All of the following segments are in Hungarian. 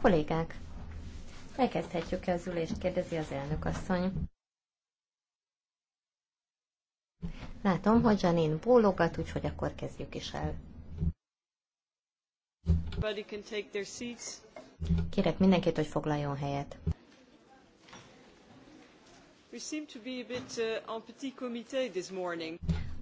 Kollégák, elkezdhetjük-e az ülést, kérdezi az elnök asszony. Látom, hogy Janine bólogat, úgyhogy akkor kezdjük is el. Kérek mindenkit, hogy foglaljon helyet. We seem to be a bit uh, en petit comité this morning.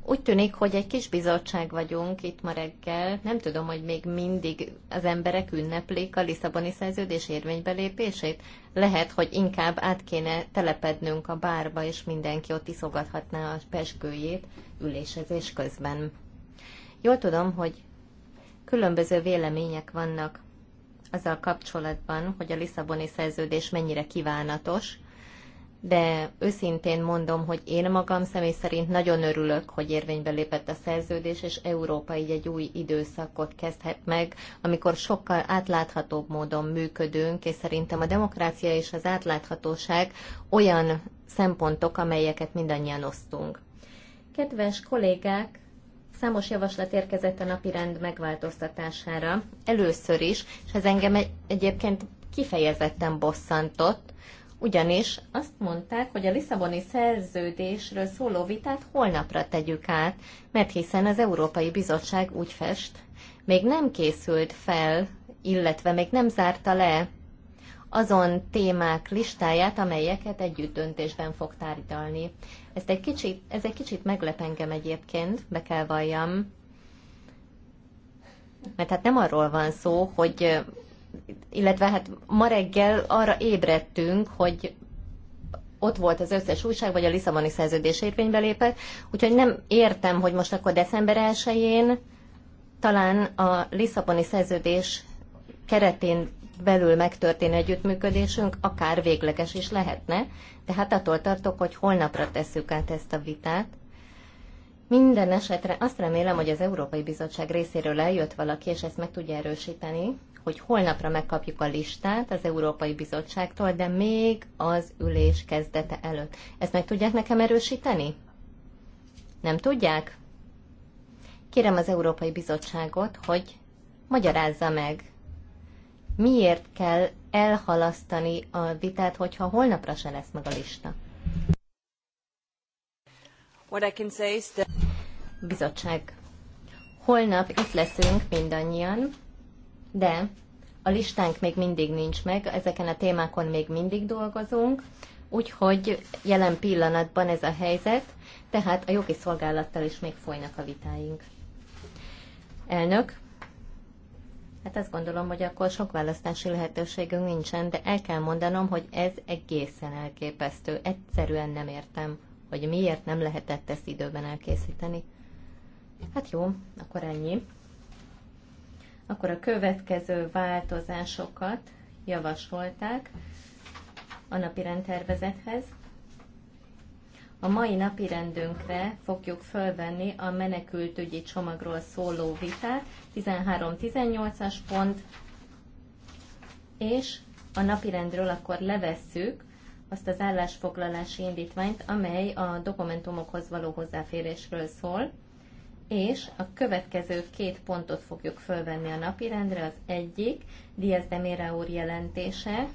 Úgy tűnik, hogy egy kis bizottság vagyunk itt ma reggel. Nem tudom, hogy még mindig az emberek ünneplik a Lisszaboni szerződés érvénybelépését. Lehet, hogy inkább át kéne telepednünk a bárba, és mindenki ott iszogathatná a pesgőjét ülésezés közben. Jól tudom, hogy különböző vélemények vannak azzal kapcsolatban, hogy a Lisszaboni szerződés mennyire kívánatos, de őszintén mondom, hogy én magam személy szerint nagyon örülök, hogy érvénybe lépett a szerződés, és Európa így egy új időszakot kezdhet meg, amikor sokkal átláthatóbb módon működünk, és szerintem a demokrácia és az átláthatóság olyan szempontok, amelyeket mindannyian osztunk. Kedves kollégák, számos javaslat érkezett a napirend megváltoztatására. Először is, és ez engem egyébként kifejezetten bosszantott, ugyanis azt mondták, hogy a Lisszaboni szerződésről szóló vitát holnapra tegyük át, mert hiszen az Európai Bizottság úgy fest, még nem készült fel, illetve még nem zárta le azon témák listáját, amelyeket együtt döntésben fog tárgyalni. Ezt egy kicsit, ez egy kicsit meglep engem egyébként, be kell valljam. Mert hát nem arról van szó, hogy illetve hát ma reggel arra ébredtünk, hogy ott volt az összes újság, vagy a Lisszaboni szerződés érvénybe lépett, úgyhogy nem értem, hogy most akkor december 1-én talán a Lisszaboni szerződés keretén belül megtörténő együttműködésünk akár végleges is lehetne, de hát attól tartok, hogy holnapra tesszük át ezt a vitát. Minden esetre azt remélem, hogy az Európai Bizottság részéről eljött valaki, és ezt meg tudja erősíteni, hogy holnapra megkapjuk a listát az Európai Bizottságtól, de még az ülés kezdete előtt. Ezt meg tudják nekem erősíteni? Nem tudják? Kérem az Európai Bizottságot, hogy magyarázza meg, miért kell elhalasztani a vitát, hogyha holnapra se lesz meg a lista. What I can say is that... Bizottság. Holnap itt leszünk mindannyian, de a listánk még mindig nincs meg, ezeken a témákon még mindig dolgozunk, úgyhogy jelen pillanatban ez a helyzet, tehát a jogi szolgálattal is még folynak a vitáink. Elnök, hát azt gondolom, hogy akkor sok választási lehetőségünk nincsen, de el kell mondanom, hogy ez egészen elképesztő. Egyszerűen nem értem, hogy miért nem lehetett ezt időben elkészíteni. Hát jó, akkor ennyi akkor a következő változásokat javasolták a napi rendtervezethez. A mai napi rendünkre fogjuk fölvenni a menekültügyi csomagról szóló vitát, 13-18-as pont, és a napirendről akkor levesszük azt az állásfoglalási indítványt, amely a dokumentumokhoz való hozzáférésről szól és a következő két pontot fogjuk fölvenni a napirendre. Az egyik Diaz de Mera úr jelentése,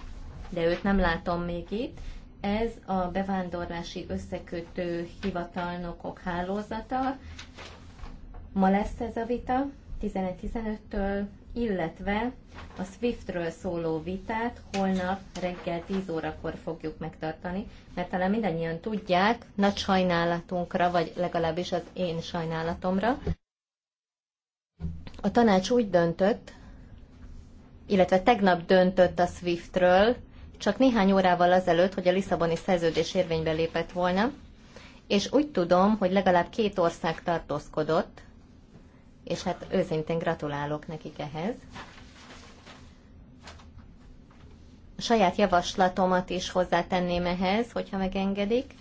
de őt nem látom még itt. Ez a bevándorlási összekötő hivatalnokok hálózata. Ma lesz ez a vita, 11.15-től, illetve a Swiftről szóló vitát holnap reggel 10 órakor fogjuk megtartani, mert talán mindannyian tudják, nagy sajnálatunkra, vagy legalábbis az én sajnálatomra. A tanács úgy döntött, illetve tegnap döntött a Swiftről, csak néhány órával azelőtt, hogy a Lisszaboni szerződés érvénybe lépett volna, és úgy tudom, hogy legalább két ország tartózkodott, és hát őszintén gratulálok nekik ehhez. A saját javaslatomat is hozzátenném ehhez, hogyha megengedik.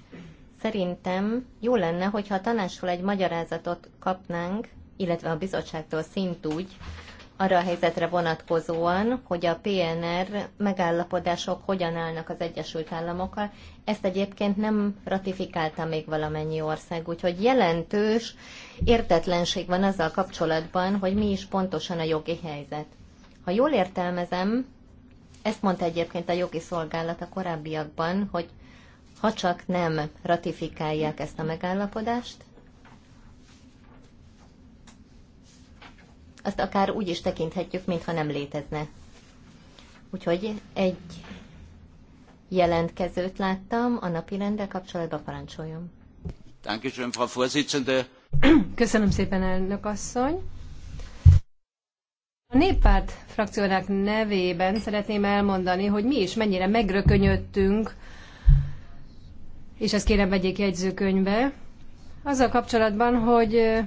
Szerintem jó lenne, hogyha a tanásról egy magyarázatot kapnánk, illetve a bizottságtól szintúgy, arra a helyzetre vonatkozóan, hogy a PNR megállapodások hogyan állnak az Egyesült Államokkal. Ezt egyébként nem ratifikálta még valamennyi ország, úgyhogy jelentős értetlenség van azzal kapcsolatban, hogy mi is pontosan a jogi helyzet. Ha jól értelmezem, ezt mondta egyébként a jogi szolgálat a korábbiakban, hogy ha csak nem ratifikálják ezt a megállapodást, azt akár úgy is tekinthetjük, mintha nem létezne. Úgyhogy egy jelentkezőt láttam a napi rendel kapcsolatban, parancsoljon. Köszönöm szépen, elnök asszony. A néppárt frakciónak nevében szeretném elmondani, hogy mi is mennyire megrökönyödtünk, és ezt kérem vegyék jegyzőkönyvbe, azzal kapcsolatban, hogy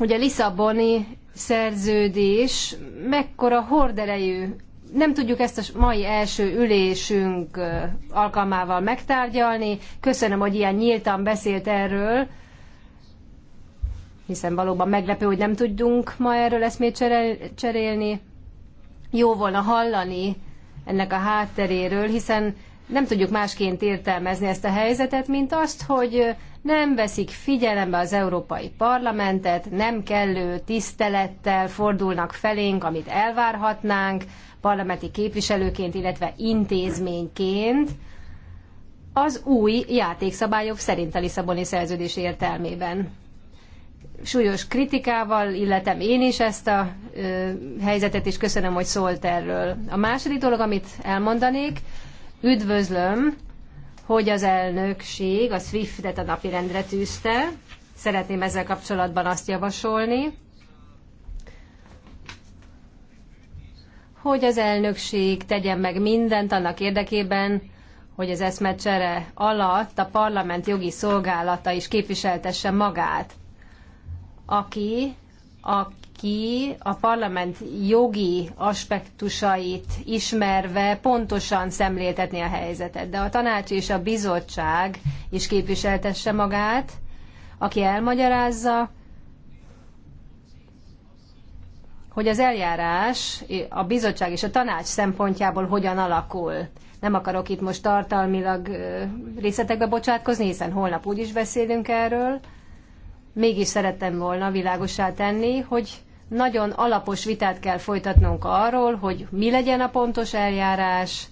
hogy a Lisszaboni szerződés mekkora horderejű. Nem tudjuk ezt a mai első ülésünk alkalmával megtárgyalni. Köszönöm, hogy ilyen nyíltan beszélt erről, hiszen valóban meglepő, hogy nem tudjunk ma erről eszmét cserélni. Jó volna hallani ennek a hátteréről, hiszen nem tudjuk másként értelmezni ezt a helyzetet, mint azt, hogy nem veszik figyelembe az Európai Parlamentet, nem kellő tisztelettel fordulnak felénk, amit elvárhatnánk parlamenti képviselőként, illetve intézményként az új játékszabályok szerint a Lisszaboni szerződés értelmében. Súlyos kritikával illetem én is ezt a ö, helyzetet, és köszönöm, hogy szólt erről. A második dolog, amit elmondanék, Üdvözlöm, hogy az elnökség a SWIFT-et a napirendre tűzte. Szeretném ezzel kapcsolatban azt javasolni, hogy az elnökség tegyen meg mindent annak érdekében, hogy az eszmecsere alatt a parlament jogi szolgálata is képviseltesse magát, aki a ki a parlament jogi aspektusait ismerve pontosan szemléltetni a helyzetet. De a tanács és a bizottság is képviseltesse magát, aki elmagyarázza, hogy az eljárás a bizottság és a tanács szempontjából hogyan alakul. Nem akarok itt most tartalmilag részletekbe bocsátkozni, hiszen holnap úgy is beszélünk erről. Mégis szerettem volna világosá tenni, hogy nagyon alapos vitát kell folytatnunk arról, hogy mi legyen a pontos eljárás,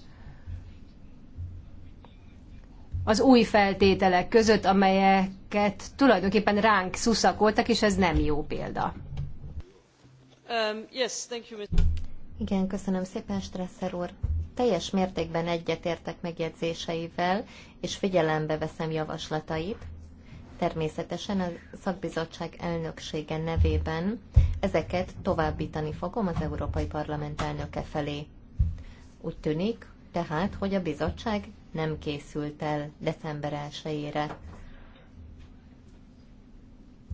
az új feltételek között, amelyeket tulajdonképpen ránk szuszakoltak, és ez nem jó példa. Um, yes, you, Igen, köszönöm szépen, Stresszer úr. Teljes mértékben egyetértek megjegyzéseivel, és figyelembe veszem javaslatait. Természetesen a szakbizottság elnöksége nevében ezeket továbbítani fogom az Európai Parlament elnöke felé. Úgy tűnik, tehát, hogy a bizottság nem készült el december 1-ére.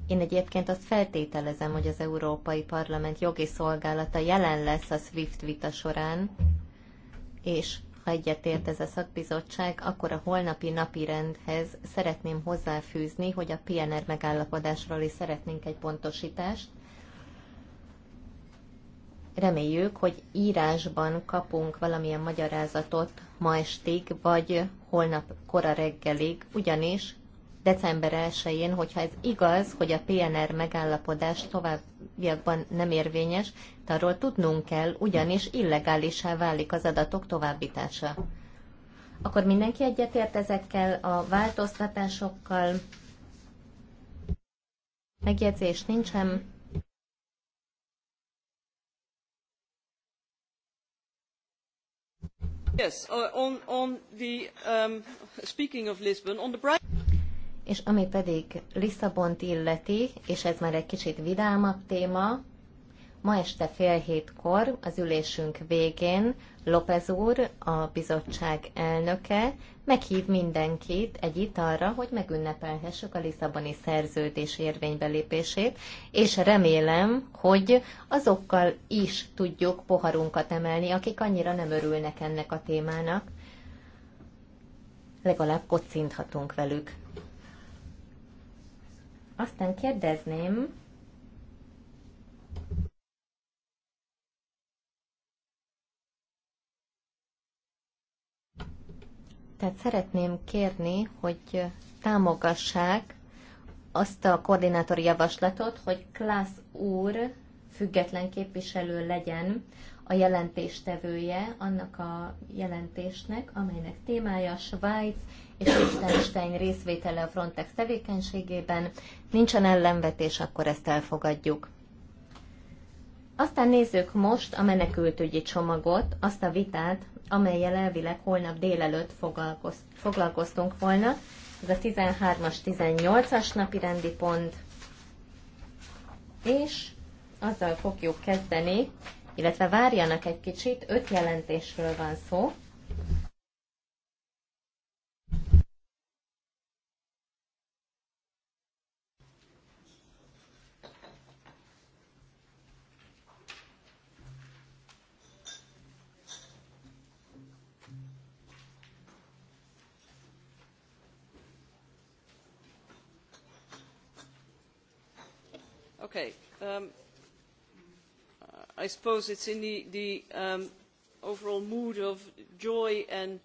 Én egyébként azt feltételezem, hogy az Európai Parlament jogi szolgálata jelen lesz a SWIFT vita során, és ha egyetért ez a szakbizottság, akkor a holnapi napi rendhez szeretném hozzáfűzni, hogy a PNR megállapodásról is szeretnénk egy pontosítást. Reméljük, hogy írásban kapunk valamilyen magyarázatot ma estig, vagy holnap kora reggelig, ugyanis december 1-én, hogyha ez igaz, hogy a PNR megállapodás továbbiakban nem érvényes, de arról tudnunk kell, ugyanis illegálisá válik az adatok továbbítása. Akkor mindenki egyetért ezekkel a változtatásokkal? Megjegyzés nincsen. Yes, uh, on, on the um, speaking of Lisbon, on the bright és ami pedig Lisszabont illeti, és ez már egy kicsit vidámabb téma, ma este fél hétkor az ülésünk végén López úr, a bizottság elnöke, meghív mindenkit egy italra, hogy megünnepelhessük a Lisszaboni szerződés érvénybelépését, és remélem, hogy azokkal is tudjuk poharunkat emelni, akik annyira nem örülnek ennek a témának. Legalább kocinthatunk velük. Aztán kérdezném, tehát szeretném kérni, hogy támogassák azt a koordinátori javaslatot, hogy Klász úr független képviselő legyen a jelentéstevője annak a jelentésnek, amelynek témája Svájc és Liechtenstein részvétele a Frontex tevékenységében. Nincsen ellenvetés, akkor ezt elfogadjuk. Aztán nézzük most a menekültügyi csomagot, azt a vitát, amelyel elvileg holnap délelőtt foglalkoztunk volna. Ez a 13-as, 18-as napi rendi pont. És azzal fogjuk kezdeni, illetve várjanak egy kicsit, öt jelentésről van szó. Okay. Um, I suppose it's in the, the um, overall mood of joy and...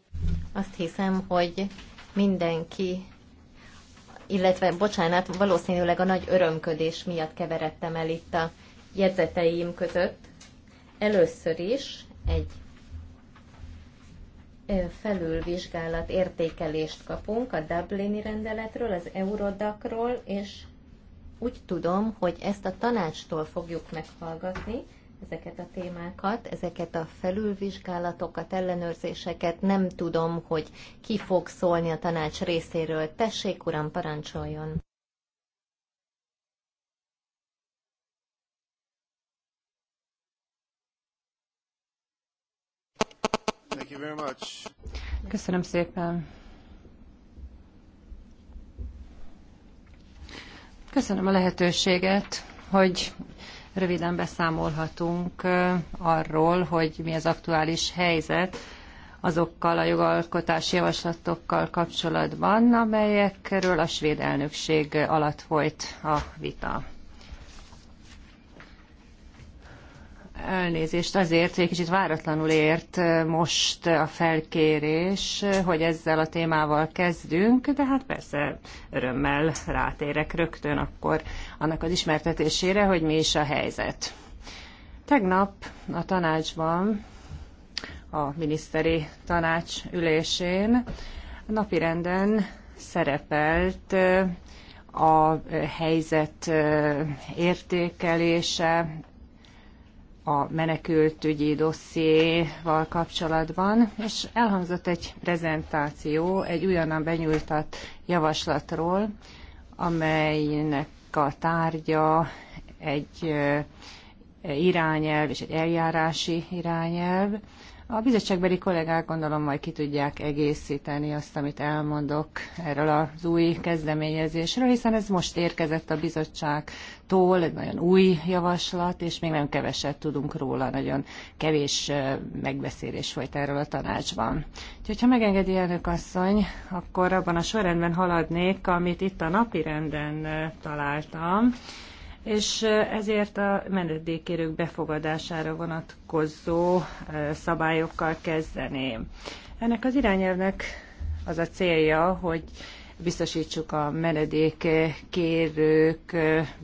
Azt hiszem, hogy mindenki, illetve, bocsánat, valószínűleg a nagy örömködés miatt keveredtem el itt a jegyzeteim között. Először is egy felülvizsgálat értékelést kapunk a Dublini rendeletről, az Eurodacról és úgy tudom, hogy ezt a tanácstól fogjuk meghallgatni, ezeket a témákat, ezeket a felülvizsgálatokat, ellenőrzéseket. Nem tudom, hogy ki fog szólni a tanács részéről. Tessék, uram, parancsoljon! Köszönöm szépen. Köszönöm a lehetőséget, hogy röviden beszámolhatunk arról, hogy mi az aktuális helyzet azokkal a jogalkotási javaslatokkal kapcsolatban, amelyekről a svéd elnökség alatt folyt a vita. Elnézést azért, hogy egy kicsit váratlanul ért most a felkérés, hogy ezzel a témával kezdünk, de hát persze örömmel rátérek rögtön akkor annak az ismertetésére, hogy mi is a helyzet. Tegnap a tanácsban, a miniszteri tanács ülésén napirenden szerepelt a helyzet értékelése, a menekültügyi dossziéval kapcsolatban, és elhangzott egy prezentáció egy újonnan benyújtott javaslatról, amelynek a tárgya egy irányelv és egy eljárási irányelv, a bizottságbeli kollégák gondolom majd ki tudják egészíteni azt, amit elmondok erről az új kezdeményezésről, hiszen ez most érkezett a bizottságtól, egy nagyon új javaslat, és még nem keveset tudunk róla, nagyon kevés megbeszélés folyt erről a tanácsban. Úgyhogy, ha megengedi elnök asszony, akkor abban a sorrendben haladnék, amit itt a napirenden találtam és ezért a menedékérők befogadására vonatkozó szabályokkal kezdeném. Ennek az irányelvnek az a célja, hogy biztosítsuk a menedékkérők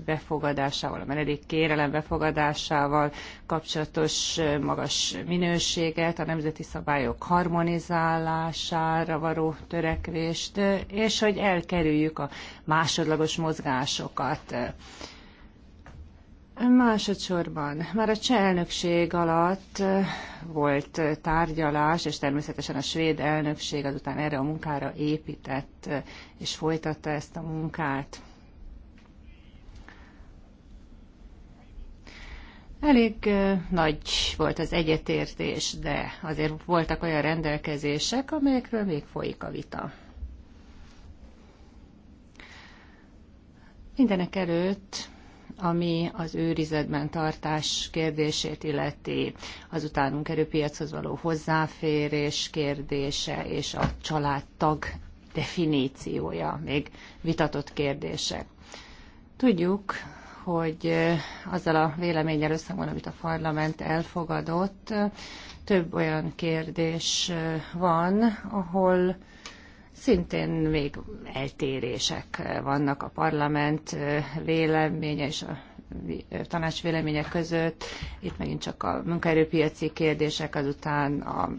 befogadásával, a menedékkérelem befogadásával kapcsolatos magas minőséget, a nemzeti szabályok harmonizálására való törekvést, és hogy elkerüljük a másodlagos mozgásokat. Másodszorban, már a cseh elnökség alatt volt tárgyalás, és természetesen a svéd elnökség azután erre a munkára épített, és folytatta ezt a munkát. Elég nagy volt az egyetértés, de azért voltak olyan rendelkezések, amelyekről még folyik a vita. Mindenek előtt ami az őrizetben tartás kérdését illeti, az utánunk erőpiachoz való hozzáférés kérdése és a családtag definíciója, még vitatott kérdések. Tudjuk, hogy azzal a véleményel összhangban, amit a parlament elfogadott, több olyan kérdés van, ahol Szintén még eltérések vannak a parlament véleménye és a tanács véleménye között. Itt megint csak a munkaerőpiaci kérdések, azután a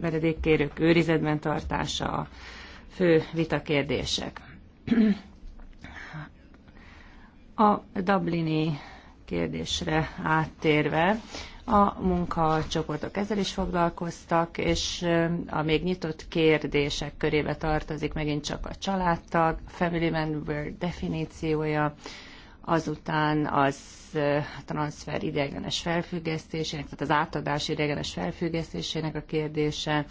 menedékkérők őrizetben tartása, a fő vitakérdések. A Dublini kérdésre áttérve, a munkacsoportok ezzel is foglalkoztak, és a még nyitott kérdések körébe tartozik megint csak a családtag, family member definíciója, azután az transfer ideiglenes felfüggesztésének, tehát az átadás ideiglenes felfüggesztésének a kérdése,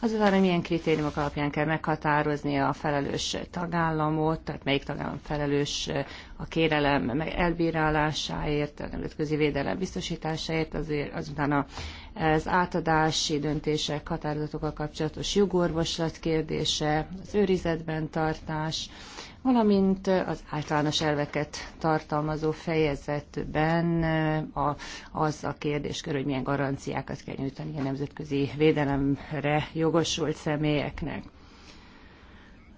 az hogy milyen kritériumok alapján kell meghatározni a felelős tagállamot, tehát melyik tagállam felelős a kérelem elbírálásáért, a nemzetközi védelem biztosításáért, azért azután az átadási döntések, határozatokkal kapcsolatos jogorvoslat kérdése, az őrizetben tartás, valamint az általános elveket tartalmazó fejezetben a, az a kérdéskör, hogy milyen garanciákat kell nyújtani a nemzetközi védelemre jogosult személyeknek.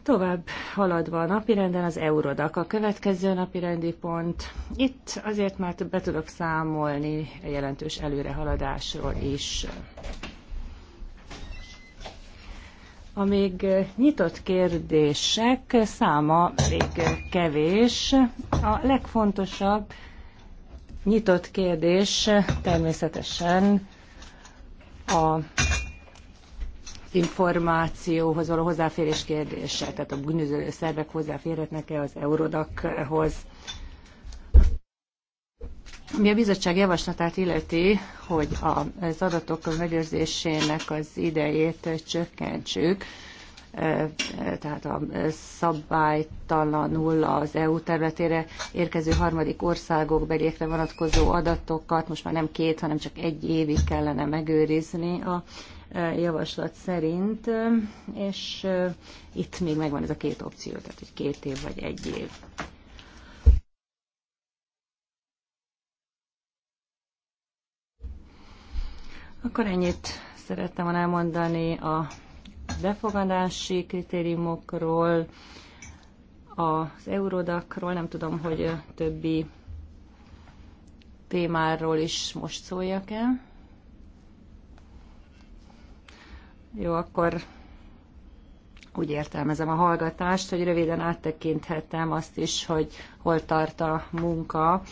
Tovább haladva a napirenden az Eurodak a következő napirendi pont. Itt azért már be tudok számolni a jelentős előrehaladásról is. A még nyitott kérdések száma elég kevés. A legfontosabb nyitott kérdés természetesen a információhoz való hozzáférés kérdése, tehát a bűnöző szervek hozzáférhetnek-e az Eurodakhoz mi a bizottság javaslatát illeti, hogy az adatok megőrzésének az idejét csökkentsük, e, tehát a szabálytalanul az EU területére érkező harmadik országok beliekre vonatkozó adatokat most már nem két, hanem csak egy évig kellene megőrizni a e, javaslat szerint, és e, itt még megvan ez a két opció, tehát hogy két év vagy egy év. Akkor ennyit szerettem volna elmondani a befogadási kritériumokról, az eurodakról, nem tudom, hogy többi témáról is most szóljak-e. Jó, akkor úgy értelmezem a hallgatást, hogy röviden áttekinthetem azt is, hogy hol tart a munka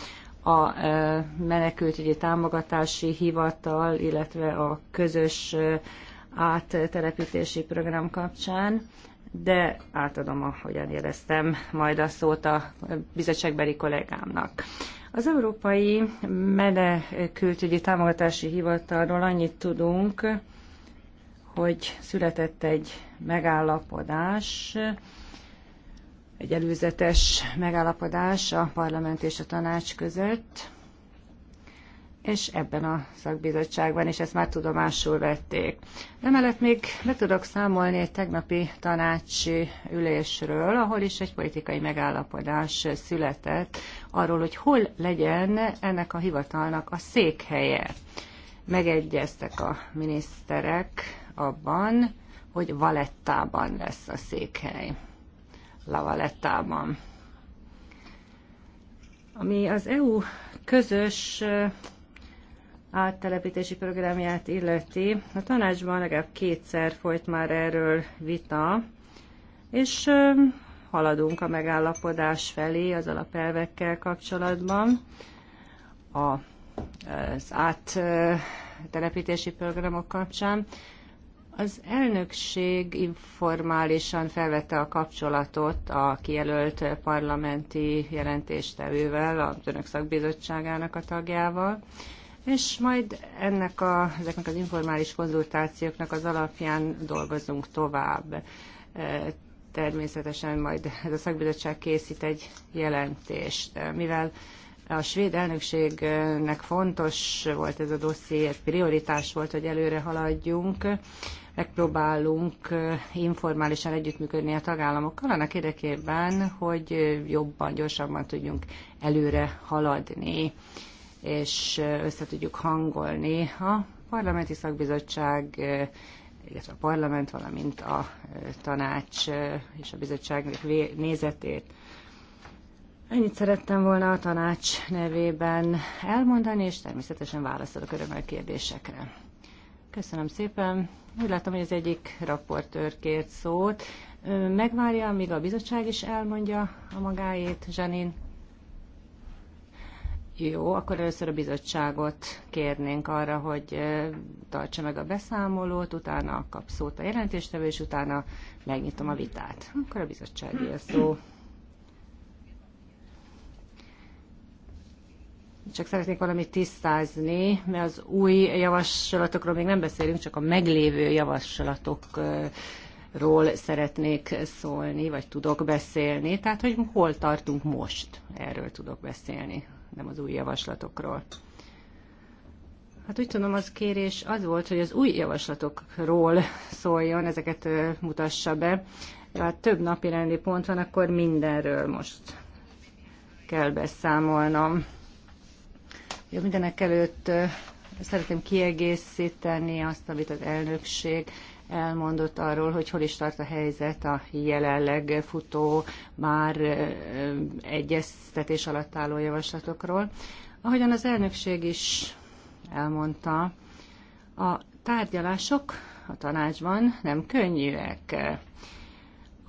a e, menekültügyi támogatási hivatal, illetve a közös e, áttelepítési program kapcsán, de átadom, ahogyan éreztem, majd a szót a bizottságbeli kollégámnak. Az Európai Menekültügyi Támogatási Hivatalról annyit tudunk, hogy született egy megállapodás, egy előzetes megállapodás a parlament és a tanács között, és ebben a szakbizottságban, és ezt már tudomásul vették. Emellett még be tudok számolni egy tegnapi tanácsi ülésről, ahol is egy politikai megállapodás született arról, hogy hol legyen ennek a hivatalnak a székhelye. Megegyeztek a miniszterek abban, hogy Valettában lesz a székhely. Lavalettában. Ami az EU közös áttelepítési programját illeti, a tanácsban legalább kétszer folyt már erről vita, és haladunk a megállapodás felé az alapelvekkel kapcsolatban. A, az áttelepítési programok kapcsán. Az elnökség informálisan felvette a kapcsolatot a kijelölt parlamenti jelentéstevővel, a Önök Szakbizottságának a tagjával, és majd ennek a, ezeknek az informális konzultációknak az alapján dolgozunk tovább. E, természetesen majd ez a szakbizottság készít egy jelentést, e, mivel a svéd elnökségnek fontos volt ez a dosszié, prioritás volt, hogy előre haladjunk megpróbálunk informálisan együttműködni a tagállamokkal, annak érdekében, hogy jobban, gyorsabban tudjunk előre haladni, és össze tudjuk hangolni a parlamenti szakbizottság illetve a parlament, valamint a tanács és a bizottság nézetét. Ennyit szerettem volna a tanács nevében elmondani, és természetesen válaszolok örömmel kérdésekre. Köszönöm szépen! Úgy látom, hogy az egyik raportőr kért szót. Megvárja, amíg a bizottság is elmondja a magáét, Zsanin. Jó, akkor először a bizottságot kérnénk arra, hogy tartsa meg a beszámolót, utána kap szót a jelentéstevő, és utána megnyitom a vitát. Akkor a bizottság a szó. Csak szeretnék valamit tisztázni, mert az új javaslatokról még nem beszélünk, csak a meglévő javaslatokról szeretnék szólni, vagy tudok beszélni. Tehát, hogy hol tartunk most, erről tudok beszélni, nem az új javaslatokról. Hát úgy tudom, az kérés az volt, hogy az új javaslatokról szóljon, ezeket mutassa be. Hát több napi rendi pont van, akkor mindenről most kell beszámolnom. Jó, mindenek előtt szeretném kiegészíteni azt, amit az elnökség elmondott arról, hogy hol is tart a helyzet a jelenleg futó, már egyeztetés alatt álló javaslatokról. Ahogyan az elnökség is elmondta, a tárgyalások a tanácsban nem könnyűek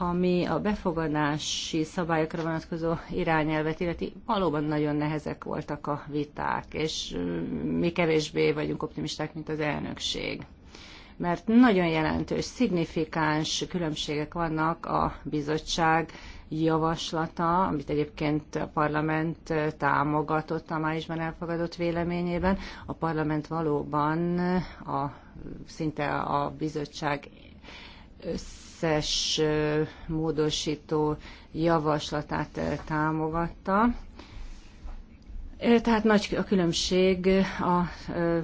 ami a befogadási szabályokra vonatkozó irányelvet illeti, valóban nagyon nehezek voltak a viták, és mi kevésbé vagyunk optimisták, mint az elnökség. Mert nagyon jelentős, szignifikáns különbségek vannak a bizottság javaslata, amit egyébként a parlament támogatott a májusban elfogadott véleményében. A parlament valóban a, szinte a bizottság összes módosító javaslatát eh, támogatta. Eh, tehát nagy a különbség a eh,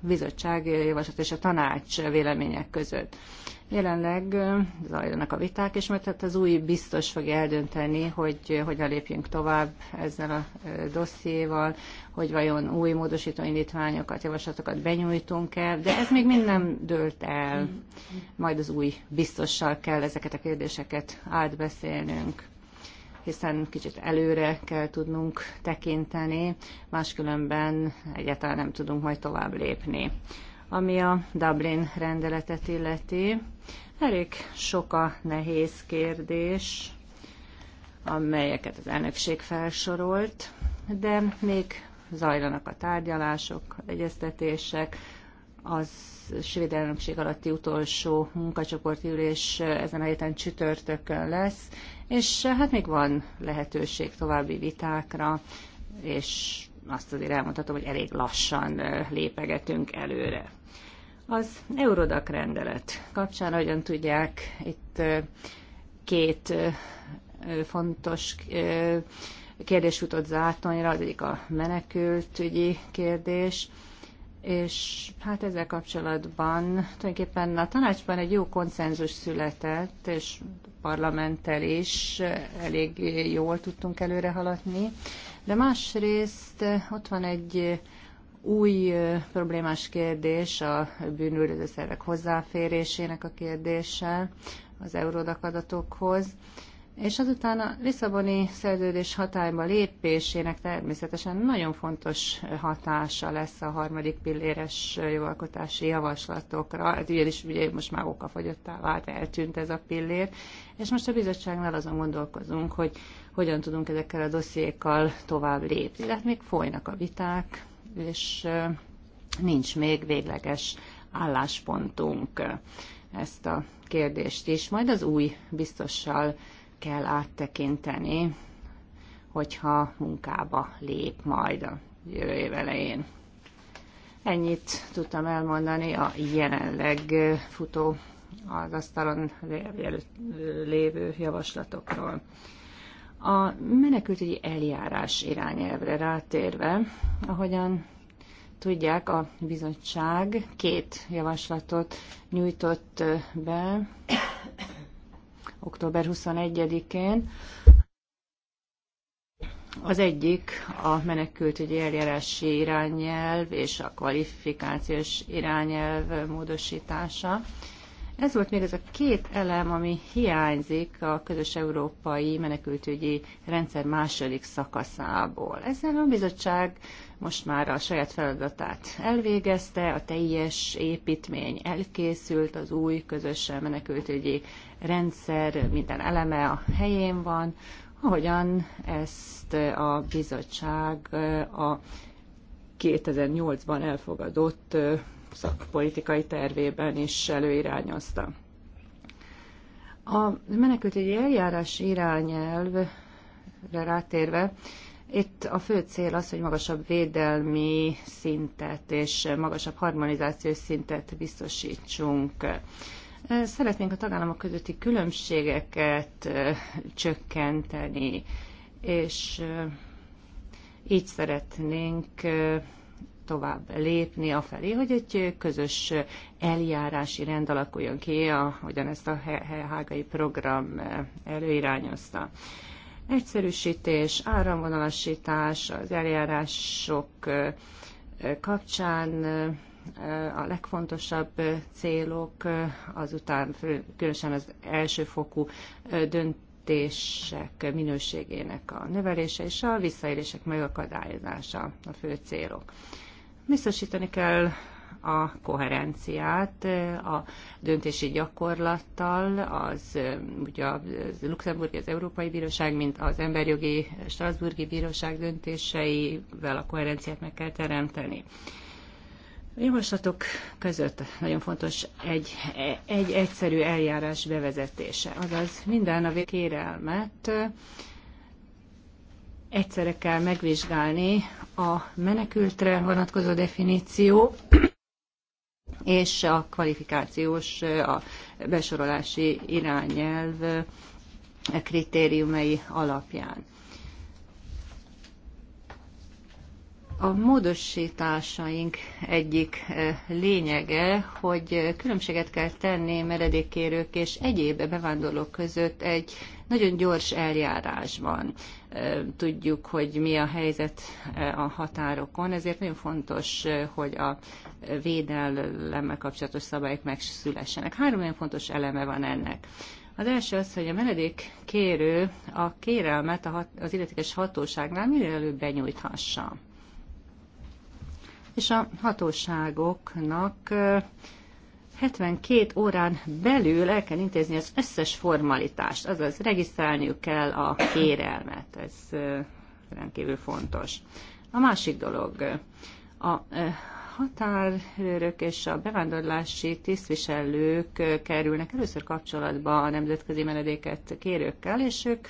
bizottság javaslat és a tanács vélemények között. Jelenleg zajlanak a viták, és mert hát az új biztos fog eldönteni, hogy hogyan lépjünk tovább ezzel a dossziéval, hogy vajon új módosító indítványokat, javaslatokat benyújtunk el, de ez még mind nem dőlt el. Majd az új biztossal kell ezeket a kérdéseket átbeszélnünk hiszen kicsit előre kell tudnunk tekinteni, máskülönben egyáltalán nem tudunk majd tovább lépni ami a Dublin rendeletet illeti. Elég sok a nehéz kérdés, amelyeket az elnökség felsorolt, de még zajlanak a tárgyalások, egyeztetések, az svéd elnökség alatti utolsó munkacsoporti ülés ezen a héten csütörtökön lesz, és hát még van lehetőség további vitákra, és azt azért elmondhatom, hogy elég lassan lépegetünk előre. Az Eurodak rendelet kapcsán, ahogyan tudják, itt két fontos kérdés jutott zátonyra, az egyik a menekültügyi kérdés, és hát ezzel kapcsolatban tulajdonképpen a tanácsban egy jó konszenzus született, és parlamenttel is elég jól tudtunk előre haladni, de másrészt ott van egy új problémás kérdés a bűnüldöző szervek hozzáférésének a kérdése az eurodak adatokhoz. És azután a Lisszaboni szerződés hatályba lépésének természetesen nagyon fontos hatása lesz a harmadik pilléres jogalkotási javaslatokra. Ez hát ugyanis ugye most már okafogyottá vált, eltűnt ez a pillér. És most a bizottságnál azon gondolkozunk, hogy hogyan tudunk ezekkel a dossziékkal tovább lépni. Tehát még folynak a viták, és nincs még végleges álláspontunk ezt a kérdést is. Majd az új biztossal kell áttekinteni, hogyha munkába lép majd a jövő év elején. Ennyit tudtam elmondani a jelenleg futó az asztalon lévő javaslatokról. A menekültügyi eljárás irányelvre rátérve, ahogyan tudják, a bizottság két javaslatot nyújtott be október 21-én. Az egyik a menekültügyi eljárási irányelv és a kvalifikációs irányelv módosítása. Ez volt még az a két elem, ami hiányzik a közös európai menekültügyi rendszer második szakaszából. Ezzel a bizottság most már a saját feladatát elvégezte, a teljes építmény elkészült, az új közös menekültügyi rendszer minden eleme a helyén van, ahogyan ezt a bizottság a 2008-ban elfogadott szakpolitikai tervében is előirányozta. A menekültügyi eljárás irányelvre rátérve, itt a fő cél az, hogy magasabb védelmi szintet és magasabb harmonizációs szintet biztosítsunk. Szeretnénk a tagállamok közötti különbségeket csökkenteni, és így szeretnénk tovább lépni afelé, hogy egy közös eljárási rend alakuljon ki, ahogyan ezt a hágai program előirányozta egyszerűsítés, áramvonalasítás az eljárások kapcsán a legfontosabb célok, azután különösen az elsőfokú döntések minőségének a növelése és a visszaélések megakadályozása a fő célok. Biztosítani kell a koherenciát a döntési gyakorlattal, az ugye a Luxemburgi, az Európai Bíróság, mint az Emberjogi Strasburgi Bíróság döntéseivel a koherenciát meg kell teremteni. A javaslatok között nagyon fontos egy, egy egyszerű eljárás bevezetése, azaz minden a kérelmet egyszerre kell megvizsgálni a menekültre vonatkozó definíció és a kvalifikációs, a besorolási irányelv kritériumai alapján. A módosításaink egyik eh, lényege, hogy különbséget kell tenni meredékkérők és egyéb bevándorlók között egy nagyon gyors eljárásban tudjuk, hogy mi a helyzet a határokon, ezért nagyon fontos, hogy a védelemmel kapcsolatos szabályok megszülessenek. Három nagyon fontos eleme van ennek. Az első az, hogy a menedék kérő a kérelmet az illetékes hatóságnál minél előbb benyújthassa. És a hatóságoknak 72 órán belül el kell intézni az összes formalitást, azaz regisztrálniuk kell a kérelmet. Ez rendkívül fontos. A másik dolog, a határőrök és a bevándorlási tisztviselők kerülnek először kapcsolatba a nemzetközi menedéket kérőkkel, és ők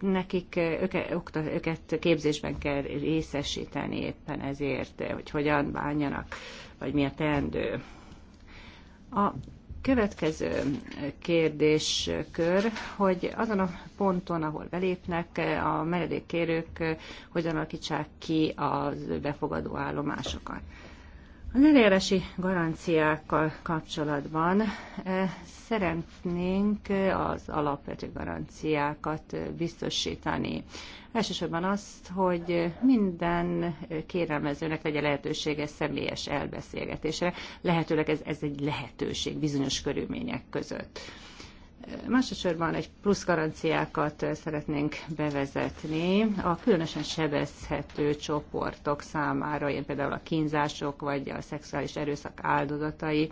nekik őket, őket képzésben kell részesíteni éppen ezért, hogy hogyan bánjanak, vagy mi a teendő. A következő kérdéskör, hogy azon a ponton, ahol belépnek, a menedékkérők hogyan alakítsák ki az befogadó állomásokat. Az eljárási garanciákkal kapcsolatban eh, szeretnénk eh, az alapvető garanciákat eh, biztosítani. Elsősorban azt, hogy minden kérelmezőnek legyen lehetősége személyes elbeszélgetésre. Lehetőleg ez, ez egy lehetőség bizonyos körülmények között. Másodszorban egy plusz garanciákat szeretnénk bevezetni a különösen sebezhető csoportok számára, ilyen például a kínzások vagy a szexuális erőszak áldozatai,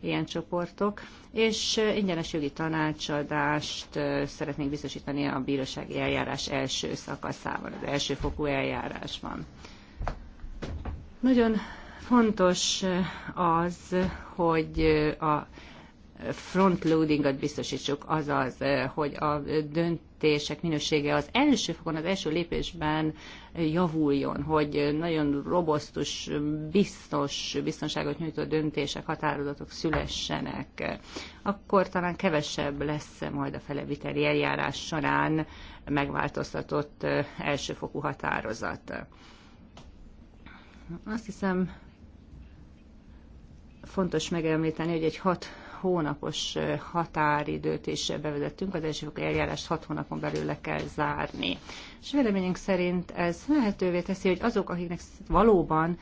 ilyen csoportok, és ingyenes jogi tanácsadást szeretnénk biztosítani a bírósági eljárás első szakaszában, az első fokú eljárásban. Nagyon fontos az, hogy a frontloadingot biztosítsuk, azaz, eh, hogy a döntések minősége az első fokon, az első lépésben javuljon, hogy nagyon robosztus, biztos, biztonságot nyújtó döntések, határozatok szülessenek, akkor talán kevesebb lesz majd a feleviteli eljárás során megváltoztatott eh, elsőfokú határozat. Azt hiszem, fontos megemlíteni, hogy egy hat hónapos határidőt is bevezettünk, az elsőfokú eljárást hat hónapon belül le kell zárni. És véleményünk szerint ez lehetővé teszi, hogy azok, akiknek valóban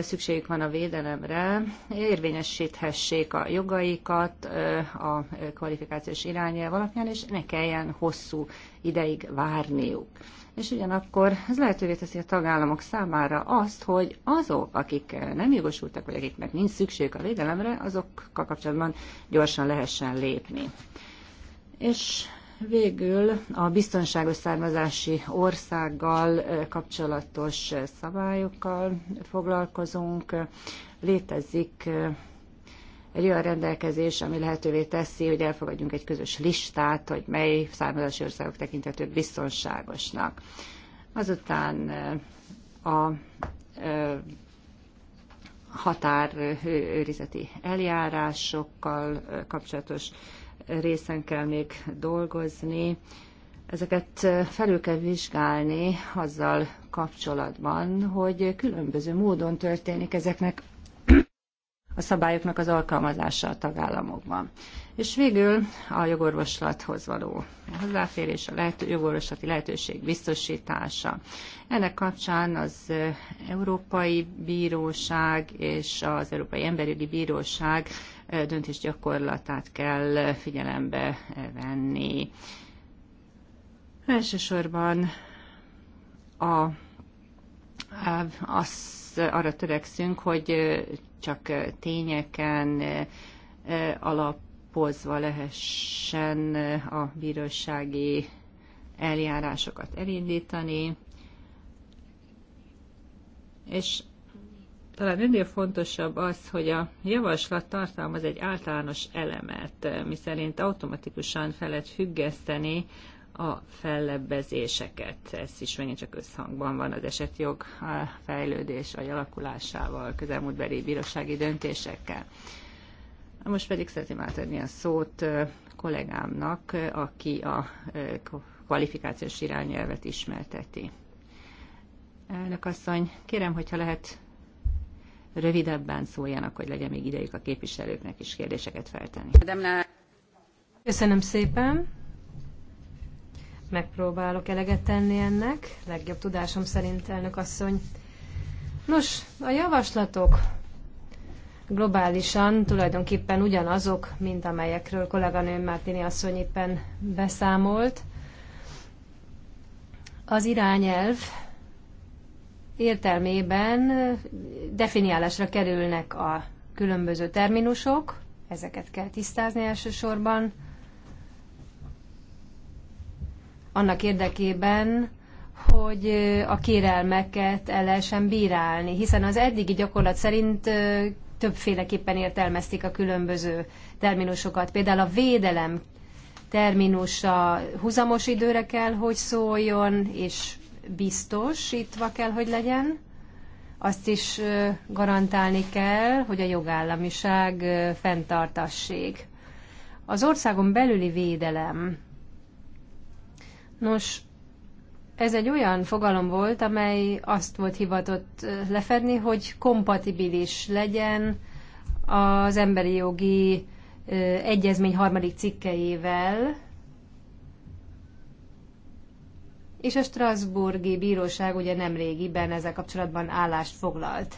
szükségük van a védelemre, érvényesíthessék a jogaikat a kvalifikációs irányjel, alapján, és ne kelljen hosszú ideig várniuk és ugyanakkor ez lehetővé teszi a tagállamok számára azt, hogy azok, akik nem jogosultak, vagy akiknek nincs szükség a védelemre, azokkal kapcsolatban gyorsan lehessen lépni. És végül a biztonságos származási országgal kapcsolatos szabályokkal foglalkozunk. Létezik egy olyan rendelkezés, ami lehetővé teszi, hogy elfogadjunk egy közös listát, hogy mely származási országok tekintető biztonságosnak. Azután a határőrizeti eljárásokkal kapcsolatos részen kell még dolgozni. Ezeket felül kell vizsgálni azzal kapcsolatban, hogy különböző módon történik ezeknek a szabályoknak az alkalmazása a tagállamokban. És végül a jogorvoslathoz való hozzáférés, a lehető, jogorvoslati lehetőség biztosítása. Ennek kapcsán az Európai Bíróság és az Európai Emberjogi Bíróság döntés gyakorlatát kell figyelembe venni. Elsősorban a, az arra törekszünk, hogy csak tényeken alapozva lehessen a bírósági eljárásokat elindítani, és talán ennél fontosabb az, hogy a javaslat tartalmaz egy általános elemet, miszerint automatikusan fel lehet függeszteni a fellebbezéseket. Ez is megint csak összhangban van az esetjog fejlődés vagy alakulásával, közelmúltbeli bírósági döntésekkel. Most pedig szeretném átadni a szót kollégámnak, aki a kvalifikációs irányelvet ismerteti. Elnök asszony, kérem, hogyha lehet rövidebben szóljanak, hogy legyen még idejük a képviselőknek is kérdéseket feltenni. Köszönöm szépen. Megpróbálok eleget tenni ennek, legjobb tudásom szerint, elnök asszony. Nos, a javaslatok globálisan tulajdonképpen ugyanazok, mint amelyekről kolléganőm Mártini asszony éppen beszámolt. Az irányelv értelmében definiálásra kerülnek a különböző terminusok, ezeket kell tisztázni elsősorban, annak érdekében, hogy a kérelmeket el lehessen bírálni, hiszen az eddigi gyakorlat szerint többféleképpen értelmezték a különböző terminusokat. Például a védelem terminusa húzamos időre kell, hogy szóljon, és biztosítva kell, hogy legyen. Azt is garantálni kell, hogy a jogállamiság fenntartassék. Az országon belüli védelem Nos, ez egy olyan fogalom volt, amely azt volt hivatott lefedni, hogy kompatibilis legyen az emberi jogi egyezmény harmadik cikkeivel, és a Strasburgi Bíróság ugye nemrégiben ezzel kapcsolatban állást foglalt.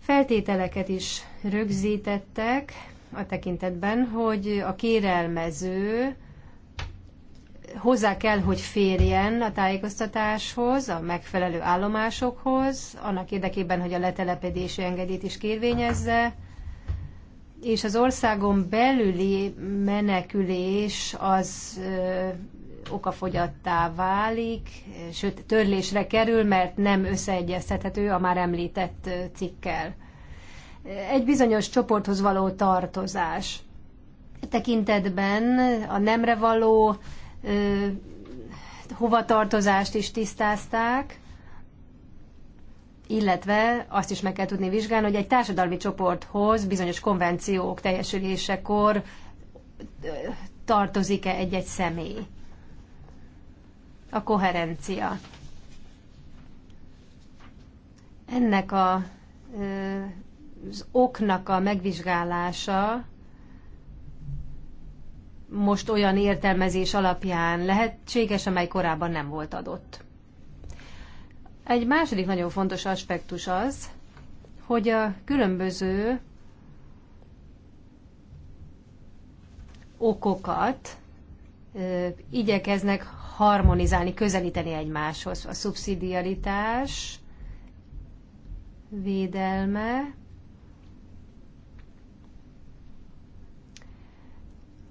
Feltételeket is rögzítettek a tekintetben, hogy a kérelmező hozzá kell, hogy férjen a tájékoztatáshoz, a megfelelő állomásokhoz, annak érdekében, hogy a letelepedési engedélyt is kérvényezze, és az országon belüli menekülés az ö, okafogyattá válik, sőt törlésre kerül, mert nem összeegyeztethető a már említett cikkel. Egy bizonyos csoporthoz való tartozás. Tekintetben a nemre való hovatartozást is tisztázták, illetve azt is meg kell tudni vizsgálni, hogy egy társadalmi csoporthoz bizonyos konvenciók teljesülésekor tartozik-e egy-egy személy. A koherencia. Ennek a, az oknak a megvizsgálása most olyan értelmezés alapján lehetséges, amely korábban nem volt adott. Egy második nagyon fontos aspektus az, hogy a különböző okokat ö, igyekeznek harmonizálni, közelíteni egymáshoz. A szubszidiaritás védelme,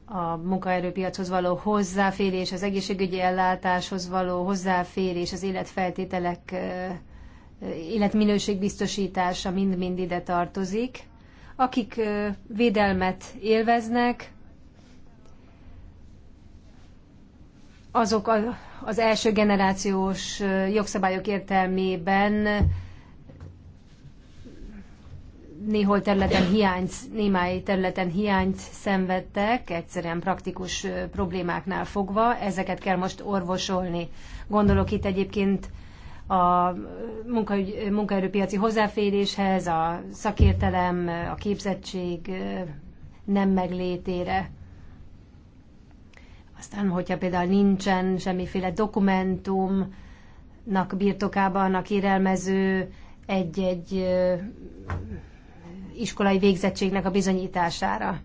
a munkaerőpiachoz való hozzáférés, az egészségügyi ellátáshoz való hozzáférés, az életfeltételek, életminőség biztosítása mind-mind ide tartozik. Akik védelmet élveznek, azok az első generációs jogszabályok értelmében néhol területen hiányt, némely területen hiányt szenvedtek, egyszerűen praktikus problémáknál fogva, ezeket kell most orvosolni. Gondolok itt egyébként a munkaügy, munkaerőpiaci hozzáféréshez, a szakértelem, a képzettség nem meglétére. Aztán, hogyha például nincsen semmiféle dokumentumnak birtokában a kérelmező egy-egy iskolai végzettségnek a bizonyítására.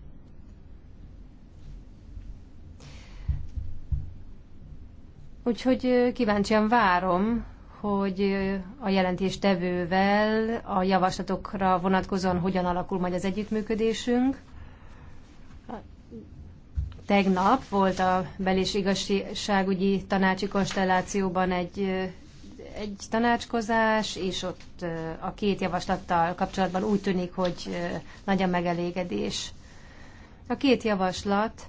Úgyhogy kíváncsian várom, hogy a jelentéstevővel a javaslatokra vonatkozóan hogyan alakul majd az együttműködésünk. Tegnap volt a belés és igazságügyi tanácsi konstellációban egy egy tanácskozás, és ott a két javaslattal kapcsolatban úgy tűnik, hogy nagy a megelégedés. A két javaslat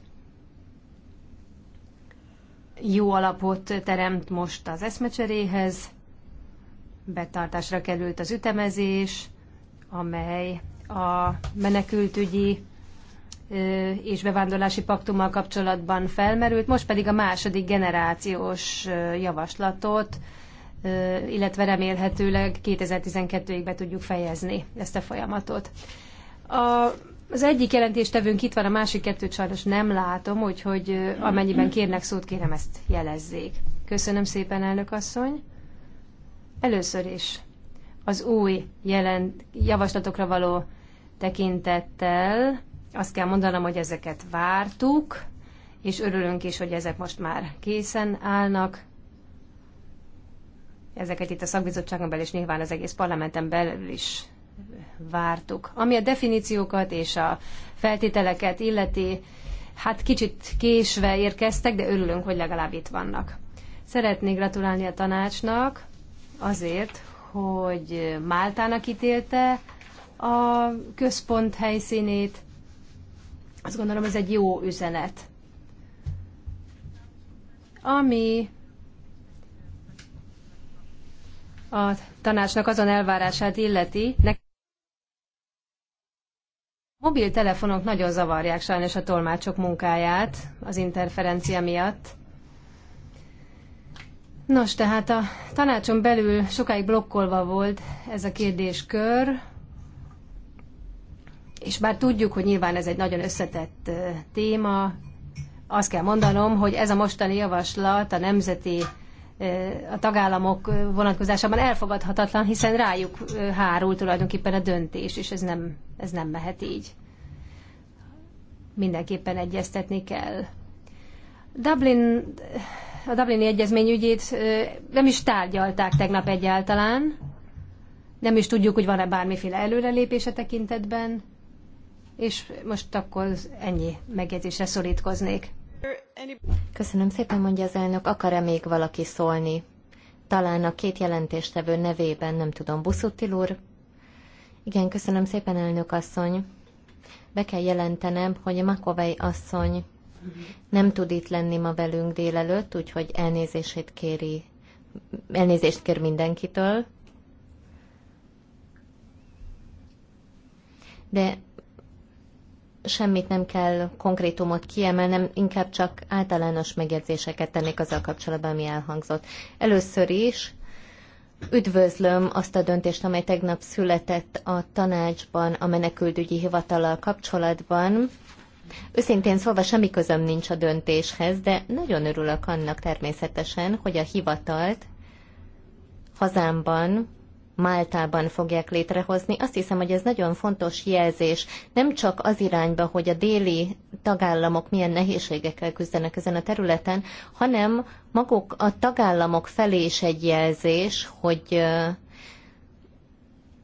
jó alapot teremt most az eszmecseréhez, betartásra került az ütemezés, amely a menekültügyi és bevándorlási paktummal kapcsolatban felmerült, most pedig a második generációs javaslatot illetve remélhetőleg 2012-ig be tudjuk fejezni ezt a folyamatot. A az egyik jelentéstevőnk itt van, a másik kettőt sajnos nem látom, úgyhogy amennyiben kérnek szót, kérem ezt jelezzék. Köszönöm szépen, elnök asszony. Először is az új jelent, javaslatokra való tekintettel azt kell mondanom, hogy ezeket vártuk, és örülünk is, hogy ezek most már készen állnak. Ezeket itt a szakbizottságon belül és nyilván az egész parlamenten belül is vártuk. Ami a definíciókat és a feltételeket illeti, hát kicsit késve érkeztek, de örülünk, hogy legalább itt vannak. Szeretnék gratulálni a tanácsnak azért, hogy Máltának ítélte a központ helyszínét. Azt gondolom, ez egy jó üzenet. Ami a tanácsnak azon elvárását illeti, ne... A mobiltelefonok nagyon zavarják sajnos a tolmácsok munkáját az interferencia miatt. Nos, tehát a tanácson belül sokáig blokkolva volt ez a kérdéskör, és bár tudjuk, hogy nyilván ez egy nagyon összetett téma, azt kell mondanom, hogy ez a mostani javaslat a nemzeti a tagállamok vonatkozásában elfogadhatatlan, hiszen rájuk hárul tulajdonképpen a döntés, és ez nem, ez nem mehet így. Mindenképpen egyeztetni kell. Dublin, a Dublini Egyezmény ügyét nem is tárgyalták tegnap egyáltalán. Nem is tudjuk, hogy van-e bármiféle előrelépése tekintetben. És most akkor ennyi megjegyzésre szorítkoznék. Köszönöm szépen, mondja az elnök. Akar-e még valaki szólni? Talán a két jelentéstevő nevében, nem tudom, Buszuttil úr? Igen, köszönöm szépen, elnök asszony. Be kell jelentenem, hogy a Makovej asszony nem tud itt lenni ma velünk délelőtt, úgyhogy elnézését kéri, elnézést kér mindenkitől. De semmit nem kell konkrétumot kiemelnem, inkább csak általános megjegyzéseket tennék azzal kapcsolatban, ami elhangzott. Először is üdvözlöm azt a döntést, amely tegnap született a tanácsban a menekültügyi hivatalal kapcsolatban. Őszintén szólva semmi közöm nincs a döntéshez, de nagyon örülök annak természetesen, hogy a hivatalt hazámban Máltában fogják létrehozni. Azt hiszem, hogy ez nagyon fontos jelzés, nem csak az irányba, hogy a déli tagállamok milyen nehézségekkel küzdenek ezen a területen, hanem maguk a tagállamok felé is egy jelzés, hogy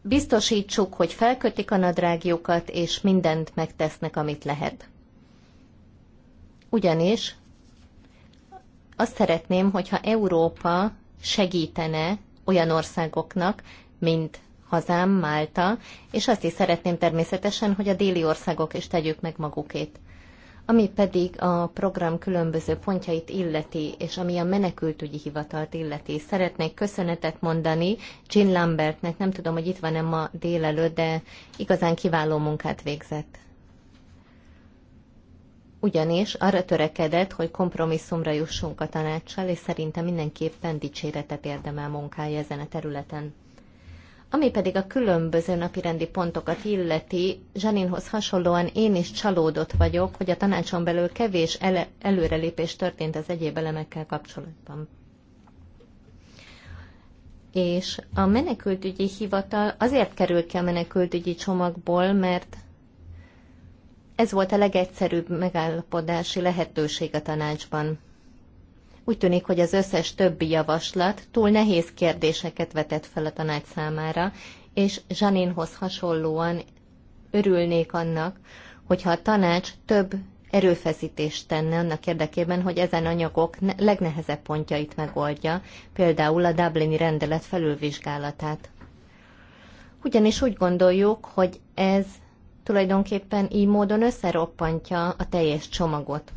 biztosítsuk, hogy felkötik a nadrágjukat, és mindent megtesznek, amit lehet. Ugyanis azt szeretném, hogyha Európa segítene olyan országoknak, mint hazám, Málta, és azt is szeretném természetesen, hogy a déli országok is tegyük meg magukét. Ami pedig a program különböző pontjait illeti, és ami a menekültügyi hivatalt illeti, szeretnék köszönetet mondani Jean Lambertnek, nem tudom, hogy itt van-e ma délelőtt, de igazán kiváló munkát végzett ugyanis arra törekedett, hogy kompromisszumra jussunk a tanácssal, és szerintem mindenképpen dicséretet érdemel munkája ezen a területen. Ami pedig a különböző napirendi pontokat illeti, Zsaninhoz hasonlóan én is csalódott vagyok, hogy a tanácson belül kevés ele- előrelépés történt az egyéb elemekkel kapcsolatban. És a menekültügyi hivatal azért került ki a menekültügyi csomagból, mert ez volt a legegyszerűbb megállapodási lehetőség a tanácsban. Úgy tűnik, hogy az összes többi javaslat túl nehéz kérdéseket vetett fel a tanács számára, és Zsaninhoz hasonlóan örülnék annak, hogyha a tanács több erőfeszítést tenne annak érdekében, hogy ezen anyagok legnehezebb pontjait megoldja, például a Dublini rendelet felülvizsgálatát. Ugyanis úgy gondoljuk, hogy ez tulajdonképpen így módon összeroppantja a teljes csomagot.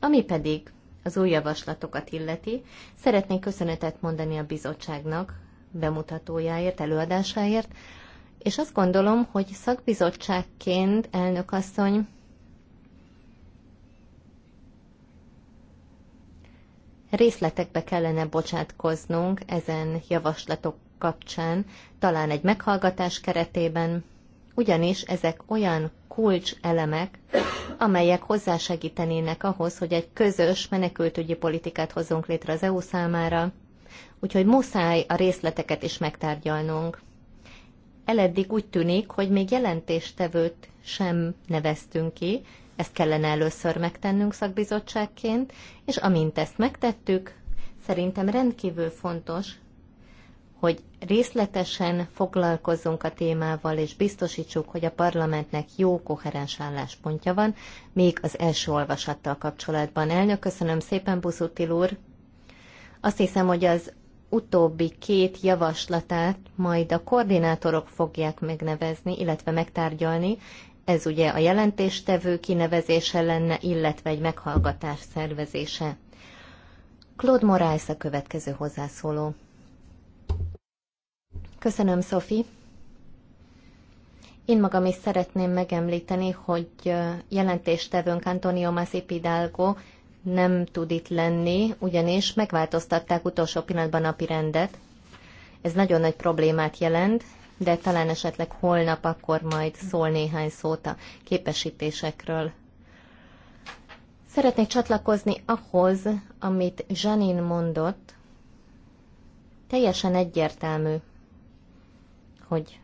Ami pedig az új javaslatokat illeti, szeretnék köszönetet mondani a bizottságnak bemutatójáért, előadásáért, és azt gondolom, hogy szakbizottságként, elnökasszony részletekbe kellene bocsátkoznunk ezen javaslatok kapcsán, talán egy meghallgatás keretében, ugyanis ezek olyan kulcselemek, amelyek hozzásegítenének ahhoz, hogy egy közös menekültügyi politikát hozzunk létre az EU számára, úgyhogy muszáj a részleteket is megtárgyalnunk. Eleddig úgy tűnik, hogy még jelentéstevőt sem neveztünk ki, ezt kellene először megtennünk szakbizottságként, és amint ezt megtettük, szerintem rendkívül fontos, hogy részletesen foglalkozzunk a témával, és biztosítsuk, hogy a parlamentnek jó, koherens álláspontja van, még az első olvasattal kapcsolatban. Elnök, köszönöm szépen, Buszutil úr. Azt hiszem, hogy az utóbbi két javaslatát majd a koordinátorok fogják megnevezni, illetve megtárgyalni. Ez ugye a jelentéstevő kinevezése lenne, illetve egy meghallgatás szervezése. Claude Moraes a következő hozzászóló. Köszönöm, Szofi. Én magam is szeretném megemlíteni, hogy jelentéstevőnk Antonio Masipidalgo nem tud itt lenni, ugyanis megváltoztatták utolsó pillanatban napi rendet. Ez nagyon nagy problémát jelent, de talán esetleg holnap akkor majd szól néhány szót a képesítésekről. Szeretnék csatlakozni ahhoz, amit Janin mondott. Teljesen egyértelmű, hogy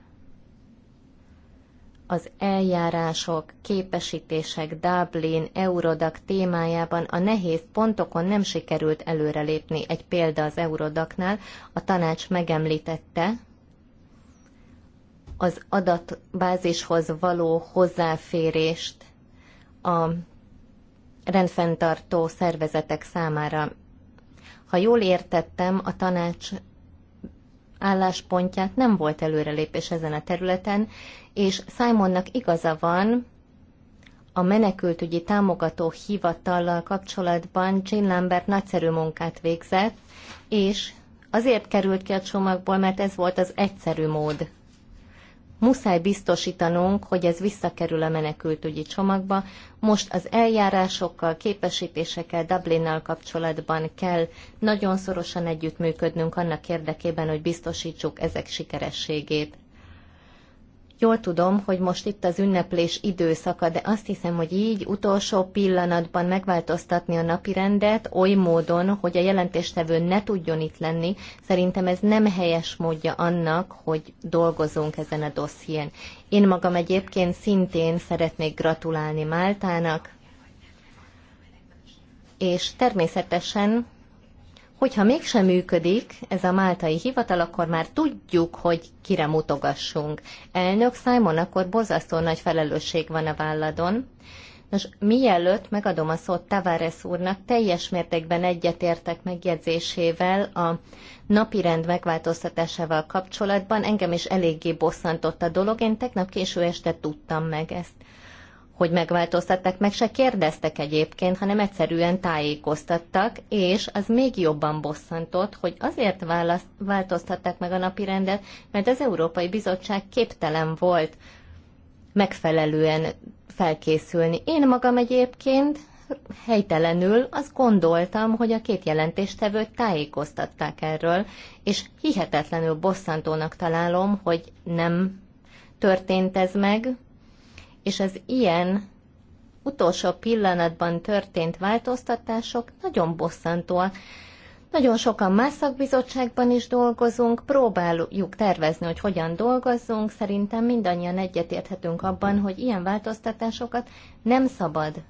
az eljárások, képesítések Dublin, Eurodac témájában a nehéz pontokon nem sikerült előrelépni. Egy példa az Eurodacnál, a tanács megemlítette az adatbázishoz való hozzáférést a rendfenntartó szervezetek számára. Ha jól értettem, a tanács álláspontját, nem volt előrelépés ezen a területen, és Simonnak igaza van, a menekültügyi támogató hivatallal kapcsolatban Jean Lambert nagyszerű munkát végzett, és azért került ki a csomagból, mert ez volt az egyszerű mód muszáj biztosítanunk, hogy ez visszakerül a menekültügyi csomagba. Most az eljárásokkal, képesítésekkel, Dublinnal kapcsolatban kell nagyon szorosan együttműködnünk annak érdekében, hogy biztosítsuk ezek sikerességét. Jól tudom, hogy most itt az ünneplés időszaka, de azt hiszem, hogy így utolsó pillanatban megváltoztatni a napirendet oly módon, hogy a jelentéstevő ne tudjon itt lenni, szerintem ez nem helyes módja annak, hogy dolgozunk ezen a dosszién. Én magam egyébként szintén szeretnék gratulálni Máltának, és természetesen hogyha mégsem működik ez a máltai hivatal, akkor már tudjuk, hogy kire mutogassunk. Elnök Simon, akkor borzasztó nagy felelősség van a válladon. Nos, mielőtt megadom a szót Tavares úrnak, teljes mértékben egyetértek megjegyzésével a napirend megváltoztatásával kapcsolatban. Engem is eléggé bosszantott a dolog, én tegnap késő este tudtam meg ezt hogy megváltoztattak, meg se kérdeztek egyébként, hanem egyszerűen tájékoztattak, és az még jobban bosszantott, hogy azért választ, változtatták meg a napi rendet, mert az Európai Bizottság képtelen volt megfelelően felkészülni. Én magam egyébként helytelenül azt gondoltam, hogy a két jelentéstevőt tájékoztatták erről, és hihetetlenül bosszantónak találom, hogy nem történt ez meg, és az ilyen utolsó pillanatban történt változtatások nagyon bosszantóak. Nagyon sokan más szakbizottságban is dolgozunk, próbáljuk tervezni, hogy hogyan dolgozzunk. Szerintem mindannyian egyetérthetünk abban, hogy ilyen változtatásokat nem szabad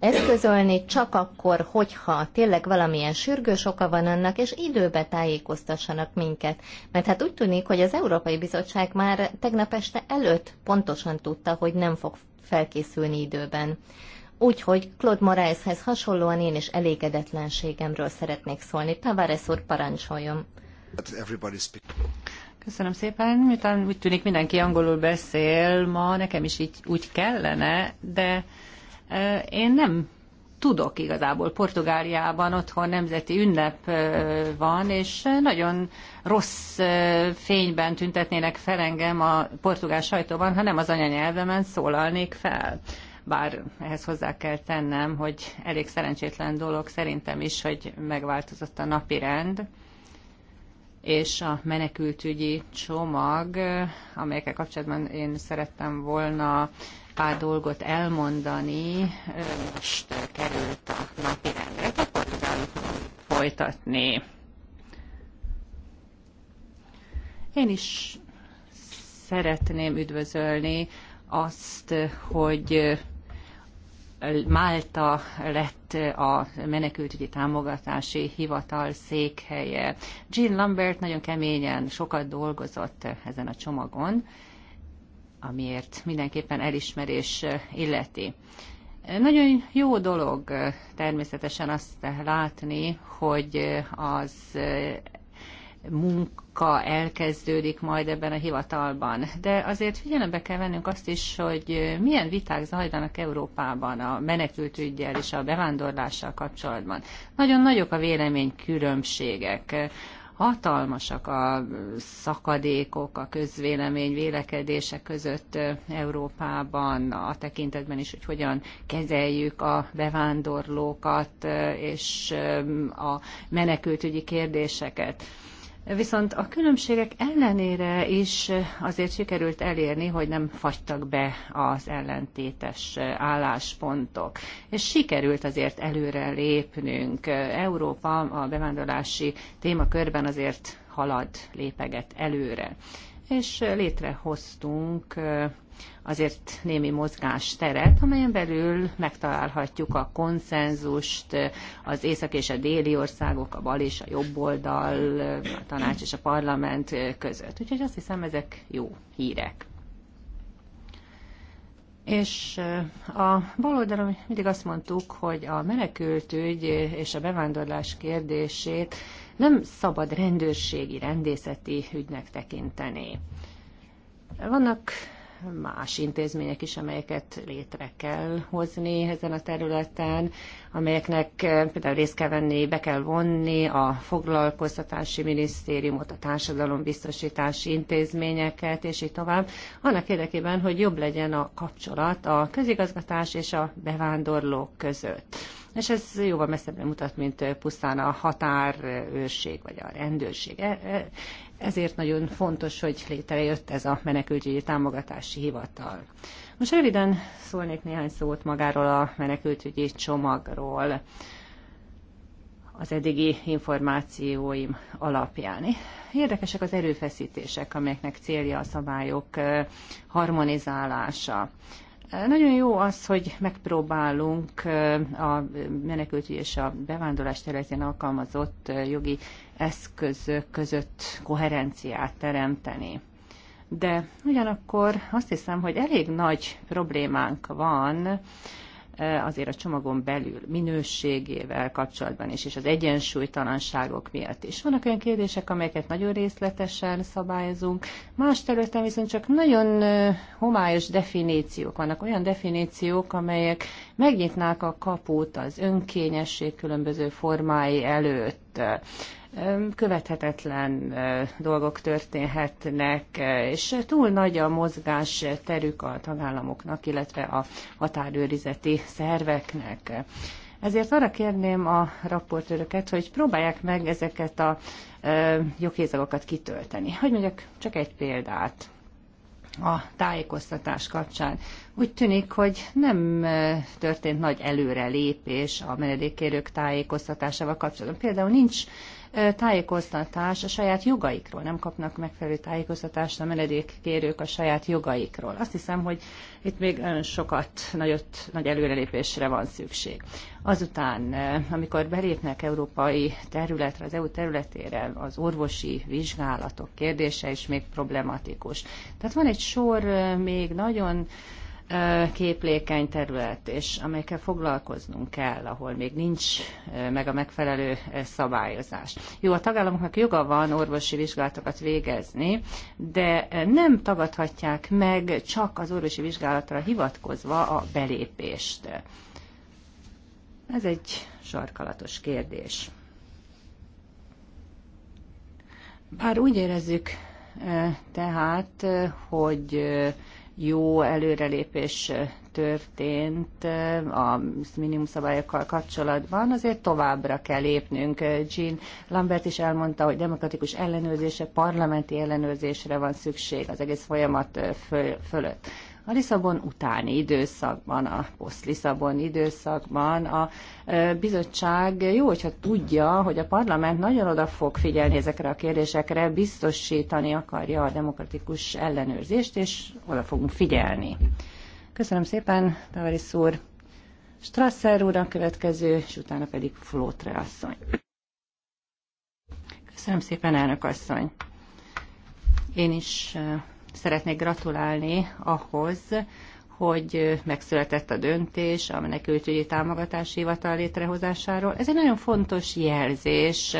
eszközölni, csak akkor, hogyha tényleg valamilyen sürgős oka van annak, és időbe tájékoztassanak minket. Mert hát úgy tűnik, hogy az Európai Bizottság már tegnap este előtt pontosan tudta, hogy nem fog felkészülni időben. Úgyhogy Claude Moraeshez hasonlóan én is elégedetlenségemről szeretnék szólni. Tavares úr, parancsoljon! Köszönöm szépen. Miután úgy tűnik mindenki angolul beszél, ma nekem is így úgy kellene, de én nem tudok igazából. Portugáliában otthon nemzeti ünnep van, és nagyon rossz fényben tüntetnének fel engem a portugál sajtóban, ha nem az anyanyelvemen szólalnék fel. Bár ehhez hozzá kell tennem, hogy elég szerencsétlen dolog szerintem is, hogy megváltozott a napi rend és a menekültügyi csomag, amelyekkel kapcsolatban én szerettem volna pár dolgot elmondani, most került a napirendre, akkor tudom folytatni. Én is szeretném üdvözölni azt, hogy Málta lett a menekültügyi támogatási hivatal székhelye. Jean Lambert nagyon keményen sokat dolgozott ezen a csomagon, amiért mindenképpen elismerés eh, illeti. Nagyon jó dolog eh, természetesen azt látni, hogy eh, az munka elkezdődik majd ebben a hivatalban. De azért figyelembe kell vennünk azt is, hogy milyen viták zajlanak Európában a menekültügyel és a bevándorlással kapcsolatban. Nagyon nagyok a vélemény különbségek hatalmasak a szakadékok a közvélemény vélekedése között Európában, a tekintetben is, hogy hogyan kezeljük a bevándorlókat és a menekültügyi kérdéseket. Viszont a különbségek ellenére is azért sikerült elérni, hogy nem fagytak be az ellentétes álláspontok. És sikerült azért előre lépnünk. Európa a bevándorlási témakörben azért halad, lépeget előre. És létrehoztunk azért némi mozgás teret, amelyen belül megtalálhatjuk a konszenzust, az észak és a déli országok, a bal és a jobb oldal, a tanács és a parlament között. Úgyhogy azt hiszem, ezek jó hírek. És a baloldalon mindig azt mondtuk, hogy a menekültügy és a bevándorlás kérdését nem szabad rendőrségi, rendészeti ügynek tekinteni. Vannak más intézmények is, amelyeket létre kell hozni ezen a területen, amelyeknek eh, például részt kell venni, be kell vonni a foglalkoztatási minisztériumot, a társadalombiztosítási intézményeket, és így tovább, annak érdekében, hogy jobb legyen a kapcsolat a közigazgatás és a bevándorlók között. És ez jóval messzebbre mutat, mint pusztán a határőrség vagy a rendőrség. E, e, ezért nagyon fontos, hogy létrejött ez a menekültügyi támogatási hivatal. Most röviden szólnék néhány szót magáról a menekültügyi csomagról az eddigi információim alapján. Érdekesek az erőfeszítések, amelyeknek célja a szabályok eh, harmonizálása. Nagyon jó az, hogy megpróbálunk a menekültügy és a bevándorlás területén alkalmazott jogi eszközök között koherenciát teremteni. De ugyanakkor azt hiszem, hogy elég nagy problémánk van azért a csomagon belül minőségével kapcsolatban is, és az egyensúlytalanságok miatt is. Vannak olyan kérdések, amelyeket nagyon részletesen szabályozunk, más területen viszont csak nagyon homályos definíciók vannak, olyan definíciók, amelyek megnyitnák a kaput az önkényesség különböző formái előtt követhetetlen dolgok történhetnek, és túl nagy a mozgás terük a tagállamoknak, illetve a határőrizeti szerveknek. Ezért arra kérném a raportőröket, hogy próbálják meg ezeket a joghézagokat kitölteni. Hogy mondjak csak egy példát a tájékoztatás kapcsán. Úgy tűnik, hogy nem történt nagy előrelépés a menedékkérők tájékoztatásával kapcsolatban. Például nincs tájékoztatás a saját jogaikról. Nem kapnak megfelelő tájékoztatást a menedékkérők a saját jogaikról. Azt hiszem, hogy itt még nagyon sokat, nagyot, nagy előrelépésre van szükség. Azután, amikor belépnek európai területre, az EU területére, az orvosi vizsgálatok kérdése is még problematikus. Tehát van egy sor még nagyon képlékeny terület, és amelyekkel foglalkoznunk kell, ahol még nincs meg a megfelelő szabályozás. Jó, a tagállamoknak joga van orvosi vizsgálatokat végezni, de nem tagadhatják meg csak az orvosi vizsgálatra hivatkozva a belépést. Ez egy sarkalatos kérdés. Bár úgy érezzük tehát, hogy jó előrelépés történt a minimum szabályokkal kapcsolatban, azért továbbra kell lépnünk. Jean Lambert is elmondta, hogy demokratikus ellenőrzése, parlamenti ellenőrzésre van szükség az egész folyamat föl, fölött. A Lisszabon utáni időszakban, a poszt-Lisszabon időszakban a bizottság jó, hogyha tudja, hogy a parlament nagyon oda fog figyelni ezekre a kérdésekre, biztosítani akarja a demokratikus ellenőrzést, és oda fogunk figyelni. Köszönöm szépen, Tavarisz úr. Strasser úr a következő, és utána pedig Flótre asszony. Köszönöm szépen, elnök asszony. Én is szeretnék gratulálni ahhoz, hogy megszületett a döntés a menekültügyi támogatási hivatal létrehozásáról. Ez egy nagyon fontos jelzés,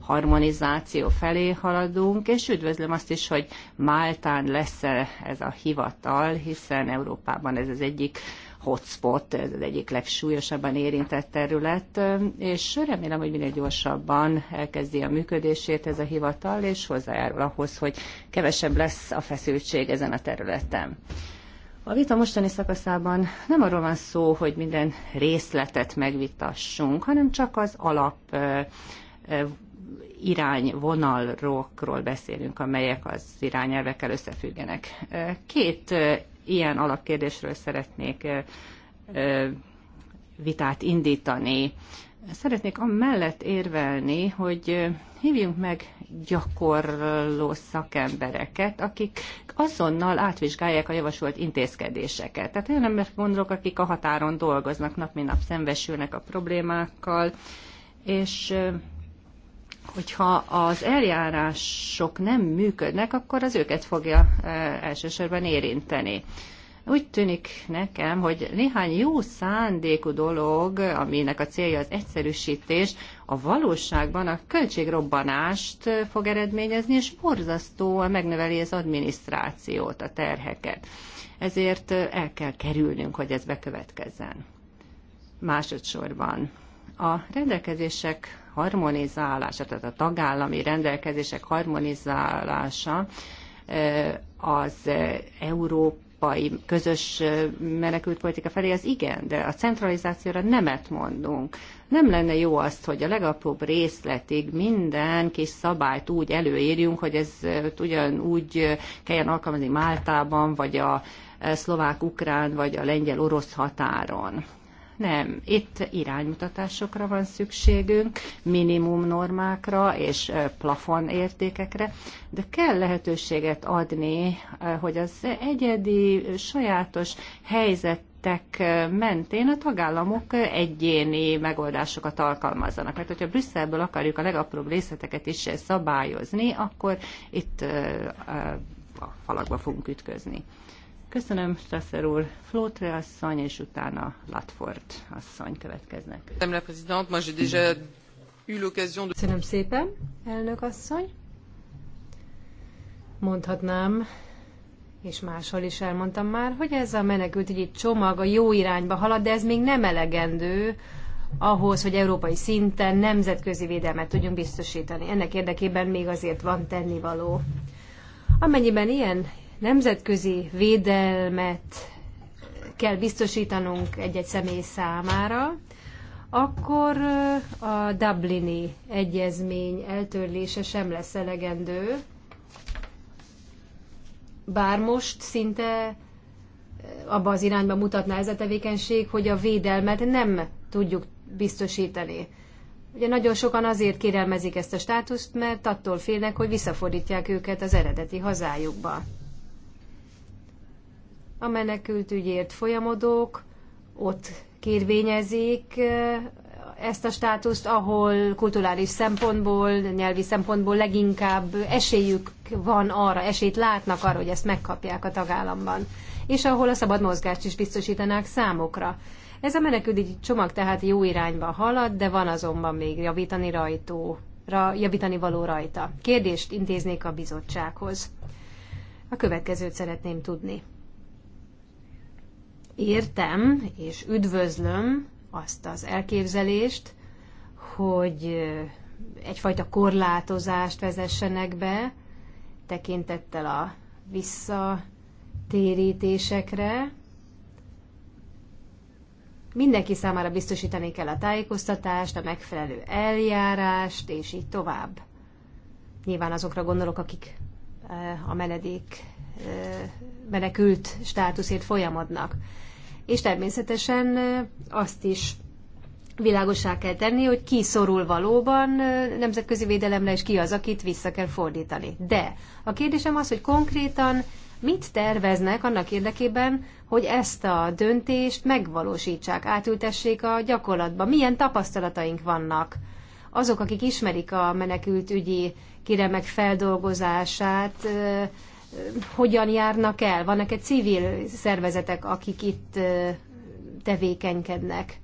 harmonizáció felé haladunk, és üdvözlöm azt is, hogy Máltán lesz -e ez a hivatal, hiszen Európában ez az egyik hotspot, ez az egyik legsúlyosabban érintett terület, és remélem, hogy minél gyorsabban elkezdi a működését ez a hivatal, és hozzájárul ahhoz, hogy kevesebb lesz a feszültség ezen a területen. A vita mostani szakaszában nem arról van szó, hogy minden részletet megvitassunk, hanem csak az alap irányvonalról beszélünk, amelyek az irányelvekkel összefüggenek. Két ilyen alapkérdésről szeretnék vitát indítani. Szeretnék amellett érvelni, hogy hívjunk meg gyakorló szakembereket, akik azonnal átvizsgálják a javasolt intézkedéseket. Tehát olyan ember gondolok, akik a határon dolgoznak, nap mint nap szembesülnek a problémákkal, és hogyha az eljárások nem működnek, akkor az őket fogja e, elsősorban érinteni. Úgy tűnik nekem, hogy néhány jó szándékú dolog, aminek a célja az egyszerűsítés, a valóságban a költségrobbanást e, fog eredményezni, és borzasztóan megnöveli az adminisztrációt, a terheket. Ezért e, el kell kerülnünk, hogy ez bekövetkezzen. Másodszorban a rendelkezések harmonizálása, tehát a tagállami rendelkezések harmonizálása az európai közös menekültpolitika felé, az igen, de a centralizációra nemet mondunk. Nem lenne jó azt, hogy a legapróbb részletig minden kis szabályt úgy előírjunk, hogy ez ugyanúgy kelljen alkalmazni Máltában, vagy a szlovák-ukrán, vagy a lengyel-orosz határon nem, itt iránymutatásokra van szükségünk, minimum normákra és plafon értékekre, de kell lehetőséget adni, hogy az egyedi, sajátos helyzet mentén a tagállamok egyéni megoldásokat alkalmazzanak. Mert hogyha Brüsszelből akarjuk a legapróbb részleteket is szabályozni, akkor itt a falakba fogunk ütközni. Köszönöm, Strasser úr. Flótre asszony, és utána Latford asszony következnek. Köszönöm szépen, elnök asszony. Mondhatnám, és máshol is elmondtam már, hogy ez a menekültügyi csomag a jó irányba halad, de ez még nem elegendő ahhoz, hogy európai szinten nemzetközi védelmet tudjunk biztosítani. Ennek érdekében még azért van tennivaló. Amennyiben ilyen nemzetközi védelmet kell biztosítanunk egy-egy személy számára, akkor a Dublini egyezmény eltörlése sem lesz elegendő, bár most szinte abba az irányba mutatná ez a tevékenység, hogy a védelmet nem tudjuk biztosítani. Ugye nagyon sokan azért kérelmezik ezt a státuszt, mert attól félnek, hogy visszafordítják őket az eredeti hazájukba a menekült ügyért folyamodók, ott kérvényezik ezt a státuszt, ahol kulturális szempontból, nyelvi szempontból leginkább esélyük van arra, esélyt látnak arra, hogy ezt megkapják a tagállamban, és ahol a szabad mozgást is biztosítanák számokra. Ez a menekültügyi csomag tehát jó irányba halad, de van azonban még javítani rajtó, javítani való rajta. Kérdést intéznék a bizottsághoz. A következőt szeretném tudni értem és üdvözlöm azt az elképzelést, hogy egyfajta korlátozást vezessenek be, tekintettel a visszatérítésekre. Mindenki számára biztosítani kell a tájékoztatást, a megfelelő eljárást, és így tovább. Nyilván azokra gondolok, akik a menedék menekült státuszért folyamodnak és természetesen azt is világosá kell tenni, hogy ki szorul valóban nemzetközi védelemre, és ki az, akit vissza kell fordítani. De a kérdésem az, hogy konkrétan mit terveznek annak érdekében, hogy ezt a döntést megvalósítsák, átültessék a gyakorlatba? Milyen tapasztalataink vannak? Azok, akik ismerik a menekült ügyi kiremek feldolgozását, hogyan járnak el? vannak egy civil szervezetek, akik itt tevékenykednek?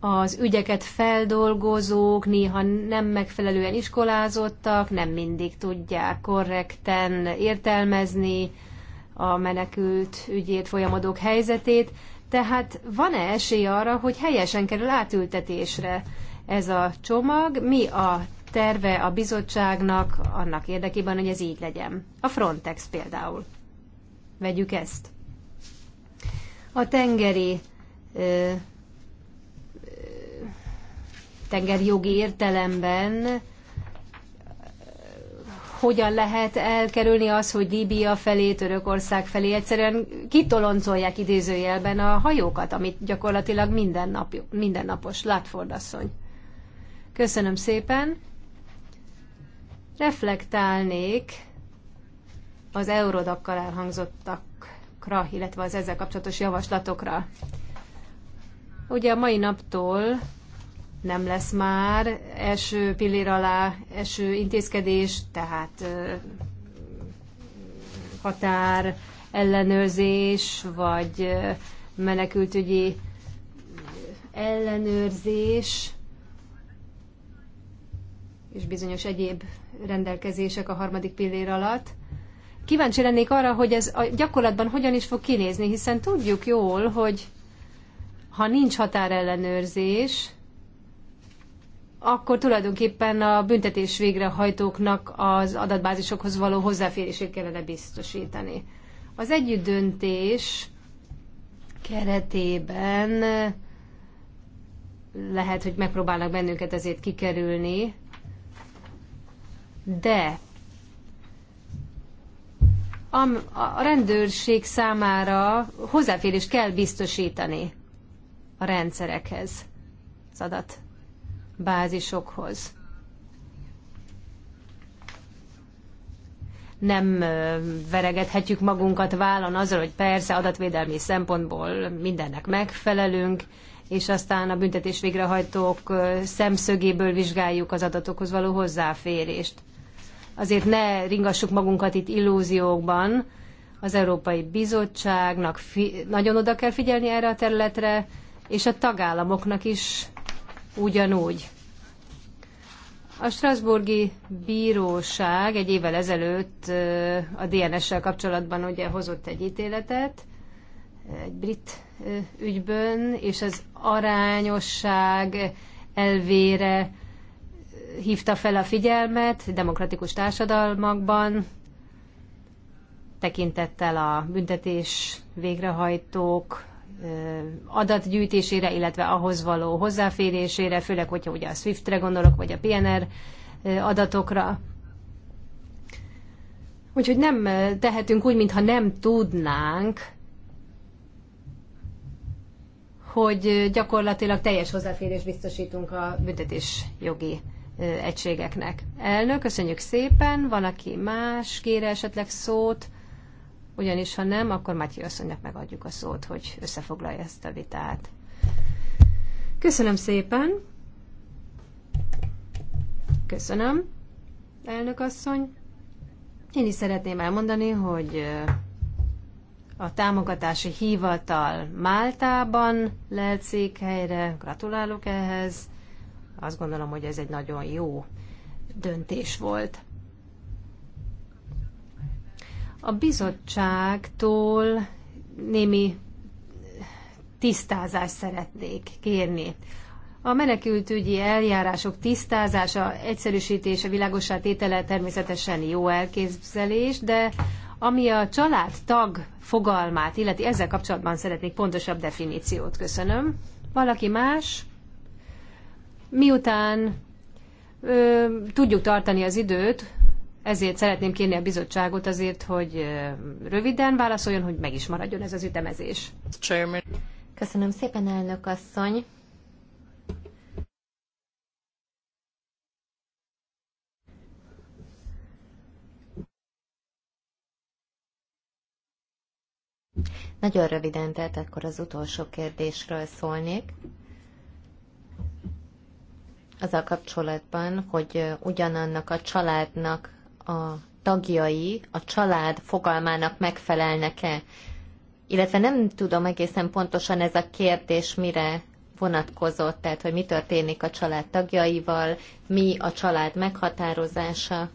Az ügyeket feldolgozók néha nem megfelelően iskolázottak, nem mindig tudják korrekten értelmezni a menekült ügyét folyamodók helyzetét. Tehát van-e esély arra, hogy helyesen kerül átültetésre ez a csomag? Mi a terve a bizottságnak annak érdekében, hogy ez így legyen. A Frontex például. Vegyük ezt. A tengeri ö, tengeri jogi értelemben hogyan lehet elkerülni az, hogy Líbia felé, Törökország felé egyszerűen kitoloncolják idézőjelben a hajókat, amit gyakorlatilag minden nap, mindennapos. Látford látfordasszony. Köszönöm szépen reflektálnék az eurodakkal elhangzottakra, illetve az ezzel kapcsolatos javaslatokra. Ugye a mai naptól nem lesz már eső pillér alá eső intézkedés, tehát határ, ellenőrzés, vagy menekültügyi ellenőrzés, és bizonyos egyéb rendelkezések a harmadik pillér alatt. Kíváncsi lennék arra, hogy ez a gyakorlatban hogyan is fog kinézni, hiszen tudjuk jól, hogy ha nincs határellenőrzés, akkor tulajdonképpen a büntetés végrehajtóknak az adatbázisokhoz való hozzáférését kellene biztosítani. Az együtt döntés keretében lehet, hogy megpróbálnak bennünket ezért kikerülni, de a rendőrség számára hozzáférést kell biztosítani a rendszerekhez, az adatbázisokhoz. Nem veregethetjük magunkat vállon azzal, hogy persze adatvédelmi szempontból mindennek megfelelünk, és aztán a büntetés végrehajtók szemszögéből vizsgáljuk az adatokhoz való hozzáférést azért ne ringassuk magunkat itt illúziókban. Az Európai Bizottságnak nagyon oda kell figyelni erre a területre, és a tagállamoknak is ugyanúgy. A Strasburgi Bíróság egy évvel ezelőtt a DNS-sel kapcsolatban ugye hozott egy ítéletet, egy brit ügyben, és az arányosság elvére hívta fel a figyelmet demokratikus társadalmakban, tekintettel a büntetés végrehajtók adatgyűjtésére, illetve ahhoz való hozzáférésére, főleg, hogyha ugye a SWIFT-re gondolok, vagy a PNR adatokra. Úgyhogy nem tehetünk úgy, mintha nem tudnánk, hogy gyakorlatilag teljes hozzáférés biztosítunk a büntetés jogi egységeknek. Elnök, köszönjük szépen. Van, aki más kére esetleg szót, ugyanis ha nem, akkor Matyi asszonynak megadjuk a szót, hogy összefoglalja ezt a vitát. Köszönöm szépen. Köszönöm, elnök asszony. Én is szeretném elmondani, hogy a támogatási hivatal Máltában lelt székhelyre. Gratulálok ehhez azt gondolom, hogy ez egy nagyon jó döntés volt. A bizottságtól némi tisztázást szeretnék kérni. A menekültügyi eljárások tisztázása, egyszerűsítése, világosá tétele természetesen jó elképzelés, de ami a család tag fogalmát illeti, ezzel kapcsolatban szeretnék pontosabb definíciót. Köszönöm. Valaki más? Miután ö, tudjuk tartani az időt, ezért szeretném kérni a bizottságot azért, hogy ö, röviden válaszoljon, hogy meg is maradjon ez az ütemezés. Köszönöm szépen, elnök asszony. Nagyon röviden, tehát akkor az utolsó kérdésről szólnék azzal kapcsolatban, hogy ugyanannak a családnak a tagjai a család fogalmának megfelelnek-e, illetve nem tudom egészen pontosan ez a kérdés mire vonatkozott, tehát hogy mi történik a család tagjaival, mi a család meghatározása.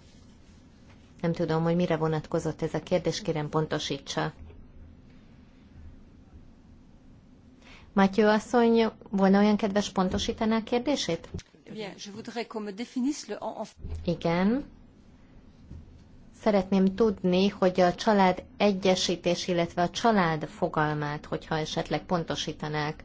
Nem tudom, hogy mire vonatkozott ez a kérdés, kérem pontosítsa. Matyó asszony, volna olyan kedves pontosítaná a kérdését? Igen. Szeretném tudni, hogy a család egyesítés, illetve a család fogalmát, hogyha esetleg pontosítanák.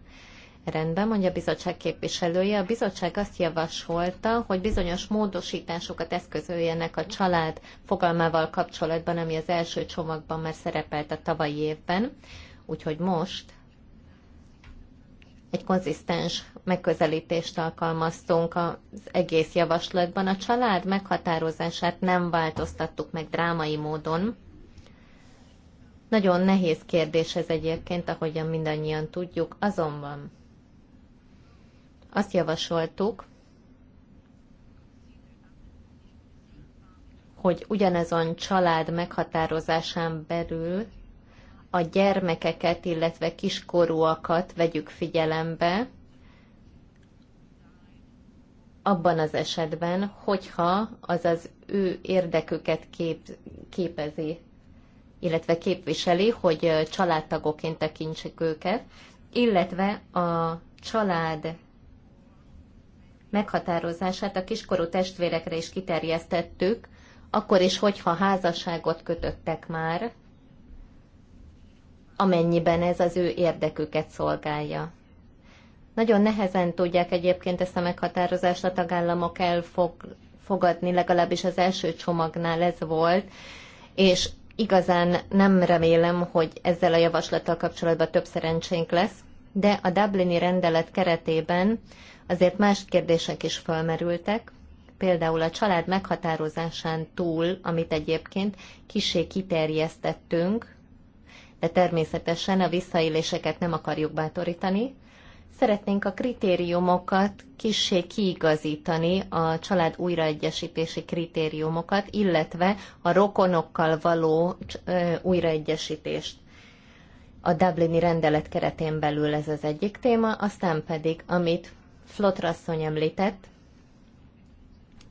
Rendben, mondja a bizottság képviselője. A bizottság azt javasolta, hogy bizonyos módosításokat eszközöljenek a család fogalmával kapcsolatban, ami az első csomagban már szerepelt a tavalyi évben. Úgyhogy most egy konzisztens megközelítést alkalmaztunk az egész javaslatban. A család meghatározását nem változtattuk meg drámai módon. Nagyon nehéz kérdés ez egyébként, ahogyan mindannyian tudjuk, azonban azt javasoltuk, hogy ugyanezon család meghatározásán belül a gyermekeket, illetve kiskorúakat vegyük figyelembe, abban az esetben, hogyha az az ő érdeküket kép, képezi, illetve képviseli, hogy családtagoként tekintsük őket, illetve a család meghatározását a kiskorú testvérekre is kiterjesztettük, akkor is, hogyha házasságot kötöttek már, amennyiben ez az ő érdeküket szolgálja. Nagyon nehezen tudják egyébként ezt a meghatározást a tagállamok elfogadni, legalábbis az első csomagnál ez volt, és igazán nem remélem, hogy ezzel a javaslattal kapcsolatban több szerencsénk lesz, de a Dublini rendelet keretében azért más kérdések is felmerültek, például a család meghatározásán túl, amit egyébként kisé kiterjesztettünk, de természetesen a visszaéléseket nem akarjuk bátorítani. Szeretnénk a kritériumokat kissé kiigazítani, a család újraegyesítési kritériumokat, illetve a rokonokkal való újraegyesítést a Dublini rendelet keretén belül ez az egyik téma, aztán pedig, amit Flotrasszony említett,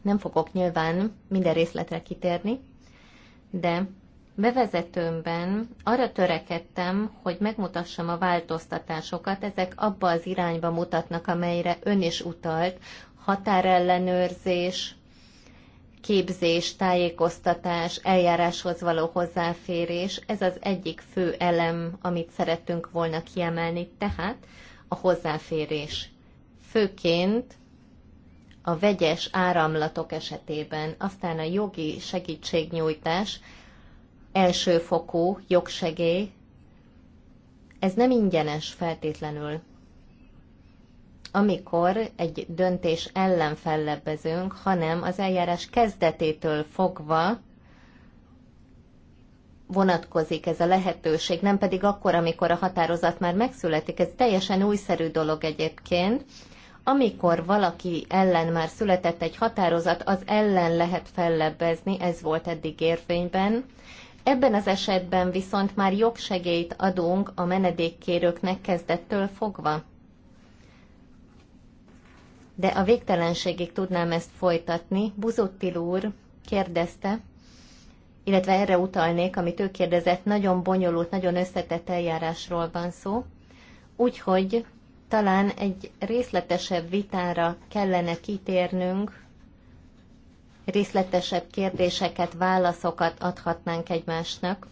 nem fogok nyilván minden részletre kitérni, de bevezetőmben arra törekedtem, hogy megmutassam a változtatásokat, ezek abba az irányba mutatnak, amelyre ön is utalt, határellenőrzés, képzés, tájékoztatás, eljáráshoz való hozzáférés, ez az egyik fő elem, amit szerettünk volna kiemelni, tehát a hozzáférés. Főként a vegyes áramlatok esetében, aztán a jogi segítségnyújtás, elsőfokú jogsegély, ez nem ingyenes feltétlenül. Amikor egy döntés ellen fellebbezünk, hanem az eljárás kezdetétől fogva vonatkozik ez a lehetőség, nem pedig akkor, amikor a határozat már megszületik. Ez teljesen újszerű dolog egyébként. Amikor valaki ellen már született egy határozat, az ellen lehet fellebbezni, ez volt eddig érvényben, Ebben az esetben viszont már jogsegélyt adunk a menedékkérőknek kezdettől fogva. De a végtelenségig tudnám ezt folytatni. Buzottil úr kérdezte, illetve erre utalnék, amit ő kérdezett, nagyon bonyolult, nagyon összetett eljárásról van szó. Úgyhogy talán egy részletesebb vitára kellene kitérnünk részletesebb kérdéseket, válaszokat adhatnánk egymásnak,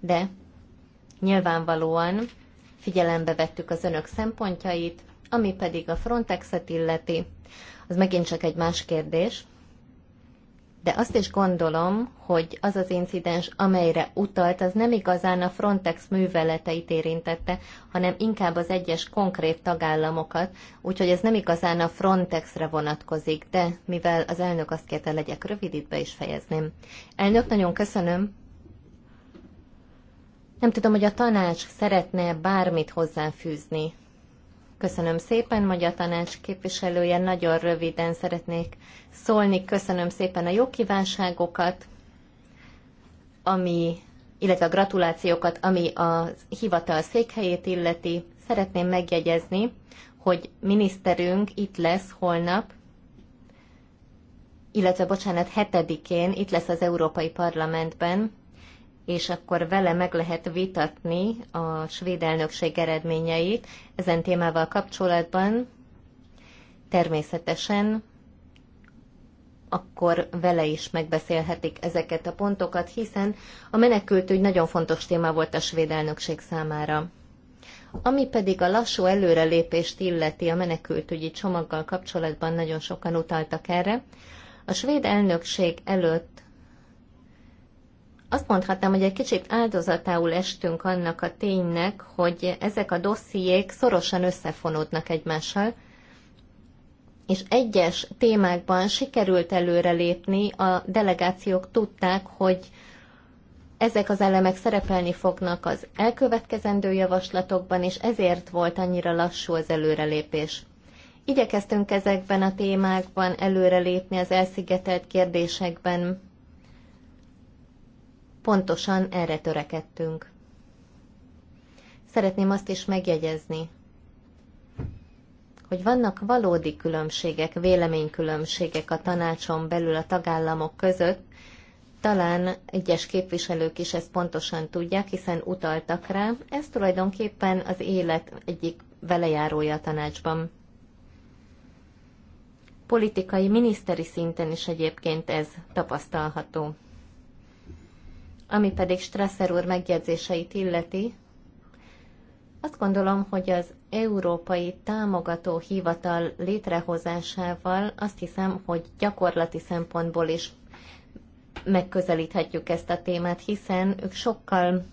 de nyilvánvalóan figyelembe vettük az önök szempontjait, ami pedig a Frontexet illeti, az megint csak egy más kérdés, de azt is gondolom, hogy az az incidens, amelyre utalt, az nem igazán a Frontex műveleteit érintette, hanem inkább az egyes konkrét tagállamokat, úgyhogy ez nem igazán a Frontexre vonatkozik, de mivel az elnök azt kérte, legyek rövid, itt be is fejezném. Elnök, nagyon köszönöm. Nem tudom, hogy a tanács szeretne bármit hozzáfűzni Köszönöm szépen, Magyar Tanács képviselője, nagyon röviden szeretnék szólni. Köszönöm szépen a jó kívánságokat, ami, illetve a gratulációkat, ami a hivatal székhelyét illeti. Szeretném megjegyezni, hogy miniszterünk itt lesz holnap, illetve bocsánat, hetedikén itt lesz az Európai Parlamentben, és akkor vele meg lehet vitatni a svéd elnökség eredményeit ezen témával kapcsolatban. Természetesen akkor vele is megbeszélhetik ezeket a pontokat, hiszen a menekültügy nagyon fontos téma volt a svéd elnökség számára. Ami pedig a lassú előrelépést illeti a menekültügyi csomaggal kapcsolatban, nagyon sokan utaltak erre. A svéd elnökség előtt azt mondhatnám, hogy egy kicsit áldozatául estünk annak a ténynek, hogy ezek a dossziék szorosan összefonódnak egymással, és egyes témákban sikerült előrelépni, a delegációk tudták, hogy ezek az elemek szerepelni fognak az elkövetkezendő javaslatokban, és ezért volt annyira lassú az előrelépés. Igyekeztünk ezekben a témákban előrelépni az elszigetelt kérdésekben, pontosan erre törekedtünk. Szeretném azt is megjegyezni, hogy vannak valódi különbségek, véleménykülönbségek a tanácson belül a tagállamok között, talán egyes képviselők is ezt pontosan tudják, hiszen utaltak rá. Ez tulajdonképpen az élet egyik velejárója a tanácsban. Politikai, miniszteri szinten is egyébként ez tapasztalható. Ami pedig Strasser úr megjegyzéseit illeti, azt gondolom, hogy az Európai Támogató Hivatal létrehozásával azt hiszem, hogy gyakorlati szempontból is megközelíthetjük ezt a témát, hiszen ők sokkal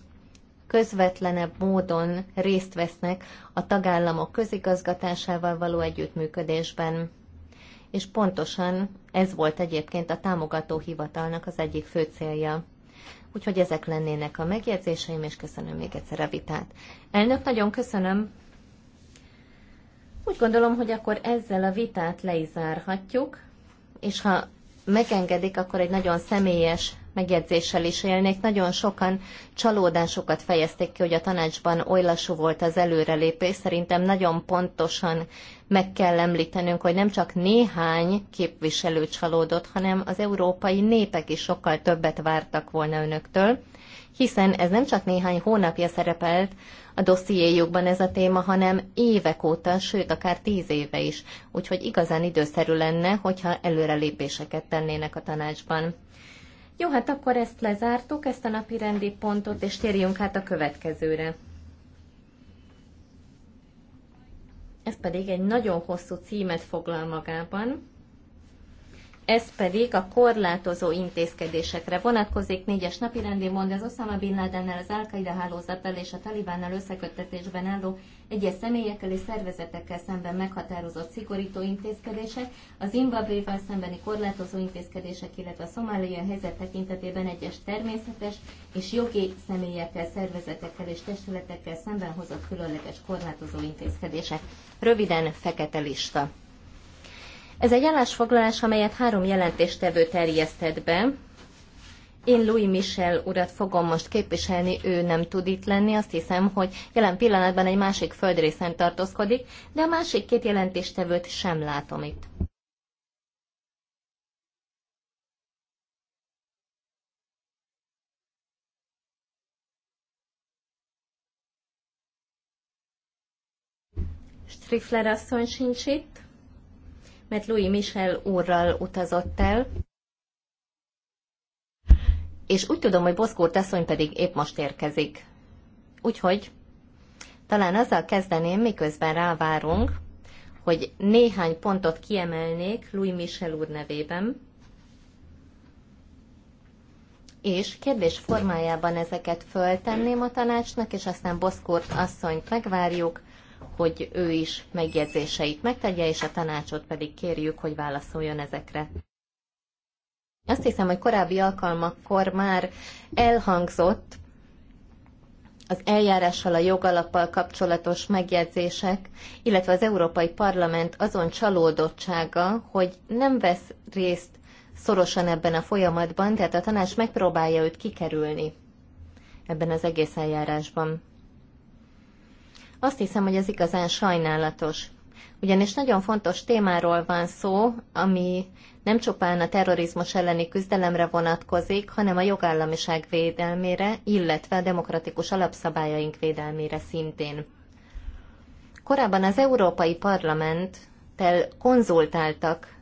közvetlenebb módon részt vesznek a tagállamok közigazgatásával való együttműködésben. És pontosan ez volt egyébként a támogató hivatalnak az egyik fő célja. Úgyhogy ezek lennének a megjegyzéseim, és köszönöm még egyszer a vitát. Elnök, nagyon köszönöm. Úgy gondolom, hogy akkor ezzel a vitát le is zárhatjuk, és ha megengedik, akkor egy nagyon személyes megjegyzéssel is élnék. Nagyon sokan csalódásokat fejezték ki, hogy a tanácsban oly lassú volt az előrelépés. Szerintem nagyon pontosan meg kell említenünk, hogy nem csak néhány képviselő csalódott, hanem az európai népek is sokkal többet vártak volna önöktől, hiszen ez nem csak néhány hónapja szerepelt a dossziéjukban ez a téma, hanem évek óta, sőt akár tíz éve is. Úgyhogy igazán időszerű lenne, hogyha előrelépéseket tennének a tanácsban. Jó, hát akkor ezt lezártuk, ezt a napi rendi pontot, és térjünk hát a következőre. Ez pedig egy nagyon hosszú címet foglal magában, ez pedig a korlátozó intézkedésekre vonatkozik. Négyes napi mond, az Osama Bin Ladennel, az al hálózattal és a Talibánnal összeköttetésben álló egyes személyekkel és szervezetekkel szemben meghatározott szigorító intézkedések, az Zimbabvéval szembeni korlátozó intézkedések, illetve a szomáliai helyzet tekintetében egyes természetes és jogi személyekkel, szervezetekkel és testületekkel szemben hozott különleges korlátozó intézkedések. Röviden fekete lista. Ez egy állásfoglalás, amelyet három jelentéstevő terjesztett be. Én Louis Michel urat fogom most képviselni, ő nem tud itt lenni, azt hiszem, hogy jelen pillanatban egy másik földrészen tartózkodik, de a másik két jelentéstevőt sem látom itt. Strifler asszony sincs itt mert Louis Michel úrral utazott el, és úgy tudom, hogy Boszkó asszony pedig épp most érkezik. Úgyhogy talán azzal kezdeném, miközben rávárunk, hogy néhány pontot kiemelnék Louis Michel úr nevében, és kérdés formájában ezeket föltenném a tanácsnak, és aztán Boszkort asszonyt megvárjuk, hogy ő is megjegyzéseit megtegye, és a tanácsot pedig kérjük, hogy válaszoljon ezekre. Azt hiszem, hogy korábbi alkalmakkor már elhangzott az eljárással, a jogalappal kapcsolatos megjegyzések, illetve az Európai Parlament azon csalódottsága, hogy nem vesz részt szorosan ebben a folyamatban, tehát a tanács megpróbálja őt kikerülni ebben az egész eljárásban. Azt hiszem, hogy ez igazán sajnálatos. Ugyanis nagyon fontos témáról van szó, ami nem csupán a terrorizmus elleni küzdelemre vonatkozik, hanem a jogállamiság védelmére, illetve a demokratikus alapszabályaink védelmére szintén. Korábban az Európai Parlamenttel konzultáltak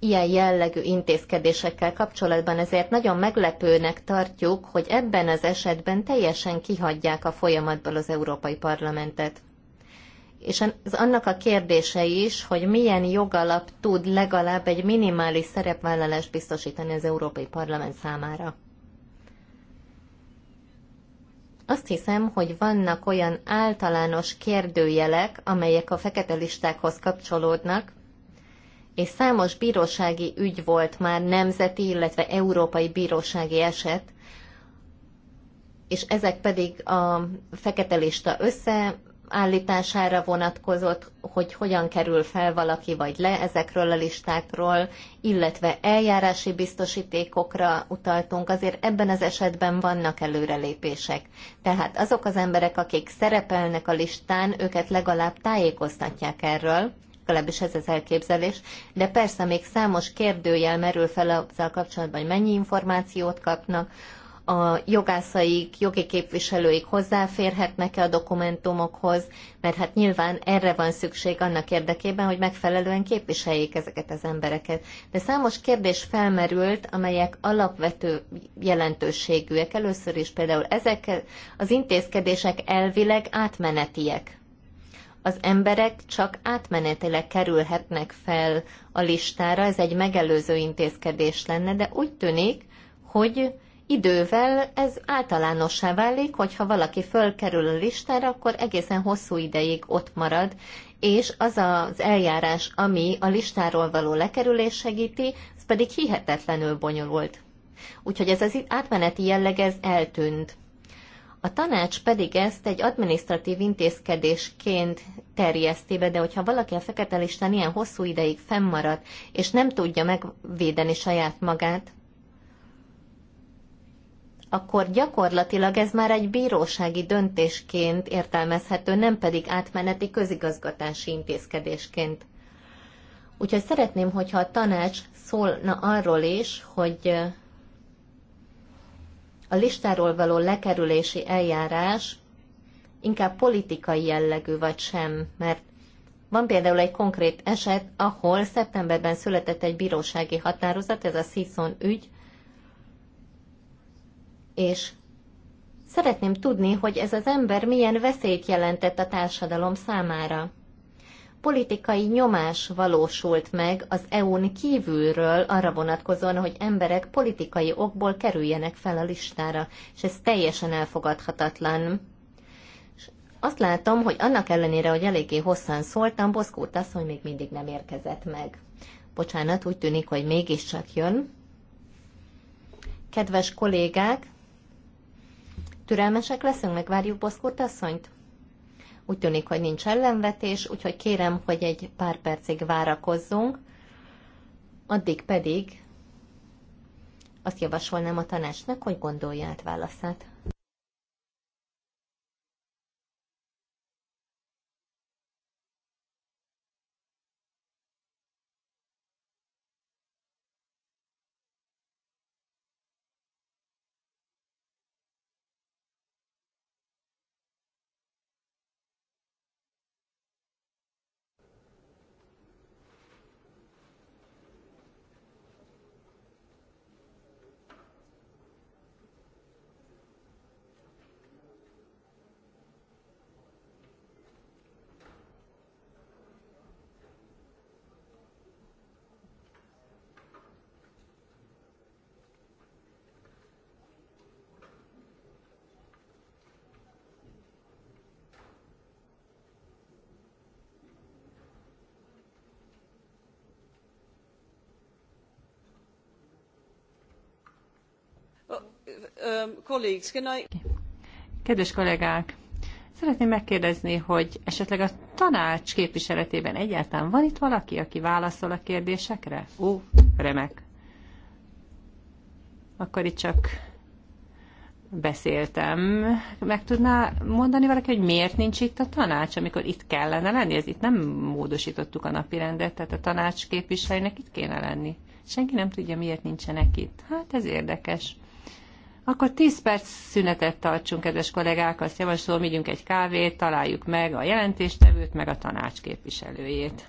ilyen jellegű intézkedésekkel kapcsolatban, ezért nagyon meglepőnek tartjuk, hogy ebben az esetben teljesen kihagyják a folyamatból az Európai Parlamentet. És az annak a kérdése is, hogy milyen jogalap tud legalább egy minimális szerepvállalást biztosítani az Európai Parlament számára. Azt hiszem, hogy vannak olyan általános kérdőjelek, amelyek a fekete listákhoz kapcsolódnak, és számos bírósági ügy volt már nemzeti, illetve európai bírósági eset, és ezek pedig a fekete lista összeállítására vonatkozott, hogy hogyan kerül fel valaki vagy le ezekről a listákról, illetve eljárási biztosítékokra utaltunk, azért ebben az esetben vannak előrelépések. Tehát azok az emberek, akik szerepelnek a listán, őket legalább tájékoztatják erről, legalábbis ez az elképzelés, de persze még számos kérdőjel merül fel azzal kapcsolatban, hogy mennyi információt kapnak, a jogászaik, jogi képviselőik hozzáférhetnek-e a dokumentumokhoz, mert hát nyilván erre van szükség annak érdekében, hogy megfelelően képviseljék ezeket az embereket. De számos kérdés felmerült, amelyek alapvető jelentőségűek. Először is például ezek az intézkedések elvileg átmenetiek az emberek csak átmenetileg kerülhetnek fel a listára, ez egy megelőző intézkedés lenne, de úgy tűnik, hogy idővel ez általánossá válik, hogyha valaki fölkerül a listára, akkor egészen hosszú ideig ott marad, és az az eljárás, ami a listáról való lekerülés segíti, az pedig hihetetlenül bonyolult. Úgyhogy ez az átmeneti jelleg ez eltűnt. A tanács pedig ezt egy adminisztratív intézkedésként terjeszti be, de hogyha valaki a fekete listán ilyen hosszú ideig fennmarad, és nem tudja megvédeni saját magát, akkor gyakorlatilag ez már egy bírósági döntésként értelmezhető, nem pedig átmeneti közigazgatási intézkedésként. Úgyhogy szeretném, hogyha a tanács szólna arról is, hogy a listáról való lekerülési eljárás inkább politikai jellegű vagy sem, mert van például egy konkrét eset, ahol szeptemberben született egy bírósági határozat, ez a Sison ügy, és szeretném tudni, hogy ez az ember milyen veszélyt jelentett a társadalom számára politikai nyomás valósult meg az EU-n kívülről arra vonatkozóan, hogy emberek politikai okból kerüljenek fel a listára, és ez teljesen elfogadhatatlan. És azt látom, hogy annak ellenére, hogy eléggé hosszan szóltam, Boszkó hogy még mindig nem érkezett meg. Bocsánat, úgy tűnik, hogy mégiscsak jön. Kedves kollégák, türelmesek leszünk, megvárjuk Boszkó asszonyt? Úgy tűnik, hogy nincs ellenvetés, úgyhogy kérem, hogy egy pár percig várakozzunk, addig pedig azt javasolnám a tanácsnak, hogy gondolja át válaszát. Um, Kedves kollégák, szeretném megkérdezni, hogy esetleg a tanács képviseletében egyáltalán van itt valaki, aki válaszol a kérdésekre? Ó, remek. Akkor itt csak beszéltem. Meg tudná mondani valaki, hogy miért nincs itt a tanács, amikor itt kellene lenni? Ez itt nem módosítottuk a napi rendet, tehát a tanács képviselőnek itt kéne lenni. Senki nem tudja, miért nincsenek itt. Hát ez érdekes. Akkor 10 perc szünetet tartsunk, kedves kollégák, azt javaslom, ígyünk egy kávét, találjuk meg a jelentéstevőt, meg a tanács képviselőjét.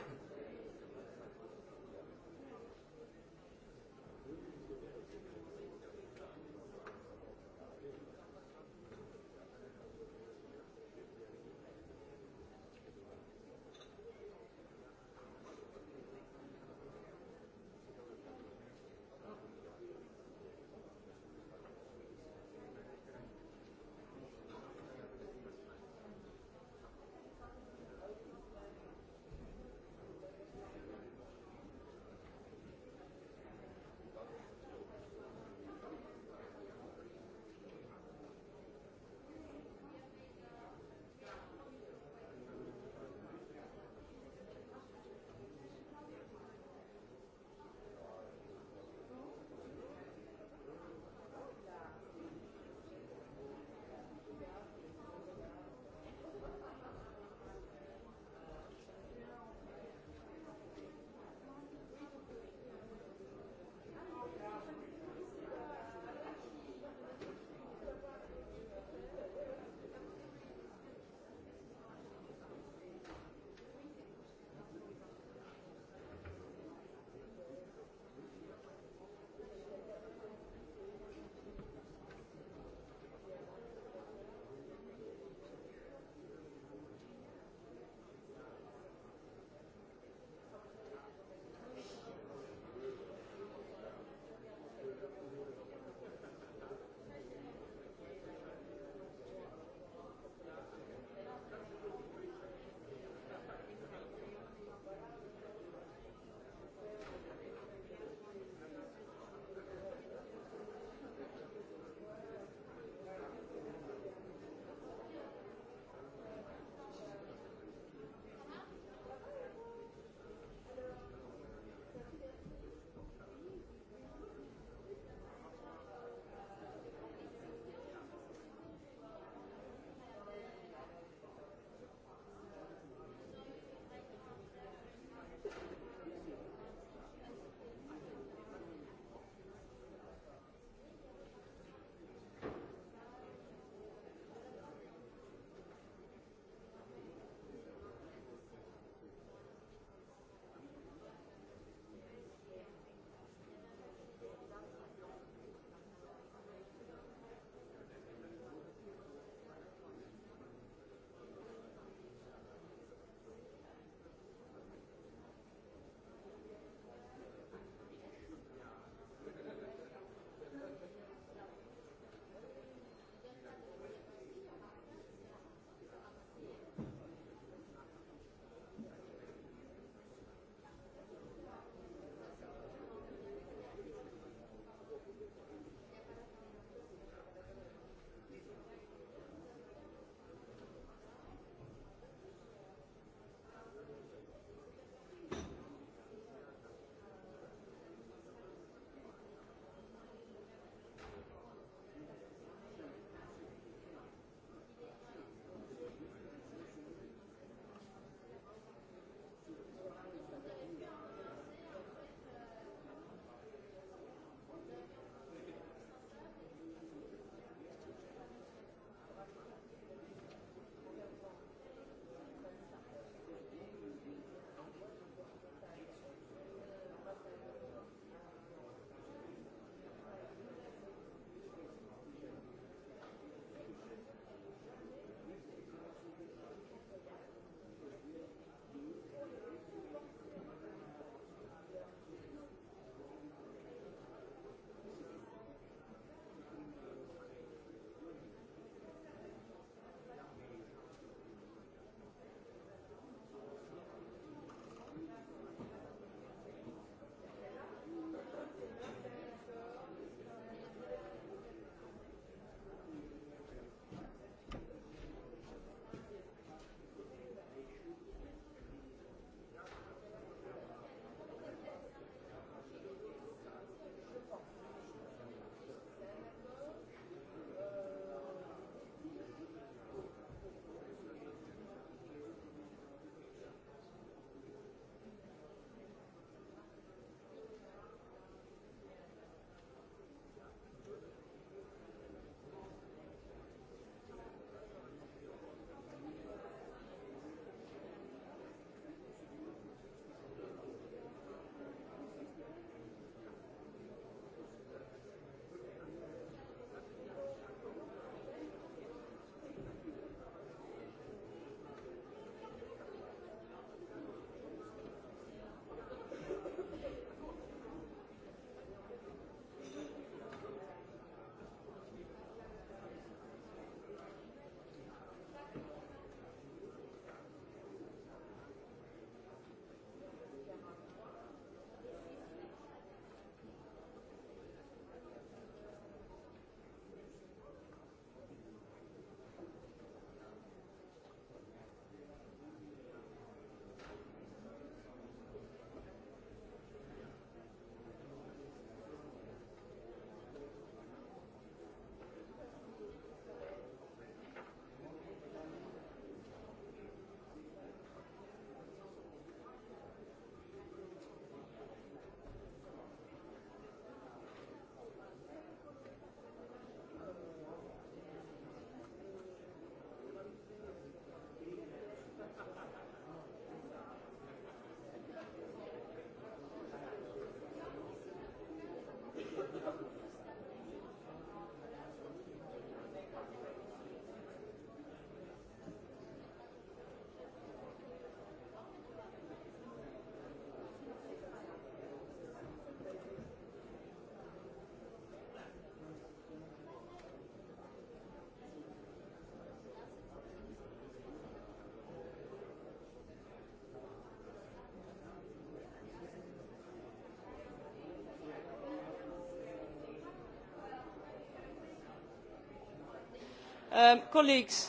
Um, colleagues,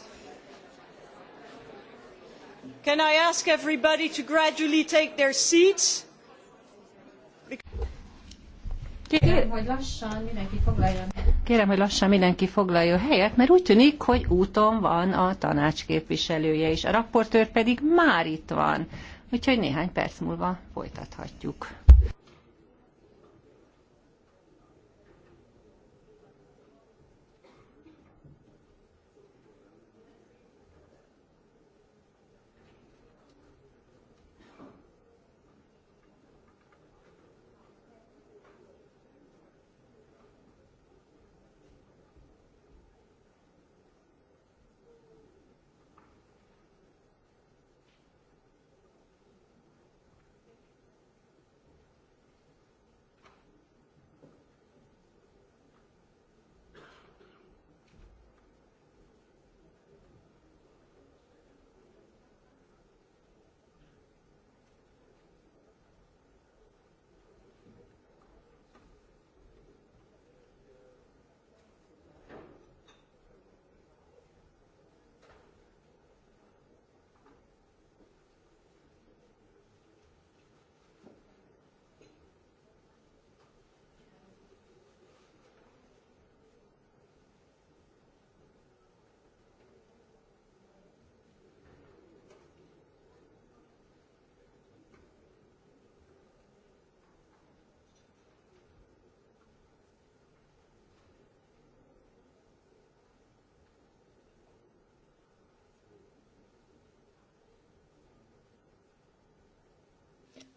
can I ask everybody to gradually take their seats? Kérem, hogy lassan mindenki foglaljon helyet, mert úgy tűnik, hogy úton van a tanács képviselője is. A raportőr pedig már itt van. Úgyhogy néhány perc múlva folytathatjuk.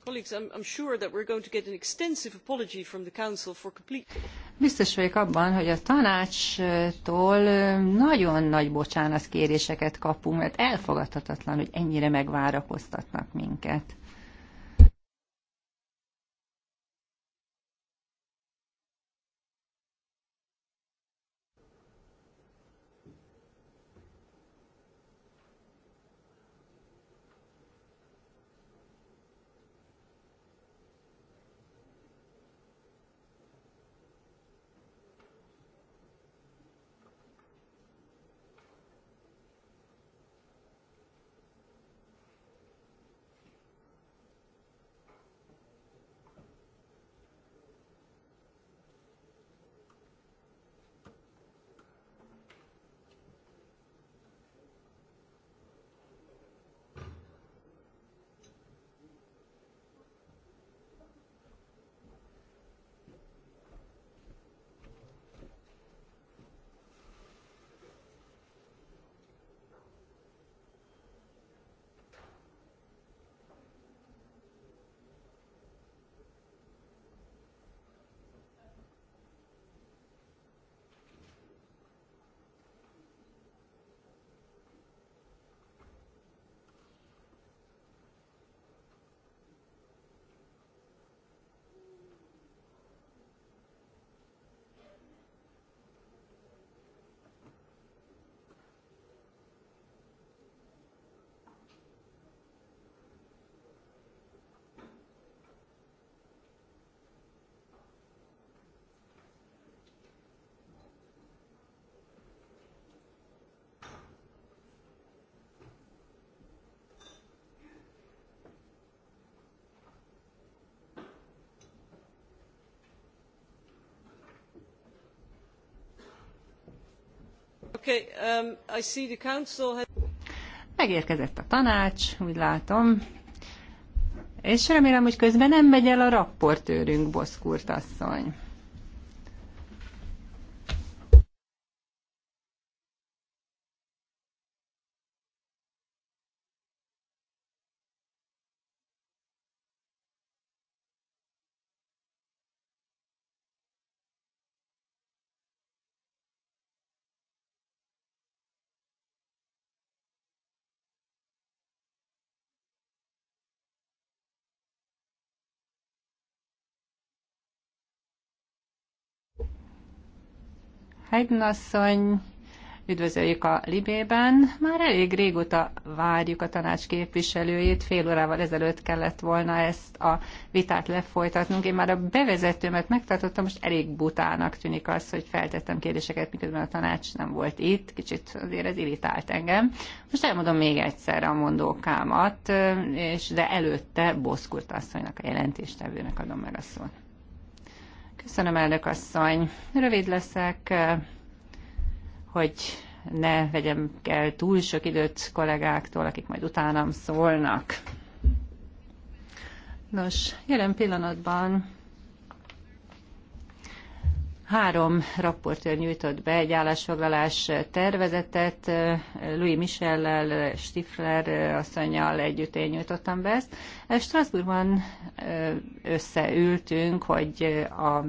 Colleagues, i am sure that are going to get an extensive apology from the Council for complete... Biztos vagyok abban, hogy a tanácstól nagyon nagy bocsánat kapunk, mert elfogadhatatlan, hogy ennyire megvárakoztatnak minket. Um, Megérkezett a tanács, úgy látom. És remélem, hogy közben nem megy el a rapportőrünk, Boszkurt asszony. asszony, üdvözöljük a Libében. Már elég régóta várjuk a tanács képviselőjét, fél órával ezelőtt kellett volna ezt a vitát lefolytatnunk. Én már a bevezetőmet megtartottam, most elég butának tűnik az, hogy feltettem kérdéseket, miközben a tanács nem volt itt. Kicsit azért ez irritált engem. Most elmondom még egyszer a mondókámat, és de előtte Boszkurt asszonynak, a jelentéstevőnek adom meg a szót. Köszönöm, elnök asszony. Rövid leszek, eh, hogy ne vegyem el túl sok időt kollégáktól, akik majd utánam szólnak. Nos, jelen pillanatban Három rapportőr nyújtott be egy állásfoglalás tervezetet, Louis Michellel, Stifler asszonyjal együtt én nyújtottam be ezt. Strasbourgban összeültünk, hogy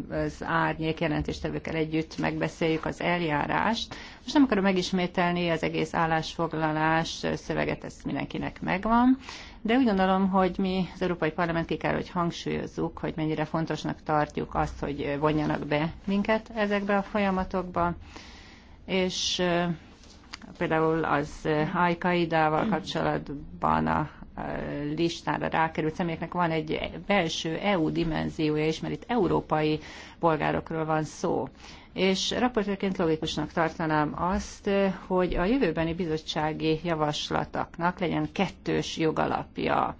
az árnyék jelentéstevőkkel együtt megbeszéljük az eljárást. Most nem akarom megismételni az egész állásfoglalás szöveget, ez mindenkinek megvan de úgy gondolom, hogy mi az Európai Parlament ki hogy hangsúlyozzuk, hogy mennyire fontosnak tartjuk azt, hogy vonjanak be minket ezekbe a folyamatokba, és például az Al-Qaidával kapcsolatban a listára rákerült személyeknek van egy belső EU dimenziója is, mert itt európai polgárokról van szó és raportőrként logikusnak tartanám azt, hogy a jövőbeni bizottsági javaslataknak legyen kettős jogalapja.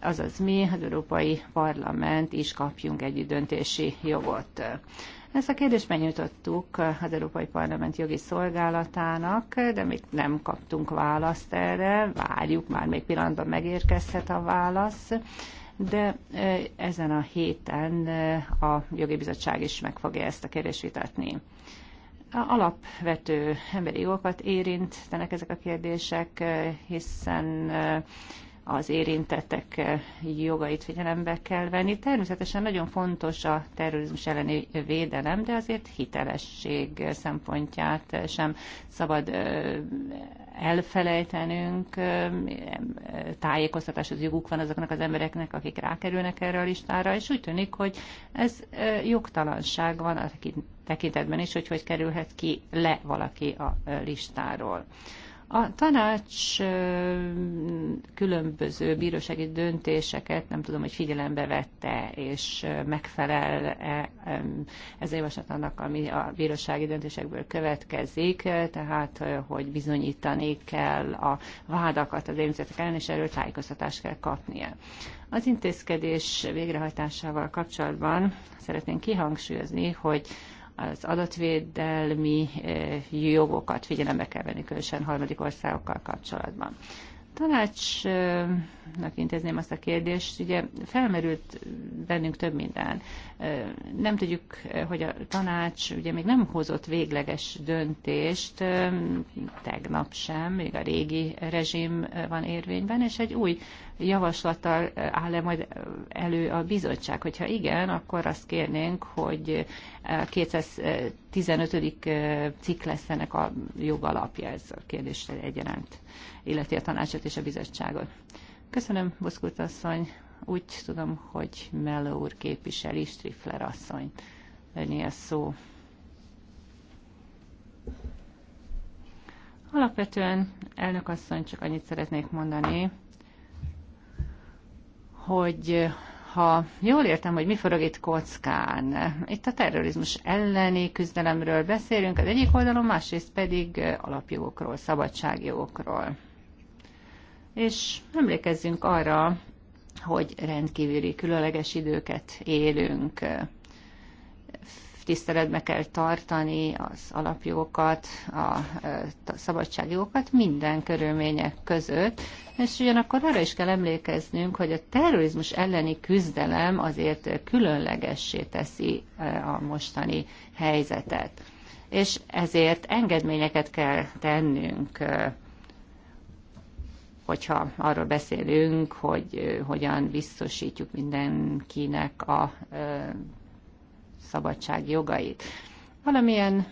Azaz mi, az Európai Parlament is kapjunk egy döntési jogot. Ezt a kérdést benyújtottuk az Európai Parlament jogi szolgálatának, de még nem kaptunk választ erre, várjuk, már még pillanatban megérkezhet a válasz de ezen a héten a jogi bizottság is meg fogja ezt a kérdést vitatni. A alapvető emberi jogokat érintenek ezek a kérdések, hiszen az érintettek jogait figyelembe kell venni. Természetesen nagyon fontos a terrorizmus elleni védelem, de azért hitelesség szempontját sem szabad elfelejtenünk, tájékoztatáshoz joguk van azoknak az embereknek, akik rákerülnek erre a listára, és úgy tűnik, hogy ez jogtalanság van a tekintetben is, hogy hogy kerülhet ki le valaki a listáról. A tanács különböző bírósági döntéseket nem tudom, hogy figyelembe vette, és megfelel -e ez a javaslat annak, ami a bírósági döntésekből következik, tehát hogy bizonyítani kell a vádakat az érintettek ellen, és erről tájékoztatást kell kapnia. Az intézkedés végrehajtásával kapcsolatban szeretném kihangsúlyozni, hogy az adatvédelmi eh, jogokat figyelembe kell venni, különösen harmadik országokkal kapcsolatban tanácsnak intézném azt a kérdést, ugye felmerült bennünk több minden. Nem tudjuk, hogy a tanács ugye még nem hozott végleges döntést, tegnap sem, még a régi rezsim van érvényben, és egy új javaslattal áll-e majd elő a bizottság? Hogyha igen, akkor azt kérnénk, hogy 215. cikk lesz ennek a jogalapja, ez a kérdés egyaránt illeti a tanácsot és a bizottságot. Köszönöm, Boszkurt asszony. Úgy tudom, hogy Mello úr képviseli Strifler asszony. Önnyi a szó. Alapvetően elnök asszony csak annyit szeretnék mondani, hogy ha jól értem, hogy mi forog itt kockán, itt a terrorizmus elleni küzdelemről beszélünk az egyik oldalon, másrészt pedig alapjogokról, szabadságjogokról és emlékezzünk arra, hogy rendkívüli különleges időket élünk. Tiszteletbe kell tartani az alapjókat, a szabadságjókat minden körülmények között, és ugyanakkor arra is kell emlékeznünk, hogy a terrorizmus elleni küzdelem azért különlegessé teszi e, a mostani helyzetet. És ezért engedményeket kell tennünk e, hogyha arról beszélünk, hogy hogyan biztosítjuk mindenkinek a szabadság jogait. Valamilyen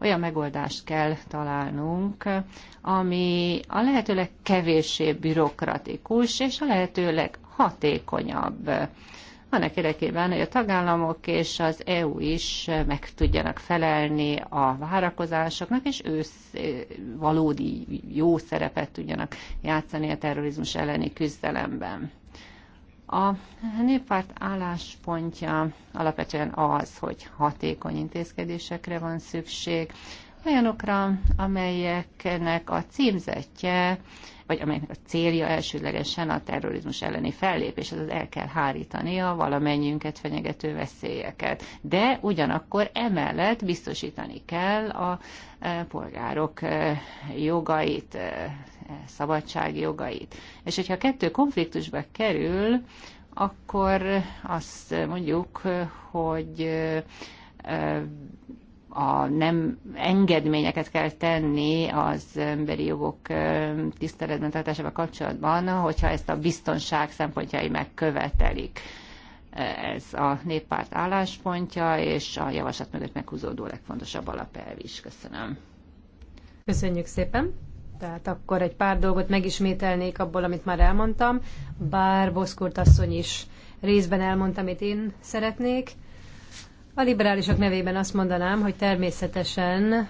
olyan megoldást kell találnunk, ami a lehetőleg kevésbé bürokratikus és a lehetőleg hatékonyabb annak érdekében, hogy a tagállamok és az EU is meg tudjanak felelni a várakozásoknak, és ősz valódi jó szerepet tudjanak játszani a terrorizmus elleni küzdelemben. A néppárt álláspontja alapvetően az, hogy hatékony intézkedésekre van szükség, olyanokra, amelyeknek a címzetje vagy amelynek a célja elsődlegesen a terrorizmus elleni fellépés, azaz el kell hárítania valamennyünket fenyegető veszélyeket. De ugyanakkor emellett biztosítani kell a e, polgárok e, jogait, e, szabadsági jogait. És hogyha a kettő konfliktusba kerül, akkor azt mondjuk, hogy a nem engedményeket kell tenni az emberi jogok tiszteletben tartásával kapcsolatban, hogyha ezt a biztonság szempontjai megkövetelik. Ez a néppárt álláspontja, és a javaslat mögött meghúzódó legfontosabb alapelv is. Köszönöm. Köszönjük szépen. Tehát akkor egy pár dolgot megismételnék abból, amit már elmondtam, bár Boszkurt asszony is részben elmondta, amit én szeretnék a liberálisok nevében azt mondanám, hogy természetesen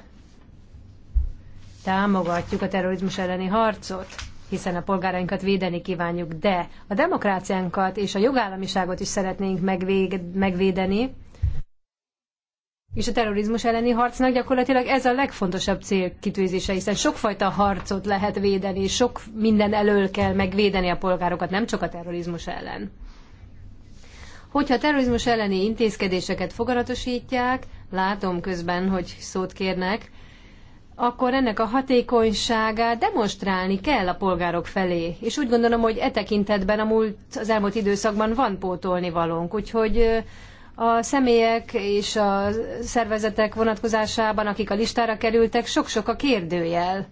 támogatjuk a terrorizmus elleni harcot, hiszen a polgárainkat védeni kívánjuk, de a demokráciánkat és a jogállamiságot is szeretnénk megvédeni, és a terrorizmus elleni harcnak gyakorlatilag ez a legfontosabb célkitűzése, hiszen sokfajta harcot lehet védeni, sok minden elől kell megvédeni a polgárokat, nem csak a terrorizmus ellen. Hogyha a terrorizmus elleni intézkedéseket fogaratosítják, látom közben, hogy szót kérnek, akkor ennek a hatékonyságát demonstrálni kell a polgárok felé. És úgy gondolom, hogy e tekintetben a múlt, az elmúlt időszakban van pótolni valónk. Úgyhogy a személyek és a szervezetek vonatkozásában, akik a listára kerültek, sok-sok a kérdőjel.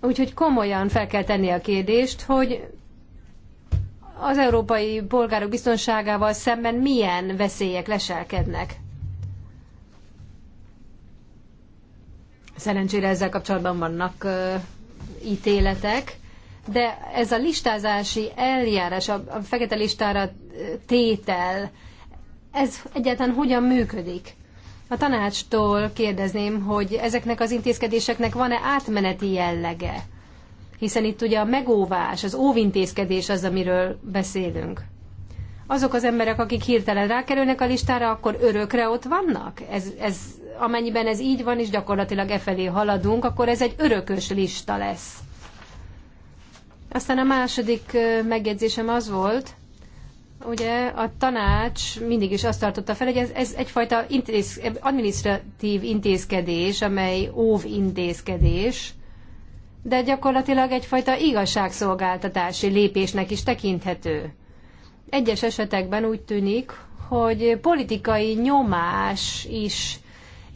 Úgyhogy komolyan fel kell tenni a kérdést, hogy az európai polgárok biztonságával szemben milyen veszélyek leselkednek. Szerencsére ezzel kapcsolatban vannak uh, ítéletek, de ez a listázási eljárás, a, a fekete listára tétel, ez egyáltalán hogyan működik? A tanácstól kérdezném, hogy ezeknek az intézkedéseknek van-e átmeneti jellege? hiszen itt ugye a megóvás, az óvintézkedés az, amiről beszélünk. Azok az emberek, akik hirtelen rákerülnek a listára, akkor örökre ott vannak? Ez, ez, amennyiben ez így van, és gyakorlatilag e felé haladunk, akkor ez egy örökös lista lesz. Aztán a második megjegyzésem az volt, ugye a tanács mindig is azt tartotta fel, hogy ez, ez egyfajta intéz, administratív intézkedés, amely óvintézkedés, de gyakorlatilag egyfajta igazságszolgáltatási lépésnek is tekinthető. Egyes esetekben úgy tűnik, hogy politikai nyomás is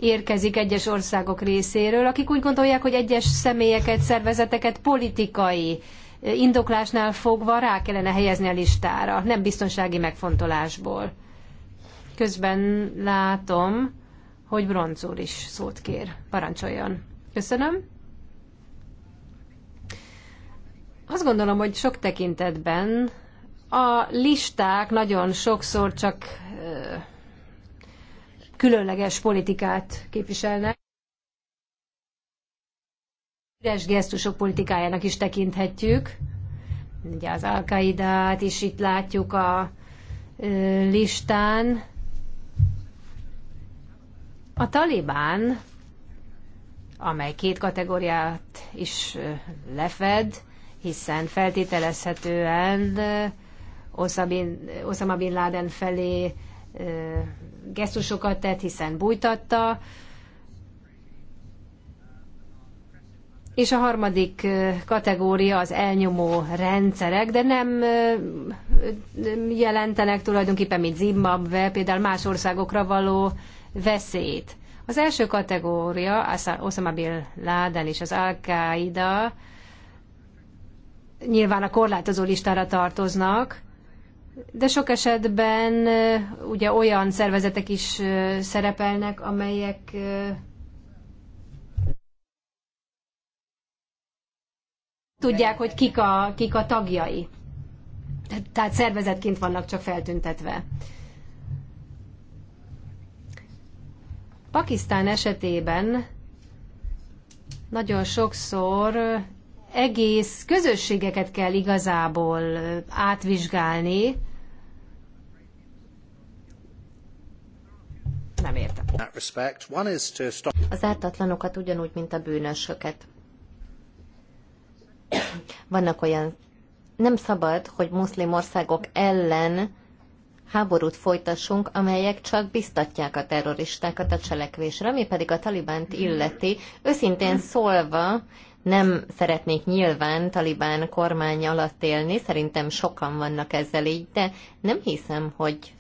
érkezik egyes országok részéről, akik úgy gondolják, hogy egyes személyeket, szervezeteket politikai eh, indoklásnál fogva rá kellene helyezni a listára, nem biztonsági megfontolásból. Közben látom, hogy Bronz úr is szót kér. Parancsoljon. Köszönöm. Azt gondolom, hogy sok tekintetben a listák nagyon sokszor csak különleges politikát képviselnek. Üres gesztusok politikájának is tekinthetjük. Ugye az al is itt látjuk a listán. A talibán, amely két kategóriát is lefed, hiszen feltételezhetően Osama Bin Laden felé gesztusokat tett, hiszen bújtatta. És a harmadik kategória az elnyomó rendszerek, de nem jelentenek tulajdonképpen, mint Zimbabwe, például más országokra való veszélyt. Az első kategória, Osama Bin Laden és az al qaeda nyilván a korlátozó listára tartoznak, de sok esetben ugye olyan szervezetek is szerepelnek, amelyek tudják, hogy kik a, kik a tagjai. Tehát szervezetként vannak csak feltüntetve. Pakisztán esetében nagyon sokszor egész közösségeket kell igazából átvizsgálni. Nem értem. Az ártatlanokat ugyanúgy, mint a bűnösöket. Vannak olyan... Nem szabad, hogy muszlim országok ellen háborút folytassunk, amelyek csak biztatják a terroristákat a cselekvésre, ami pedig a talibánt illeti. Őszintén szólva, nem szeretnék nyilván talibán kormány alatt élni, szerintem sokan vannak ezzel így, de nem hiszem, hogy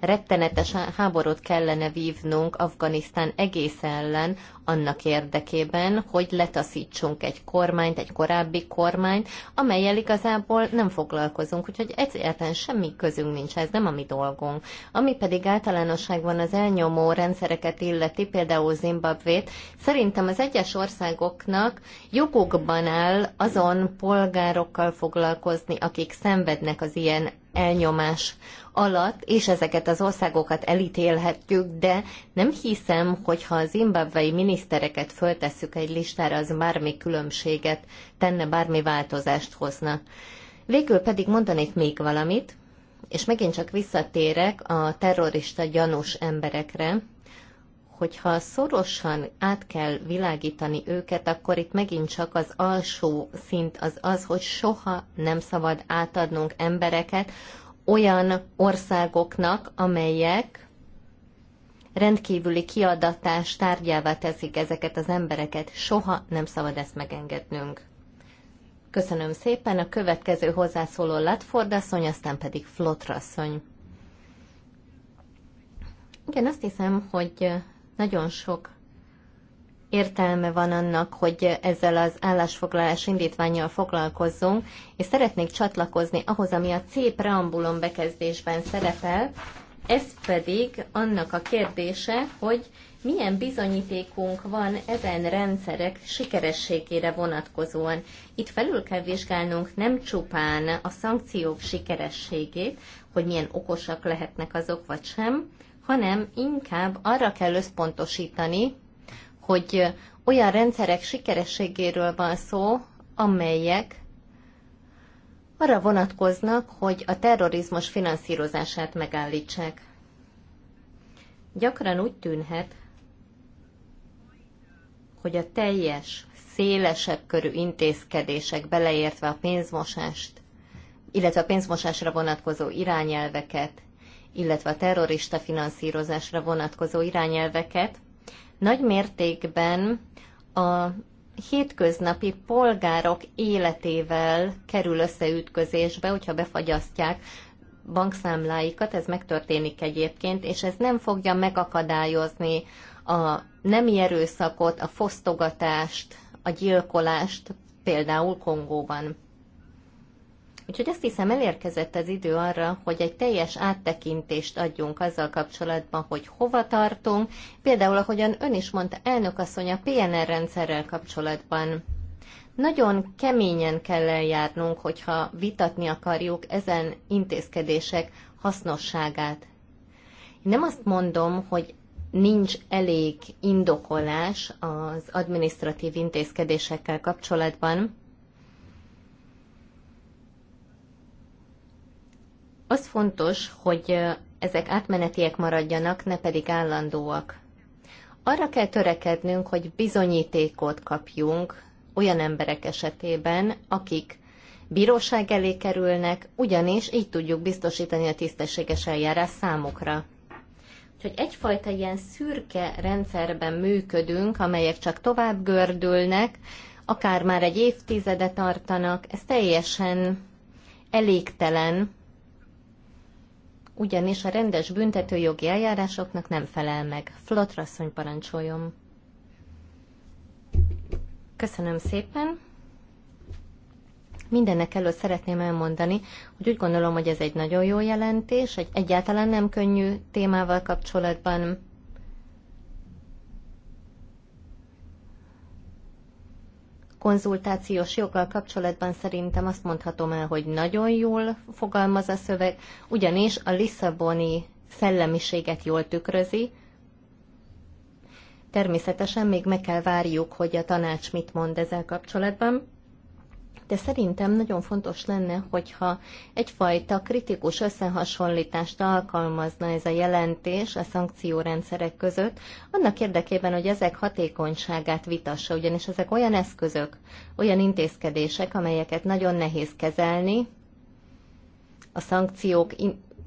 rettenetes háborút kellene vívnunk Afganisztán egész ellen annak érdekében, hogy letaszítsunk egy kormányt, egy korábbi kormányt, amelyel igazából nem foglalkozunk, úgyhogy egyáltalán semmi közünk nincs, ez nem a mi dolgunk. Ami pedig általánosságban az elnyomó rendszereket illeti, például Zimbabvét, szerintem az egyes országoknak jogukban áll azon polgárokkal foglalkozni, akik szenvednek az ilyen elnyomás alatt, és ezeket az országokat elítélhetjük, de nem hiszem, hogy ha a zimbabvei minisztereket föltesszük egy listára, az bármi különbséget tenne, bármi változást hozna. Végül pedig mondanék még valamit, és megint csak visszatérek a terrorista gyanús emberekre, hogyha szorosan át kell világítani őket, akkor itt megint csak az alsó szint az az, hogy soha nem szabad átadnunk embereket olyan országoknak, amelyek rendkívüli kiadatás tárgyává teszik ezeket az embereket. Soha nem szabad ezt megengednünk. Köszönöm szépen. A következő hozzászóló Latford asszony, aztán pedig asszony. Igen, azt hiszem, hogy nagyon sok értelme van annak, hogy ezzel az állásfoglalás indítványjal foglalkozzunk, és szeretnék csatlakozni ahhoz, ami a C preambulum bekezdésben szerepel, ez pedig annak a kérdése, hogy milyen bizonyítékunk van ezen rendszerek sikerességére vonatkozóan. Itt felül kell vizsgálnunk nem csupán a szankciók sikerességét, hogy milyen okosak lehetnek azok vagy sem, hanem inkább arra kell összpontosítani, hogy olyan rendszerek sikerességéről van szó, amelyek arra vonatkoznak, hogy a terrorizmus finanszírozását megállítsák. Gyakran úgy tűnhet, hogy a teljes, szélesebb körű intézkedések, beleértve a pénzmosást, illetve a pénzmosásra vonatkozó irányelveket, illetve a terrorista finanszírozásra vonatkozó irányelveket nagy mértékben a hétköznapi polgárok életével kerül összeütközésbe, hogyha befagyasztják bankszámláikat, ez megtörténik egyébként, és ez nem fogja megakadályozni a nemi erőszakot, a fosztogatást, a gyilkolást, például Kongóban. Úgyhogy azt hiszem elérkezett az idő arra, hogy egy teljes áttekintést adjunk azzal kapcsolatban, hogy hova tartunk. Például, ahogyan ön is mondta, elnökasszony a PNR rendszerrel kapcsolatban. Nagyon keményen kell eljárnunk, hogyha vitatni akarjuk ezen intézkedések hasznosságát. Nem azt mondom, hogy nincs elég indokolás az administratív intézkedésekkel kapcsolatban, Az fontos, hogy ezek átmenetiek maradjanak, ne pedig állandóak. Arra kell törekednünk, hogy bizonyítékot kapjunk olyan emberek esetében, akik bíróság elé kerülnek, ugyanis így tudjuk biztosítani a tisztességes eljárás számukra. Úgyhogy egyfajta ilyen szürke rendszerben működünk, amelyek csak tovább gördülnek, akár már egy évtizede tartanak, ez teljesen elégtelen ugyanis a rendes büntetőjogi eljárásoknak nem felel meg. Flotrasszony parancsoljon. Köszönöm szépen. Mindennek előtt szeretném elmondani, hogy úgy gondolom, hogy ez egy nagyon jó jelentés, egy egyáltalán nem könnyű témával kapcsolatban konzultációs joggal kapcsolatban szerintem azt mondhatom el, hogy nagyon jól fogalmaz a szöveg, ugyanis a Lisszaboni szellemiséget jól tükrözi. Természetesen még meg kell várjuk, hogy a tanács mit mond ezzel kapcsolatban de szerintem nagyon fontos lenne, hogyha egyfajta kritikus összehasonlítást alkalmazna ez a jelentés a szankciórendszerek között, annak érdekében, hogy ezek hatékonyságát vitassa, ugyanis ezek olyan eszközök, olyan intézkedések, amelyeket nagyon nehéz kezelni, a szankciók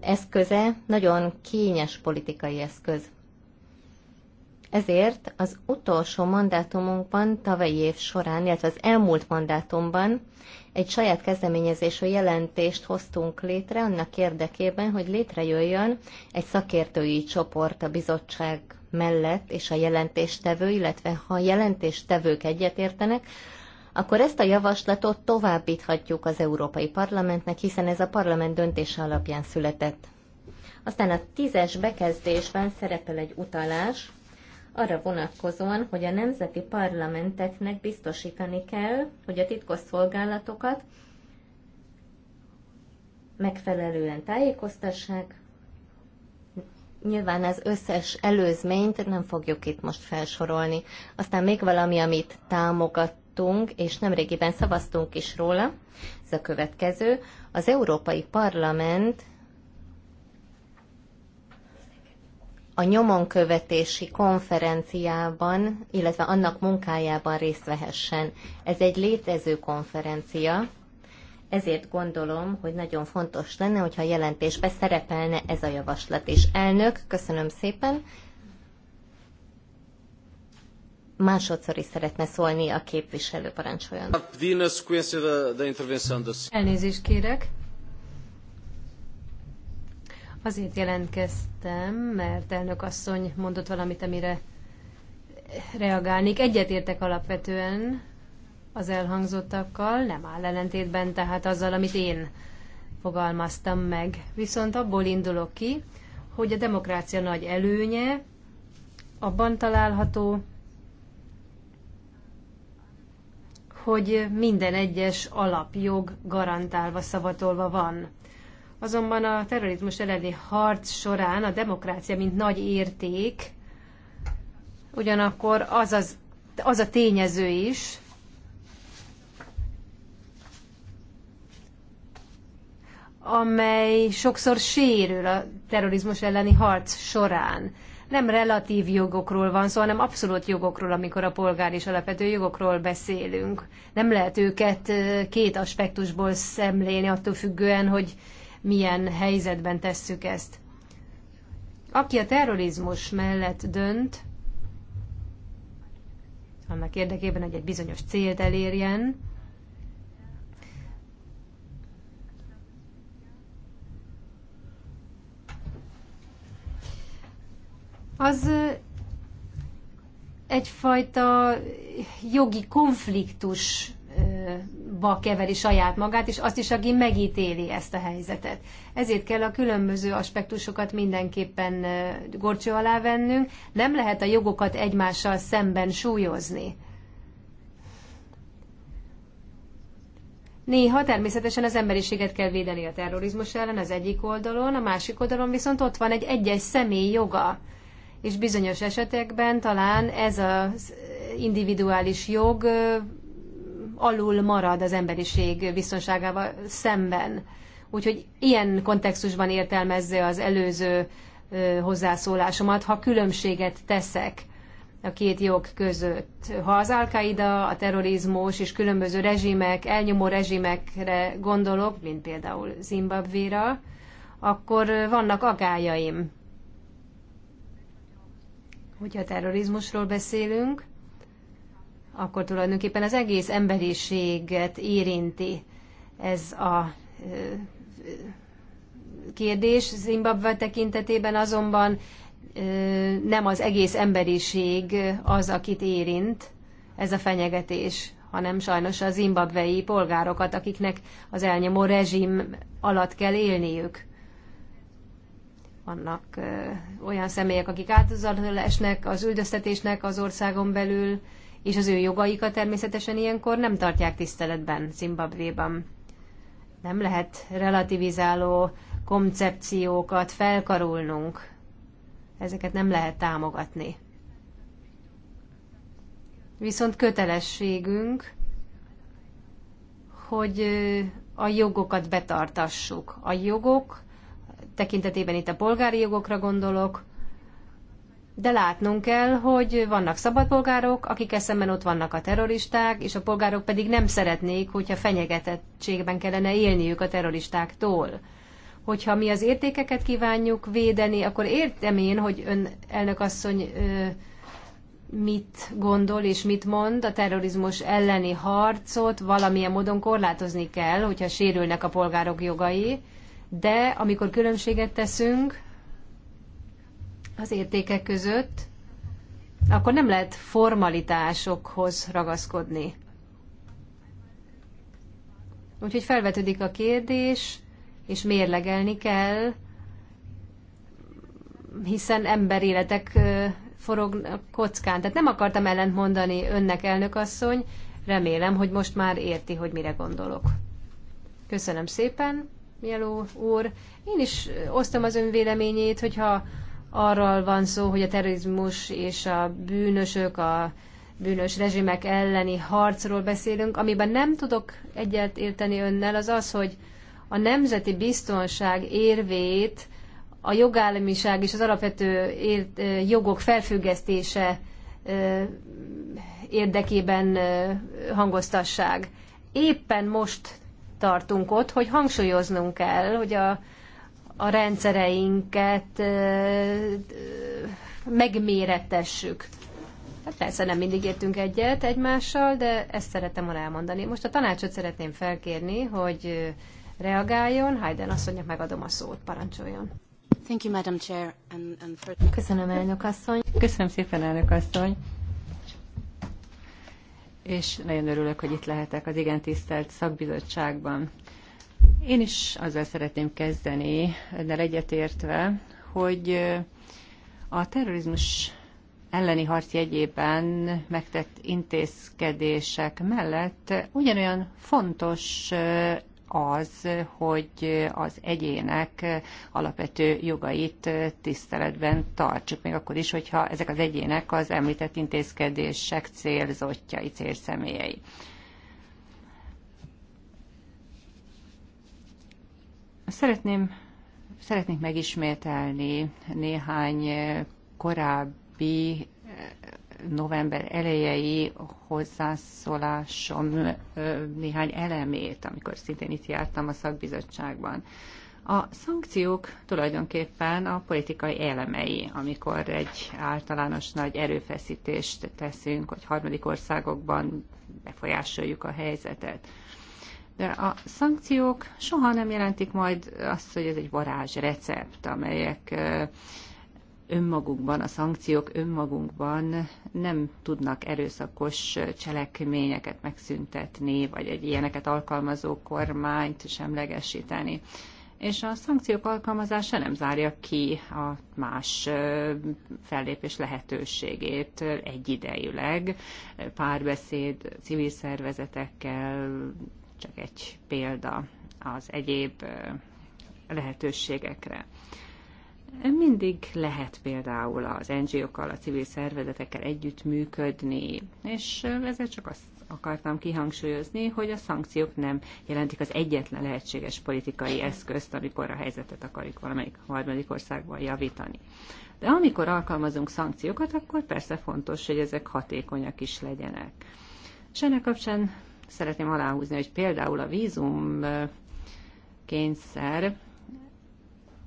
eszköze nagyon kényes politikai eszköz. Ezért az utolsó mandátumunkban, tavalyi év során, illetve az elmúlt mandátumban egy saját kezdeményezésű jelentést hoztunk létre annak érdekében, hogy létrejöjjön egy szakértői csoport a bizottság mellett és a jelentéstevő, illetve ha a jelentéstevők egyetértenek, akkor ezt a javaslatot továbbíthatjuk az Európai Parlamentnek, hiszen ez a parlament döntése alapján született. Aztán a tízes bekezdésben szerepel egy utalás arra vonatkozóan, hogy a nemzeti parlamenteknek biztosítani kell, hogy a titkosszolgálatokat megfelelően tájékoztassák. Nyilván az összes előzményt nem fogjuk itt most felsorolni. Aztán még valami, amit támogattunk, és nemrégiben szavaztunk is róla, ez a következő. Az Európai Parlament a nyomonkövetési konferenciában, illetve annak munkájában részt vehessen. Ez egy létező konferencia, ezért gondolom, hogy nagyon fontos lenne, hogyha a jelentésbe szerepelne ez a javaslat is. Elnök, köszönöm szépen. Másodszor is szeretne szólni a képviselő, parancsoljon. Elnézést kérek. Azért jelentkeztem, mert elnök asszony mondott valamit, amire reagálnék. Egyetértek alapvetően az elhangzottakkal, nem áll ellentétben tehát azzal, amit én fogalmaztam meg. Viszont abból indulok ki, hogy a demokrácia nagy előnye abban található, hogy minden egyes alapjog garantálva, szavatolva van. Azonban a terrorizmus elleni harc során a demokrácia, mint nagy érték, ugyanakkor az, az, az a tényező is, amely sokszor sérül a terrorizmus elleni harc során. Nem relatív jogokról van szó, hanem abszolút jogokról, amikor a polgár és alapvető jogokról beszélünk. Nem lehet őket két aspektusból szemlélni, attól függően, hogy milyen helyzetben tesszük ezt. Aki a terrorizmus mellett dönt, annak érdekében, hogy egy bizonyos célt elérjen, az egyfajta jogi konfliktus ba keveri saját magát, és azt is, aki megítéli ezt a helyzetet. Ezért kell a különböző aspektusokat mindenképpen gorcső alá vennünk. Nem lehet a jogokat egymással szemben súlyozni. Néha természetesen az emberiséget kell védeni a terrorizmus ellen az egyik oldalon, a másik oldalon viszont ott van egy egyes személy joga. És bizonyos esetekben talán ez az individuális jog alul marad az emberiség biztonságával szemben. Úgyhogy ilyen kontextusban értelmezze az előző hozzászólásomat, ha különbséget teszek a két jog között. Ha az al a terrorizmus és különböző rezsimek, elnyomó rezsimekre gondolok, mint például Zimbabvéra, akkor vannak agályaim. Hogyha a terrorizmusról beszélünk, akkor tulajdonképpen az egész emberiséget érinti ez a kérdés. Zimbabwe tekintetében azonban nem az egész emberiség az, akit érint ez a fenyegetés, hanem sajnos a Zimbabwei polgárokat, akiknek az elnyomó rezsim alatt kell élniük. Vannak olyan személyek, akik áldozatul esnek az üldöztetésnek az országon belül, és az ő jogaikat természetesen ilyenkor nem tartják tiszteletben Zimbabvéban. Nem lehet relativizáló koncepciókat felkarolnunk Ezeket nem lehet támogatni. Viszont kötelességünk, hogy a jogokat betartassuk. A jogok, tekintetében itt a polgári jogokra gondolok, de látnunk kell, hogy vannak szabadpolgárok, akik eszemben ott vannak a terroristák, és a polgárok pedig nem szeretnék, hogyha fenyegetettségben kellene élniük a terroristáktól. Hogyha mi az értékeket kívánjuk védeni, akkor értem én, hogy ön elnök asszony mit gondol és mit mond, a terrorizmus elleni harcot valamilyen módon korlátozni kell, hogyha sérülnek a polgárok jogai, de amikor különbséget teszünk, az értékek között, akkor nem lehet formalitásokhoz ragaszkodni. Úgyhogy felvetődik a kérdés, és mérlegelni kell, hiszen emberéletek forognak kockán. Tehát nem akartam ellent mondani önnek, elnökasszony, remélem, hogy most már érti, hogy mire gondolok. Köszönöm szépen, Mieló úr. Én is osztom az ön véleményét, hogyha arról van szó, hogy a terrorizmus és a bűnösök, a bűnös rezsimek elleni harcról beszélünk. Amiben nem tudok egyet érteni önnel, az az, hogy a nemzeti biztonság érvét a jogállamiság és az alapvető jogok felfüggesztése érdekében hangoztassák. Éppen most tartunk ott, hogy hangsúlyoznunk kell, hogy a a rendszereinket megméretessük. Hát persze nem mindig értünk egyet egymással, de ezt szeretem volna elmondani. Most a tanácsot szeretném felkérni, hogy reagáljon. Hayden asszonynak megadom a szót, parancsoljon. Thank you, Madam Chair. And, and for... Köszönöm, elnök asszony. Köszönöm szépen, elnök asszony. És nagyon örülök, hogy itt lehetek az igen tisztelt szakbizottságban. Én is azzal szeretném kezdeni, de egyetértve, hogy a terrorizmus elleni harc jegyében megtett intézkedések mellett ugyanolyan fontos az, hogy az egyének alapvető jogait tiszteletben tartsuk, még akkor is, hogyha ezek az egyének az említett intézkedések célzottjai, célszemélyei. Szeretném, szeretnék megismételni néhány eh, korábbi eh, november elejei hozzászólásom eh, néhány elemét, amikor szintén itt jártam a szakbizottságban. A szankciók tulajdonképpen a politikai elemei, amikor egy általános nagy erőfeszítést teszünk, hogy harmadik országokban befolyásoljuk a helyzetet. De a szankciók soha nem jelentik majd azt, hogy ez egy varázsrecept, amelyek önmagukban, a szankciók önmagunkban nem tudnak erőszakos cselekményeket megszüntetni, vagy egy ilyeneket alkalmazó kormányt semlegesíteni. És a szankciók alkalmazása nem zárja ki a más fellépés lehetőségét egyidejűleg, párbeszéd civil szervezetekkel, csak egy példa az egyéb lehetőségekre. Mindig lehet például az NGO-kkal, a civil szervezetekkel együttműködni, és ezzel csak azt akartam kihangsúlyozni, hogy a szankciók nem jelentik az egyetlen lehetséges politikai eszközt, amikor a helyzetet akarjuk valamelyik harmadik országban javítani. De amikor alkalmazunk szankciókat, akkor persze fontos, hogy ezek hatékonyak is legyenek. És ennek kapcsán szeretném aláhúzni, hogy például a vízum kényszer,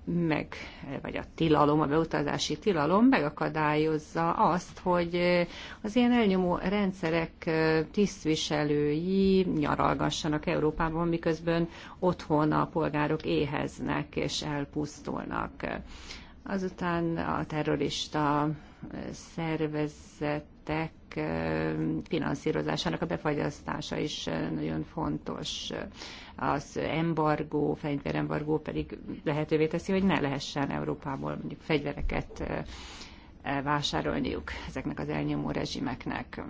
meg, vagy a tilalom, a beutazási tilalom megakadályozza azt, hogy az ilyen elnyomó rendszerek tisztviselői nyaralgassanak Európában, miközben otthon a polgárok éheznek és elpusztulnak. Azután a terrorista szervezet projektek finanszírozásának a befagyasztása is nagyon fontos. Az embargó, fegyverembargó pedig lehetővé teszi, hogy ne lehessen Európából mondjuk fegyvereket vásárolniuk ezeknek az elnyomó rezsimeknek.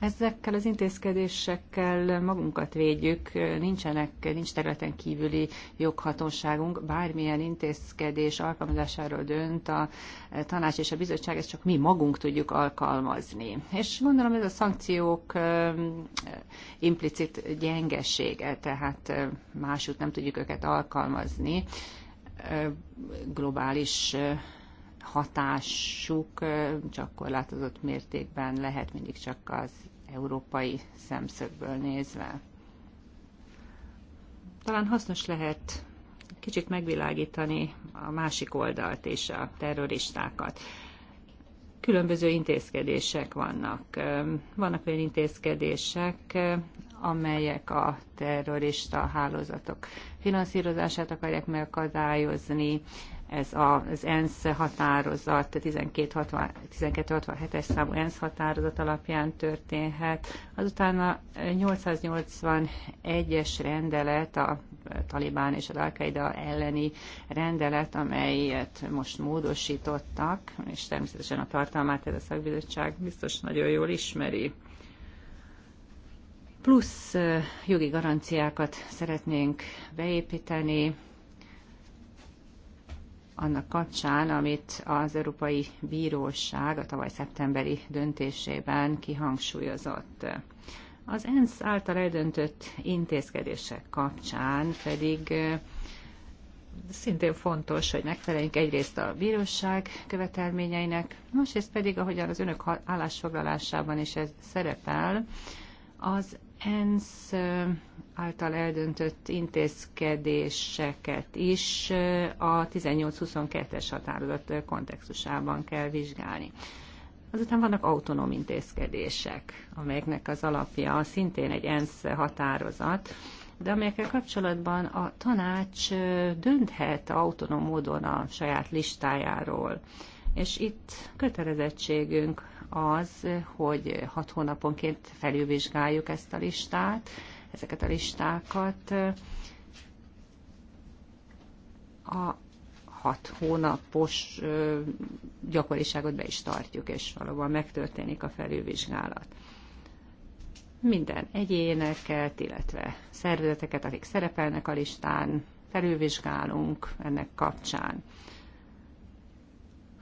Ezekkel az intézkedésekkel magunkat védjük, nincsenek, nincs területen kívüli joghatóságunk, bármilyen intézkedés alkalmazásáról dönt a tanács és a bizottság, ezt csak mi magunk tudjuk alkalmazni. És gondolom ez a szankciók implicit gyengesége, tehát másút nem tudjuk őket alkalmazni globális hatásuk csak korlátozott mértékben lehet mindig csak az európai szemszögből nézve. Talán hasznos lehet kicsit megvilágítani a másik oldalt és a terroristákat. Különböző intézkedések vannak. Vannak olyan intézkedések, amelyek a terrorista hálózatok finanszírozását akarják megakadályozni, ez az ENSZ határozat, 1267-es számú ENSZ határozat alapján történhet. Azután a 881-es rendelet, a Talibán és az Al-Qaeda elleni rendelet, amelyet most módosítottak, és természetesen a tartalmát ez a szakbizottság biztos nagyon jól ismeri plusz eh, jogi garanciákat szeretnénk beépíteni annak kapcsán, amit az Európai Bíróság a tavaly szeptemberi döntésében kihangsúlyozott. Az ENSZ által eldöntött intézkedések kapcsán pedig szintén fontos, hogy megfeleljünk egyrészt a bíróság követelményeinek, másrészt pedig, ahogyan az önök állásfoglalásában is ez szerepel, az ENSZ által eldöntött intézkedéseket is a 18-22-es határozat kontextusában kell vizsgálni. Azután vannak autonóm intézkedések, amelyeknek az alapja szintén egy ENSZ határozat, de amelyekkel kapcsolatban a tanács dönthet autonóm módon a saját listájáról. És itt kötelezettségünk az, hogy hat hónaponként felülvizsgáljuk ezt a listát, ezeket a listákat. A hat hónapos gyakoriságot be is tartjuk, és valóban megtörténik a felülvizsgálat. Minden egyéneket, illetve szervezeteket, akik szerepelnek a listán, felülvizsgálunk ennek kapcsán.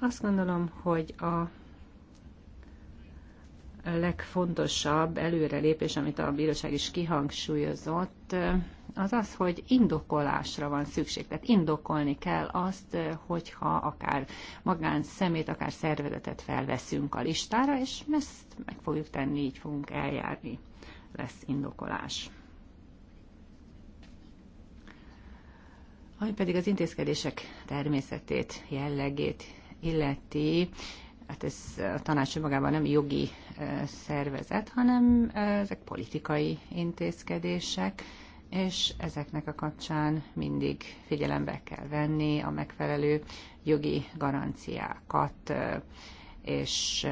Azt gondolom, hogy a legfontosabb előrelépés, amit a bíróság is kihangsúlyozott, az az, hogy indokolásra van szükség. Tehát indokolni kell azt, hogyha akár magán szemét, akár szervezetet felveszünk a listára, és ezt meg fogjuk tenni, így fogunk eljárni. Lesz indokolás. Ami pedig az intézkedések természetét, jellegét illeti, hát ez a tanács magában nem jogi szervezet, hanem ezek politikai intézkedések, és ezeknek a kapcsán mindig figyelembe kell venni a megfelelő jogi garanciákat, és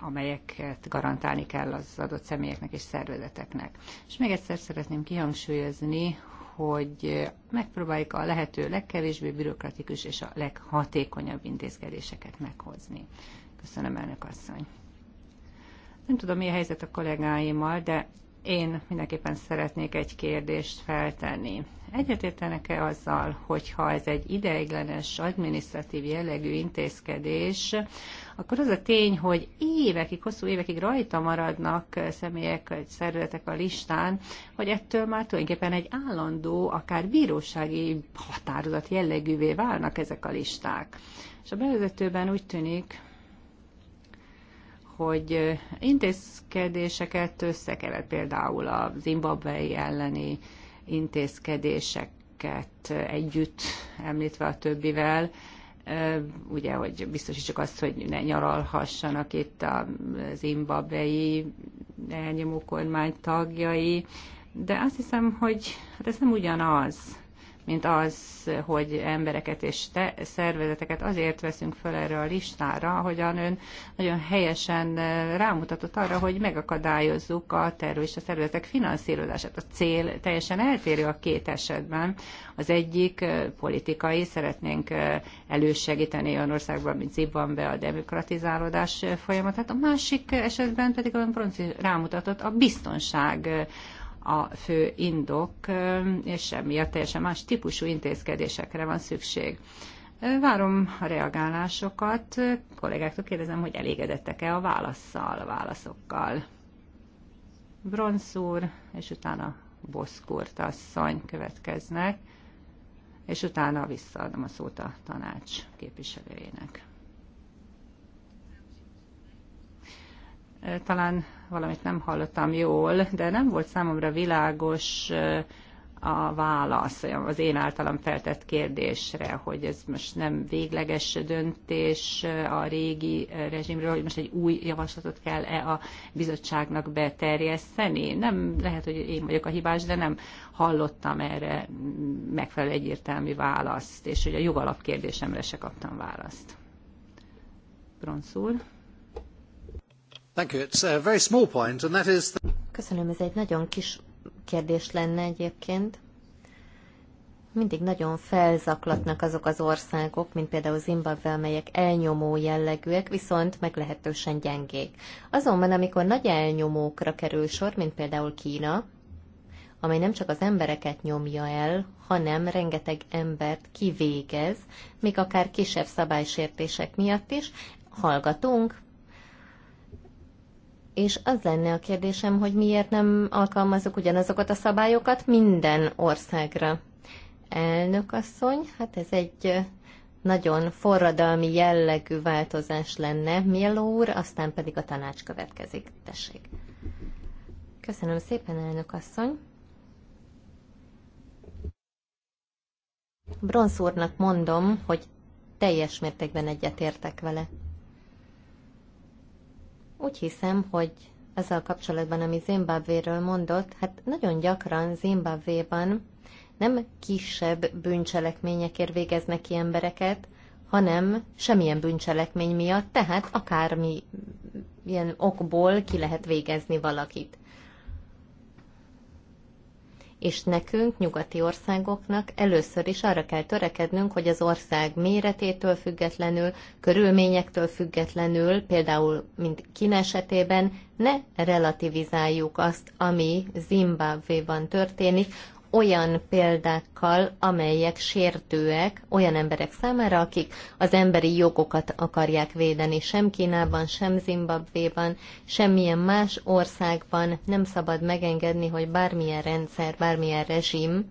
amelyeket garantálni kell az adott személyeknek és szervezeteknek. És még egyszer szeretném kihangsúlyozni, hogy megpróbáljuk a lehető legkevésbé bürokratikus és a leghatékonyabb intézkedéseket meghozni. Köszönöm, elnök asszony. Nem tudom, mi a helyzet a kollégáimmal, de én mindenképpen szeretnék egy kérdést feltenni. Egyetértenek-e azzal, hogyha ez egy ideiglenes adminisztratív jellegű intézkedés, akkor az a tény, hogy évekig, hosszú évekig rajta maradnak személyek vagy szervezetek a listán, hogy ettől már tulajdonképpen egy állandó, akár bírósági határozat jellegűvé válnak ezek a listák. És a bevezetőben úgy tűnik, hogy intézkedéseket összekevert például a zimbabwei elleni intézkedéseket együtt említve a többivel, ugye, hogy biztosítsuk azt, hogy ne nyaralhassanak itt a zimbabwei elnyomó kormány tagjai, de azt hiszem, hogy hát ez nem ugyanaz mint az, hogy embereket és te, szervezeteket azért veszünk fel erre a listára, ahogyan ön nagyon helyesen eh, rámutatott arra, hogy megakadályozzuk a és a szervezetek finanszírozását. A cél teljesen eltérő a két esetben. Az egyik eh, politikai, szeretnénk eh, elősegíteni olyan országban, mint Zimbabwe a demokratizálódás folyamatát, a másik esetben pedig, amiben rámutatott, a biztonság a fő indok, és emiatt teljesen más típusú intézkedésekre van szükség. Várom a reagálásokat. Kollégáktól kérdezem, hogy elégedettek-e a válaszszal, a válaszokkal. Bronszúr, és utána Boszkurt asszony következnek, és utána visszaadom a szót a tanács képviselőjének. Talán valamit nem hallottam jól, de nem volt számomra világos a válasz az én általam feltett kérdésre, hogy ez most nem végleges döntés a régi rezsimről, hogy most egy új javaslatot kell-e a bizottságnak beterjeszteni. Nem lehet, hogy én vagyok a hibás, de nem hallottam erre megfelelő egyértelmű választ, és hogy a jogalap kérdésemre se kaptam választ. Bronsz úr. Thank you. It's a very small point, and that is the... Köszönöm, ez egy nagyon kis kérdés lenne egyébként. Mindig nagyon felzaklatnak azok az országok, mint például Zimbabwe, amelyek elnyomó jellegűek, viszont meglehetősen gyengék. Azonban, amikor nagy elnyomókra kerül sor, mint például Kína, amely nem csak az embereket nyomja el, hanem rengeteg embert kivégez, még akár kisebb szabálysértések miatt is, hallgatunk, és az lenne a kérdésem, hogy miért nem alkalmazzuk ugyanazokat a szabályokat minden országra. Elnök asszony, hát ez egy nagyon forradalmi jellegű változás lenne, Mieló úr, aztán pedig a tanács következik. Tessék. Köszönöm szépen, elnök asszony. Bronz úrnak mondom, hogy teljes mértékben egyetértek vele. Úgy hiszem, hogy ezzel kapcsolatban, ami Zimbabvéről mondott, hát nagyon gyakran Zimbabvéban nem kisebb bűncselekményekért végeznek ki embereket, hanem semmilyen bűncselekmény miatt, tehát akármi ilyen okból ki lehet végezni valakit és nekünk, nyugati országoknak először is arra kell törekednünk, hogy az ország méretétől függetlenül, körülményektől függetlenül, például mint Kína esetében, ne relativizáljuk azt, ami Zimbabwe-ban történik, olyan példákkal, amelyek sértőek olyan emberek számára, akik az emberi jogokat akarják védeni. Sem Kínában, sem Zimbabvéban, semmilyen más országban nem szabad megengedni, hogy bármilyen rendszer, bármilyen rezsim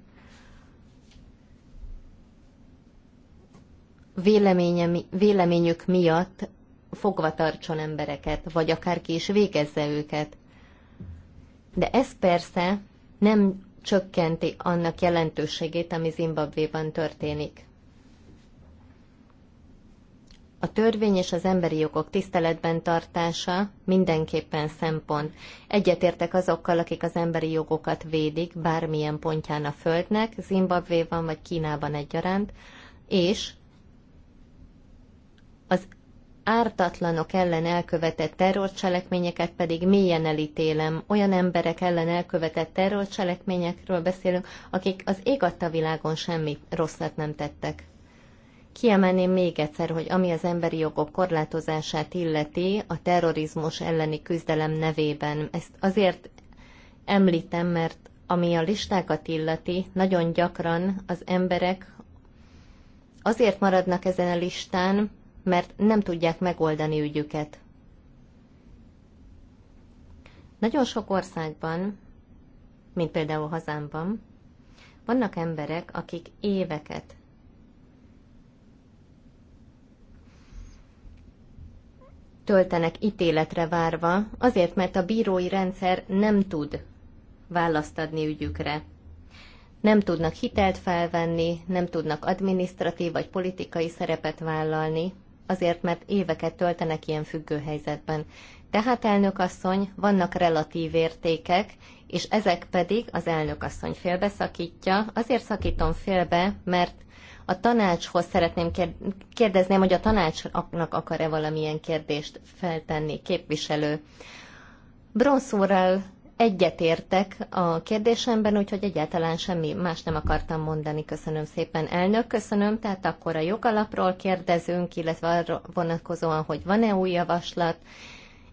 véleménye, véleményük miatt fogva tartson embereket, vagy akárki is végezze őket. De ez persze nem csökkenti annak jelentőségét, ami Zimbabvéban történik. A törvény és az emberi jogok tiszteletben tartása mindenképpen szempont. Egyetértek azokkal, akik az emberi jogokat védik bármilyen pontján a Földnek, Zimbabvéban vagy Kínában egyaránt, és az ártatlanok ellen elkövetett terrorcselekményeket pedig mélyen elítélem. Olyan emberek ellen elkövetett terrorcselekményekről beszélünk, akik az ég adta világon semmi rosszat nem tettek. Kiemelném még egyszer, hogy ami az emberi jogok korlátozását illeti a terrorizmus elleni küzdelem nevében. Ezt azért említem, mert ami a listákat illeti, nagyon gyakran az emberek azért maradnak ezen a listán, mert nem tudják megoldani ügyüket. Nagyon sok országban, mint például hazámban, vannak emberek, akik éveket töltenek ítéletre várva, azért, mert a bírói rendszer nem tud választ adni ügyükre. Nem tudnak hitelt felvenni, nem tudnak adminisztratív vagy politikai szerepet vállalni, azért mert éveket töltenek ilyen függő helyzetben. Tehát elnök asszony, vannak relatív értékek, és ezek pedig az elnök asszony félbeszakítja. Azért szakítom félbe, mert a tanácshoz szeretném kérdezni, hogy a tanácsnak akar-e valamilyen kérdést feltenni képviselő. Bronszúrral egyetértek a kérdésemben, úgyhogy egyáltalán semmi más nem akartam mondani. Köszönöm szépen, elnök, köszönöm. Tehát akkor a jogalapról kérdezünk, illetve arra vonatkozóan, hogy van-e új javaslat,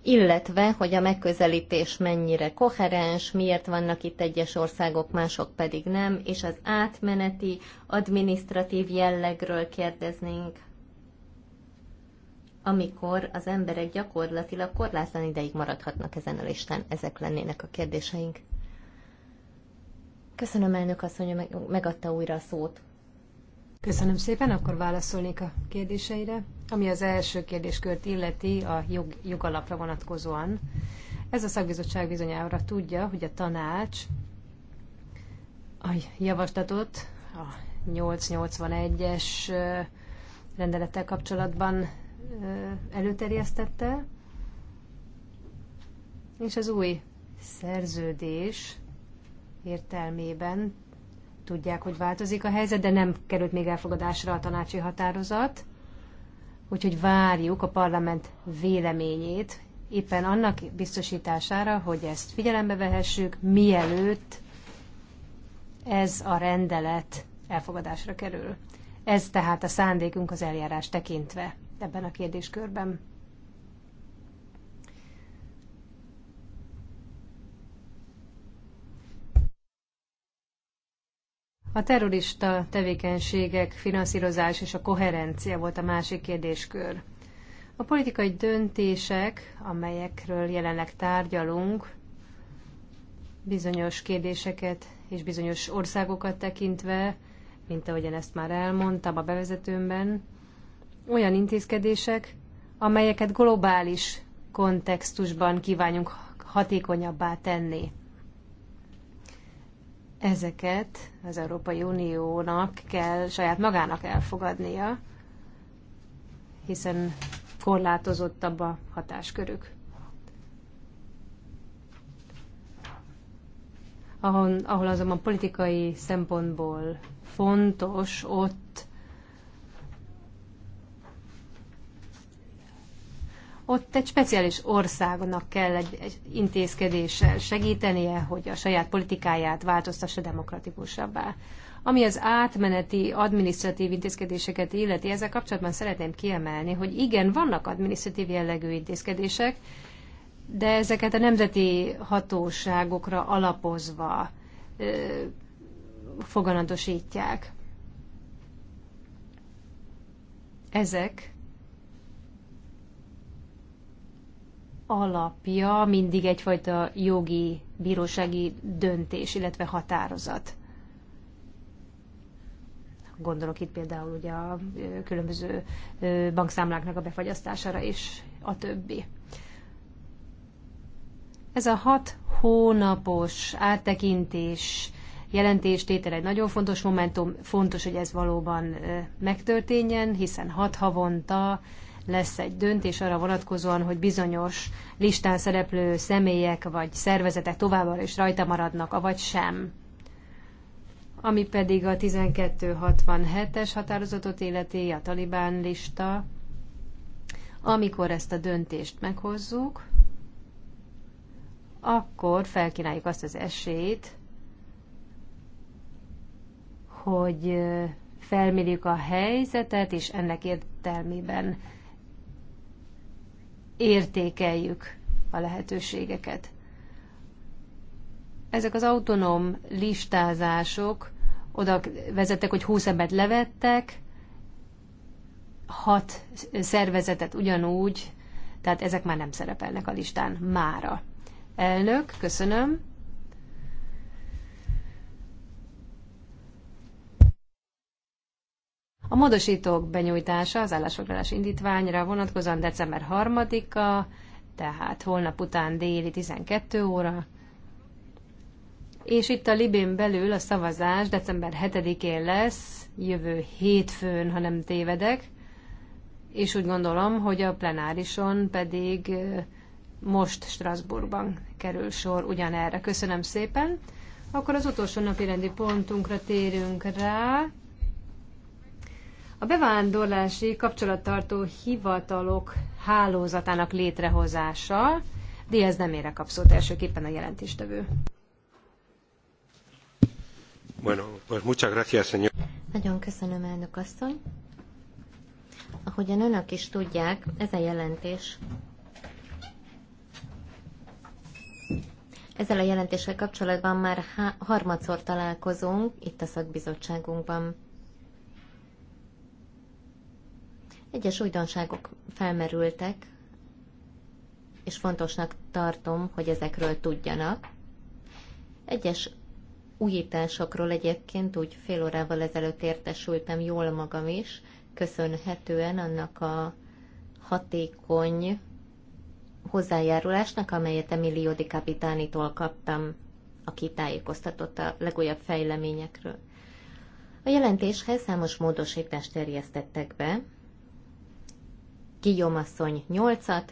illetve, hogy a megközelítés mennyire koherens, miért vannak itt egyes országok, mások pedig nem, és az átmeneti, administratív jellegről kérdeznénk, amikor az emberek gyakorlatilag korlátlan ideig maradhatnak ezen a listán. Ezek lennének a kérdéseink. Köszönöm, elnök asszony, hogy megadta újra a szót. Köszönöm szépen, akkor válaszolnék a kérdéseire. Ami az első kérdéskört illeti a jog, jogalapra vonatkozóan. Ez a szakbizottság bizonyára tudja, hogy a tanács a javaslatot a 881-es rendelettel kapcsolatban előterjesztette, és az új szerződés értelmében tudják, hogy változik a helyzet, de nem került még elfogadásra a tanácsi határozat, úgyhogy várjuk a parlament véleményét, éppen annak biztosítására, hogy ezt figyelembe vehessük, mielőtt ez a rendelet elfogadásra kerül. Ez tehát a szándékunk az eljárás tekintve ebben a kérdéskörben. A terrorista tevékenységek finanszírozás és a koherencia volt a másik kérdéskör. A politikai döntések, amelyekről jelenleg tárgyalunk, bizonyos kérdéseket és bizonyos országokat tekintve, mint ahogyan ezt már elmondtam a bevezetőmben, olyan intézkedések, amelyeket globális kontextusban kívánunk hatékonyabbá tenni. Ezeket az Európai Uniónak kell saját magának elfogadnia, hiszen korlátozottabb a hatáskörük. Ahol, ahol azonban politikai szempontból fontos, ott ott egy speciális országnak kell egy, egy intézkedéssel segítenie, hogy a saját politikáját változtassa demokratikusabbá. Ami az átmeneti adminisztratív intézkedéseket illeti, ezzel kapcsolatban szeretném kiemelni, hogy igen, vannak adminisztratív jellegű intézkedések, de ezeket a nemzeti hatóságokra alapozva ö, foganatosítják. Ezek alapja mindig egyfajta jogi, bírósági döntés, illetve határozat. Gondolok itt például ugye a különböző bankszámláknak a befagyasztására és a többi. Ez a hat hónapos áttekintés jelentéstétel egy nagyon fontos momentum, fontos, hogy ez valóban megtörténjen, hiszen hat havonta lesz egy döntés arra vonatkozóan, hogy bizonyos listán szereplő személyek vagy szervezetek továbbra is rajta maradnak, avagy sem. Ami pedig a 1267-es határozatot illeti, a talibán lista, amikor ezt a döntést meghozzuk, akkor felkínáljuk azt az esélyt, hogy felmérjük a helyzetet, és ennek értelmében értékeljük a lehetőségeket. Ezek az autonóm listázások oda vezettek, hogy 20 embert levettek, hat szervezetet ugyanúgy, tehát ezek már nem szerepelnek a listán mára. Elnök, köszönöm. A módosítók benyújtása az állásfoglalás indítványra vonatkozóan december 3-a, tehát holnap után déli 12 óra, és itt a Libén belül a szavazás december 7-én lesz, jövő hétfőn, ha nem tévedek, és úgy gondolom, hogy a plenárison pedig most Strasbourgban kerül sor ugyanerre. Köszönöm szépen! Akkor az utolsó napi rendi pontunkra térünk rá. A bevándorlási kapcsolattartó hivatalok hálózatának létrehozása, Diaz nem ére kapszót elsőképpen a jelentéstevő. Bueno, pues muchas gracias, señor. Nagyon köszönöm, elnök asszony. Ahogyan önök is tudják, ez a jelentés Ezzel a jelentéssel kapcsolatban már há- harmadszor találkozunk itt a szakbizottságunkban. Egyes újdonságok felmerültek, és fontosnak tartom, hogy ezekről tudjanak. Egyes újításokról egyébként úgy fél órával ezelőtt értesültem jól magam is, köszönhetően annak a hatékony hozzájárulásnak, amelyet Emilio Di Capitánitól kaptam, aki tájékoztatott a legújabb fejleményekről. A jelentéshez számos módosítást terjesztettek be, Guillaume asszony 8-at,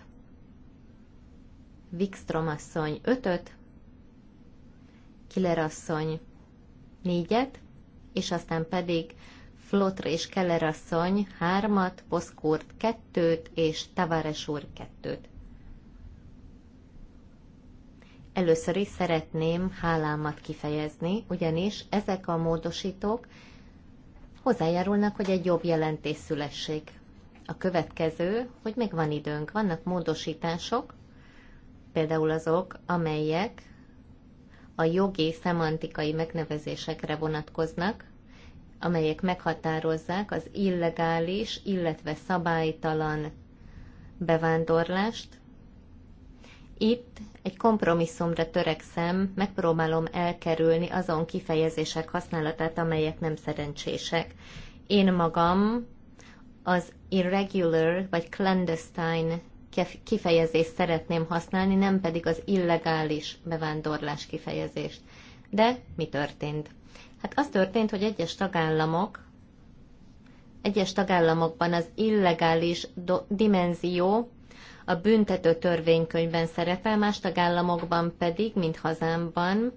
Wikstrom asszony 5-öt, Killer asszony 4-et, és aztán pedig Flotr és Keller asszony 3-at, Poszkurt 2-t, és Tavares úr 2-t. Először is szeretném hálámat kifejezni, ugyanis ezek a módosítók hozzájárulnak, hogy egy jobb jelentés szülessék a következő, hogy még van időnk, vannak módosítások, például azok, amelyek a jogi szemantikai megnevezésekre vonatkoznak, amelyek meghatározzák az illegális, illetve szabálytalan bevándorlást. Itt egy kompromisszumra törekszem, megpróbálom elkerülni azon kifejezések használatát, amelyek nem szerencsések. Én magam az irregular vagy clandestine kifejezést szeretném használni, nem pedig az illegális bevándorlás kifejezést. De mi történt? Hát az történt, hogy egyes tagállamok, egyes tagállamokban az illegális dimenzió a büntető törvénykönyvben szerepel, más tagállamokban pedig, mint hazámban,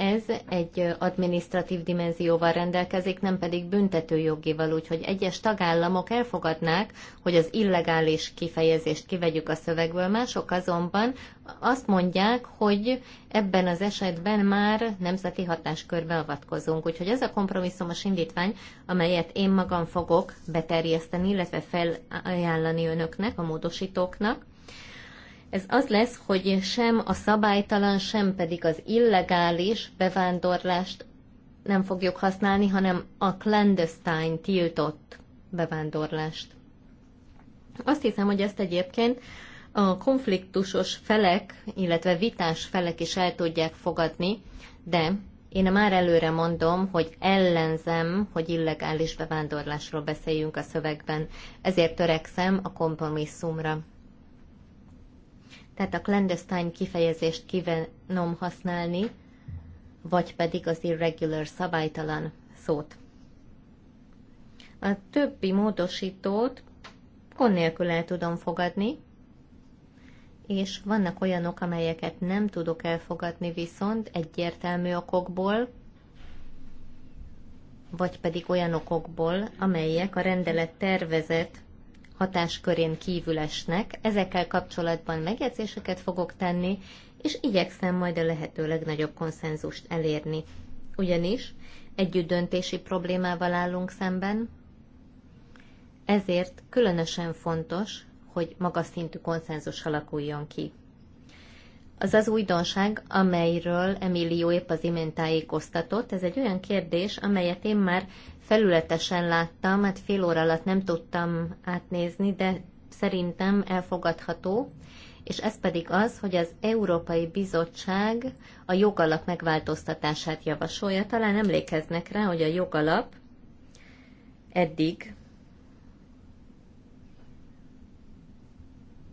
ez egy administratív dimenzióval rendelkezik, nem pedig büntetőjogival, úgyhogy egyes tagállamok elfogadnák, hogy az illegális kifejezést kivegyük a szövegből, mások azonban azt mondják, hogy ebben az esetben már nemzeti hatáskörbe avatkozunk. Úgyhogy ez a kompromisszumos indítvány, amelyet én magam fogok beterjeszteni, illetve felajánlani önöknek, a módosítóknak, ez az lesz, hogy sem a szabálytalan, sem pedig az illegális bevándorlást nem fogjuk használni, hanem a clandestine tiltott bevándorlást. Azt hiszem, hogy ezt egyébként a konfliktusos felek, illetve vitás felek is el tudják fogadni, de én már előre mondom, hogy ellenzem, hogy illegális bevándorlásról beszéljünk a szövegben, ezért törekszem a kompromisszumra tehát a clandestine kifejezést kívánom használni, vagy pedig az irregular szabálytalan szót. A többi módosítót gond nélkül el tudom fogadni, és vannak olyanok, amelyeket nem tudok elfogadni viszont egyértelmű okokból, vagy pedig olyan okokból, amelyek a rendelet tervezet hatáskörén kívül esnek. Ezekkel kapcsolatban megjegyzéseket fogok tenni, és igyekszem majd a lehető legnagyobb konszenzust elérni. Ugyanis együtt döntési problémával állunk szemben, ezért különösen fontos, hogy magas szintű konszenzus alakuljon ki. Az az újdonság, amelyről Emilio épp az imént tájékoztatott, ez egy olyan kérdés, amelyet én már felületesen láttam, hát fél óra alatt nem tudtam átnézni, de szerintem elfogadható, és ez pedig az, hogy az Európai Bizottság a jogalap megváltoztatását javasolja. Talán emlékeznek rá, hogy a jogalap eddig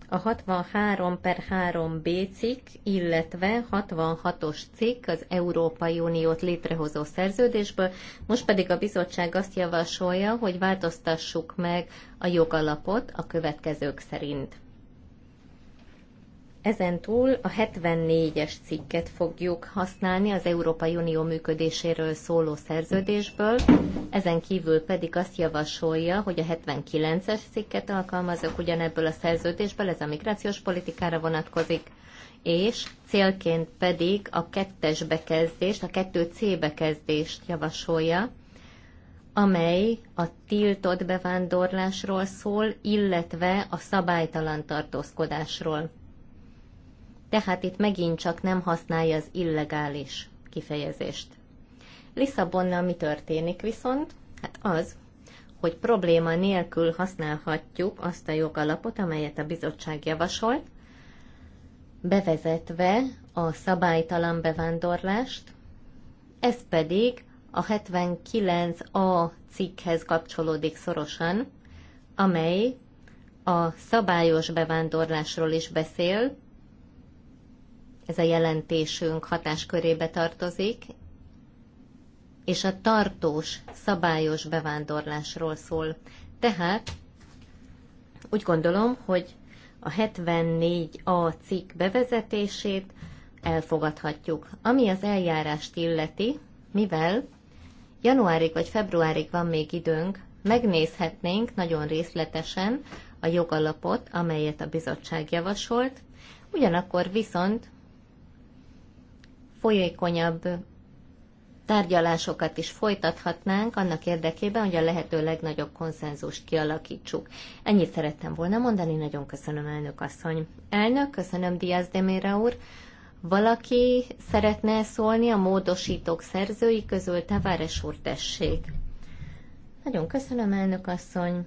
a 63 per 3b cikk, illetve 66-os cikk az Európai Uniót létrehozó szerződésből, most pedig a bizottság azt javasolja, hogy változtassuk meg a jogalapot a következők szerint. Ezen túl a 74-es cikket fogjuk használni az Európai Unió működéséről szóló szerződésből, ezen kívül pedig azt javasolja, hogy a 79-es cikket alkalmazok ugyanebből a szerződésből, ez a migrációs politikára vonatkozik, és célként pedig a kettes bekezdést, a 2C bekezdést javasolja, amely a tiltott bevándorlásról szól, illetve a szabálytalan tartózkodásról tehát itt megint csak nem használja az illegális kifejezést. Lisszabonnal mi történik viszont? Hát az, hogy probléma nélkül használhatjuk azt a jogalapot, amelyet a bizottság javasolt, bevezetve a szabálytalan bevándorlást, ez pedig a 79a cikkhez kapcsolódik szorosan, amely a szabályos bevándorlásról is beszél, ez a jelentésünk hatáskörébe tartozik, és a tartós, szabályos bevándorlásról szól. Tehát úgy gondolom, hogy a 74a cikk bevezetését elfogadhatjuk. Ami az eljárást illeti, mivel januárig vagy februárig van még időnk, megnézhetnénk nagyon részletesen a jogalapot, amelyet a bizottság javasolt, ugyanakkor viszont folyékonyabb tárgyalásokat is folytathatnánk annak érdekében, hogy a lehető legnagyobb konszenzust kialakítsuk. Ennyit szerettem volna mondani, nagyon köszönöm elnök asszony. Elnök, köszönöm Diaz Demére úr. Valaki szeretne szólni a módosítók szerzői közül, Tavares úr tessék. Nagyon köszönöm elnök asszony.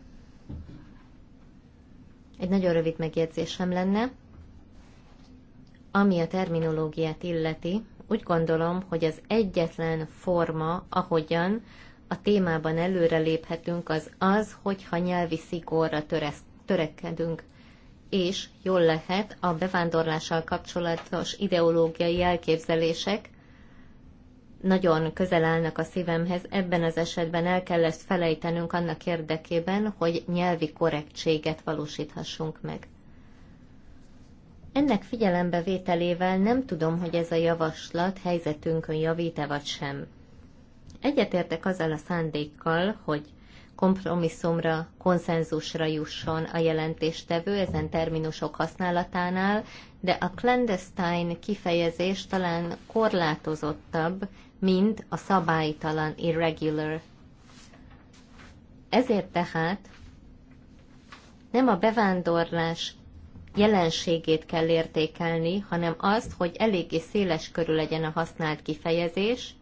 Egy nagyon rövid megjegyzésem lenne, ami a terminológiát illeti. Úgy gondolom, hogy az egyetlen forma, ahogyan a témában előreléphetünk, az az, hogyha nyelvi szigorra töresz, törekedünk és jól lehet a bevándorlással kapcsolatos ideológiai elképzelések nagyon közel állnak a szívemhez, ebben az esetben el kell ezt felejtenünk annak érdekében, hogy nyelvi korrektséget valósíthassunk meg. Ennek vételével nem tudom, hogy ez a javaslat helyzetünkön javít-e vagy sem. Egyetértek azzal a szándékkal, hogy kompromisszumra, konszenzusra jusson a jelentéstevő ezen terminusok használatánál, de a clandestine kifejezés talán korlátozottabb, mint a szabálytalan irregular. Ezért tehát nem a bevándorlás jelenségét kell értékelni, hanem azt, hogy eléggé széles körül legyen a használt kifejezés,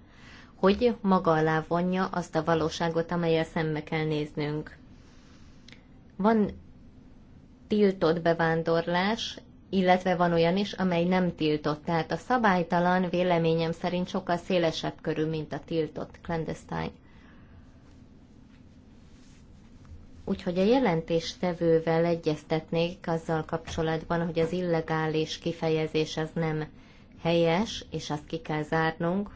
hogy maga alá vonja azt a valóságot, amelyel szembe kell néznünk. Van tiltott bevándorlás, illetve van olyan is, amely nem tiltott. Tehát a szabálytalan véleményem szerint sokkal szélesebb körül, mint a tiltott clandestine. Úgyhogy a jelentéstevővel egyeztetnék azzal kapcsolatban, hogy az illegális kifejezés az nem helyes, és azt ki kell zárnunk,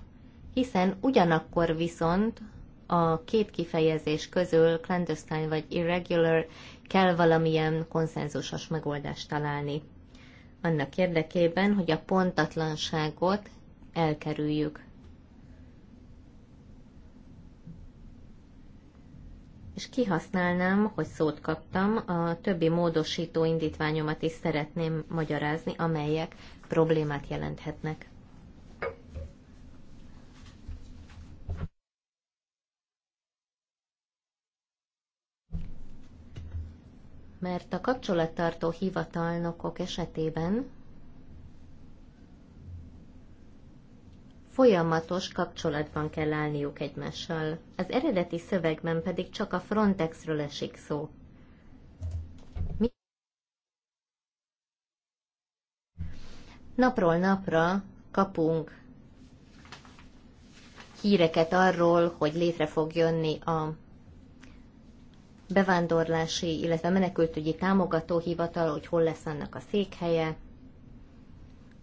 hiszen ugyanakkor viszont a két kifejezés közül, clandestine vagy irregular, kell valamilyen konszenzusos megoldást találni. Annak érdekében, hogy a pontatlanságot elkerüljük. és kihasználnám, hogy szót kaptam, a többi módosító indítványomat is szeretném magyarázni, amelyek problémát jelenthetnek. Mert a kapcsolattartó hivatalnokok esetében folyamatos kapcsolatban kell állniuk egymással. Az eredeti szövegben pedig csak a Frontexről esik szó. Napról napra kapunk híreket arról, hogy létre fog jönni a bevándorlási, illetve menekültügyi támogatóhivatal, hogy hol lesz annak a székhelye,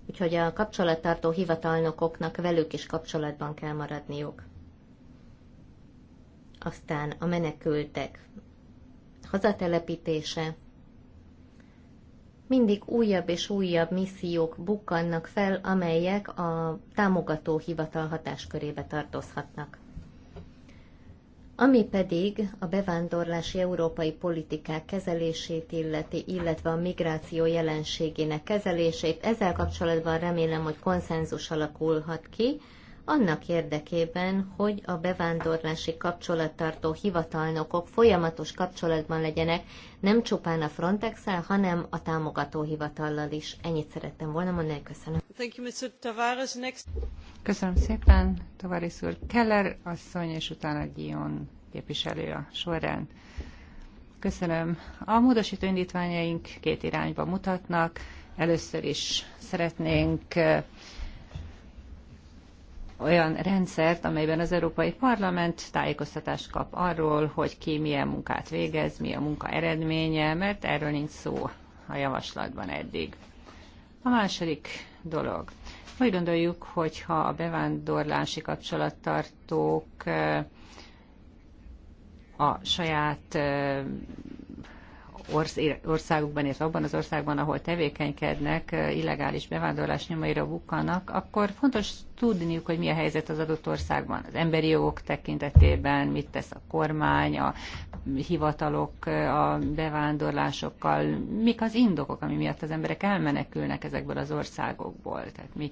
úgyhogy a kapcsolattartó hivatalnokoknak velük is kapcsolatban kell maradniuk. Aztán a menekültek hazatelepítése. Mindig újabb és újabb missziók bukkannak fel, amelyek a támogató hivatal hatáskörébe tartozhatnak. Ami pedig a bevándorlási európai politikák kezelését illeti, illetve a migráció jelenségének kezelését, ezzel kapcsolatban remélem, hogy konszenzus alakulhat ki, annak érdekében, hogy a bevándorlási kapcsolattartó hivatalnokok folyamatos kapcsolatban legyenek nem csupán a frontex hanem a támogató hivatallal is. Ennyit szerettem volna mondani, köszönöm. Thank you, Mr. Tavares. Next. Köszönöm szépen, Tavares úr Keller asszony, és utána Gion képviselő a során. Köszönöm. A módosító indítványaink két irányba mutatnak. Először is szeretnénk olyan rendszert, amelyben az Európai Parlament tájékoztatást kap arról, hogy ki milyen munkát végez, mi a munka eredménye, mert erről nincs szó a javaslatban eddig. A második dolog. Úgy gondoljuk, hogy ha a bevándorlási kapcsolattartók a saját orsz, országukban, és abban az országban, ahol tevékenykednek, illegális bevándorlás nyomaira bukkanak, akkor fontos tudniuk, hogy mi a helyzet az adott országban. Az emberi jogok tekintetében mit tesz a kormány, a hivatalok a bevándorlásokkal, mik az indokok, ami miatt az emberek elmenekülnek ezekből az országokból. Tehát mi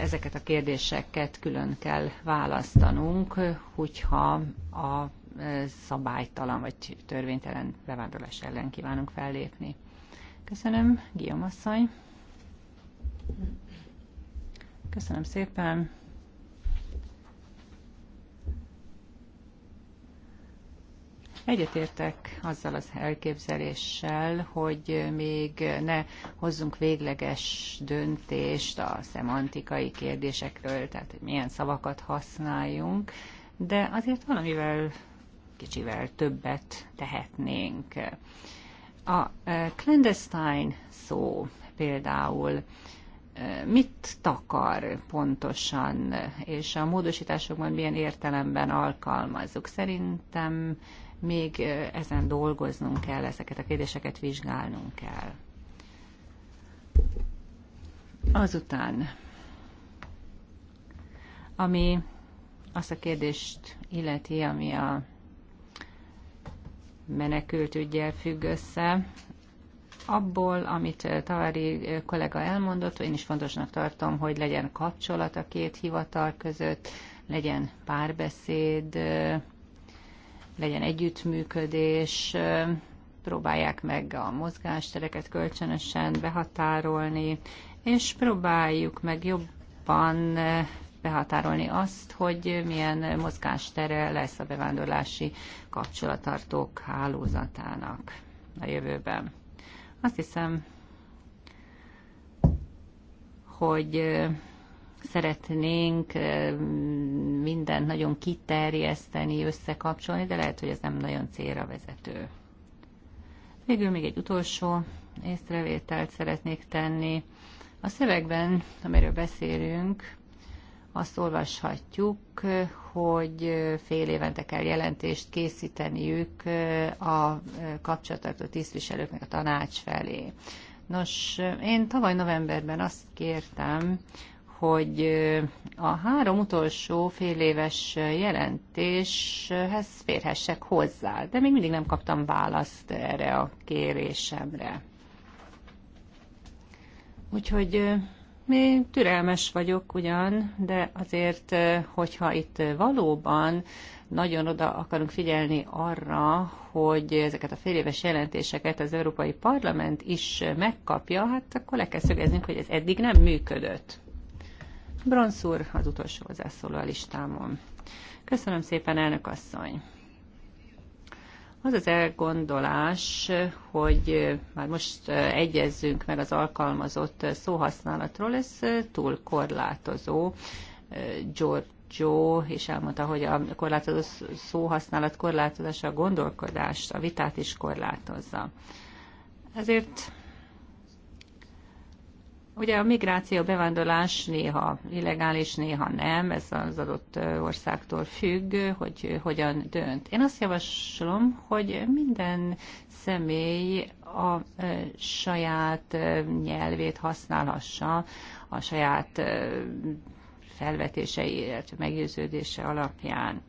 ezeket a kérdéseket külön kell választanunk, hogyha a szabálytalan vagy törvénytelen bevándorlás ellen kívánunk fellépni. Köszönöm, Guillaume asszony. Köszönöm szépen. Egyetértek azzal az elképzeléssel, hogy még ne hozzunk végleges döntést a szemantikai kérdésekről, tehát hogy milyen szavakat használjunk, de azért valamivel kicsivel többet tehetnénk. A e, clandestine szó például e, mit takar pontosan, és a módosításokban milyen értelemben alkalmazzuk. Szerintem még e, ezen dolgoznunk kell, ezeket a kérdéseket vizsgálnunk kell. Azután, ami azt a kérdést illeti, ami a ügyjel függ össze. Abból, amit eh, Tavari eh, kollega elmondott, én is fontosnak tartom, hogy legyen kapcsolat a két hivatal között, legyen párbeszéd, eh, legyen együttműködés, próbálják meg a mozgástereket kölcsönösen behatárolni, és próbáljuk meg jobban behatárolni azt, hogy milyen mozgástere lesz a bevándorlási kapcsolatartók hálózatának a jövőben. Azt hiszem, hogy szeretnénk mindent nagyon kiterjeszteni, összekapcsolni, de lehet, hogy ez nem nagyon célra vezető. Végül még egy utolsó észrevételt szeretnék tenni. A szövegben, amiről beszélünk, azt olvashatjuk, hogy fél évente kell jelentést készíteniük a kapcsolatartó tisztviselőknek a tanács felé. Nos, én tavaly novemberben azt kértem, hogy a három utolsó fél éves jelentéshez férhessek hozzá, de még mindig nem kaptam választ erre a kérésemre. Úgyhogy mi türelmes vagyok ugyan, de azért, hogyha itt valóban nagyon oda akarunk figyelni arra, hogy ezeket a féléves jelentéseket az Európai Parlament is megkapja, hát akkor le kell szögeznünk, hogy ez eddig nem működött. Bronsz úr az utolsó hozzászóló a listámon. Köszönöm szépen, elnök asszony! Az az elgondolás, hogy már most egyezzünk meg az alkalmazott szóhasználatról, ez túl korlátozó. Giorgio és elmondta, hogy a korlátozó szóhasználat korlátozása a gondolkodást, a vitát is korlátozza. Ezért Ugye a migráció, bevándorlás néha illegális, néha nem, ez az adott országtól függ, hogy hogyan dönt. Én azt javaslom, hogy minden személy a saját nyelvét használhassa, a saját felvetései, illetve meggyőződése alapján.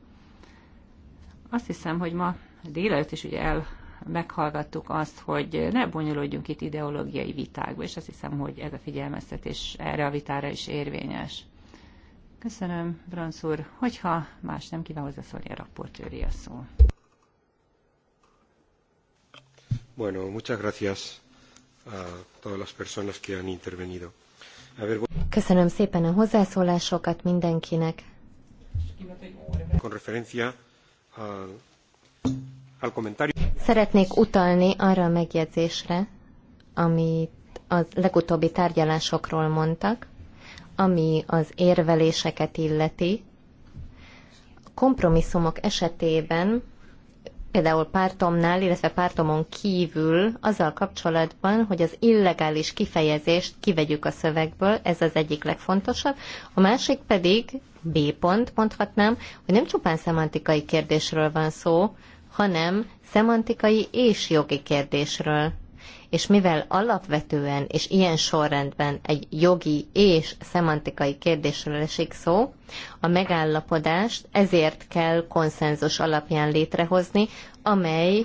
Azt hiszem, hogy ma délelőtt is ugye el meghallgattuk azt, hogy ne bonyolódjunk itt ideológiai vitákba, és azt hiszem, hogy ez a figyelmeztetés erre a vitára is érvényes. Köszönöm, Franz úr. Hogyha más nem kíván hozzászólni, a raportőri a szó. Bueno, muchas gracias a todas las personas que han intervenido. A ver, Köszönöm szépen a hozzászólásokat mindenkinek. Con referencia al, al comentario. Szeretnék utalni arra a megjegyzésre, amit a legutóbbi tárgyalásokról mondtak, ami az érveléseket illeti. A kompromisszumok esetében, például pártomnál, illetve pártomon kívül, azzal kapcsolatban, hogy az illegális kifejezést kivegyük a szövegből, ez az egyik legfontosabb. A másik pedig, B pont mondhatnám, hogy nem csupán szemantikai kérdésről van szó, hanem szemantikai és jogi kérdésről. És mivel alapvetően és ilyen sorrendben egy jogi és szemantikai kérdésről esik szó, a megállapodást ezért kell konszenzus alapján létrehozni, amely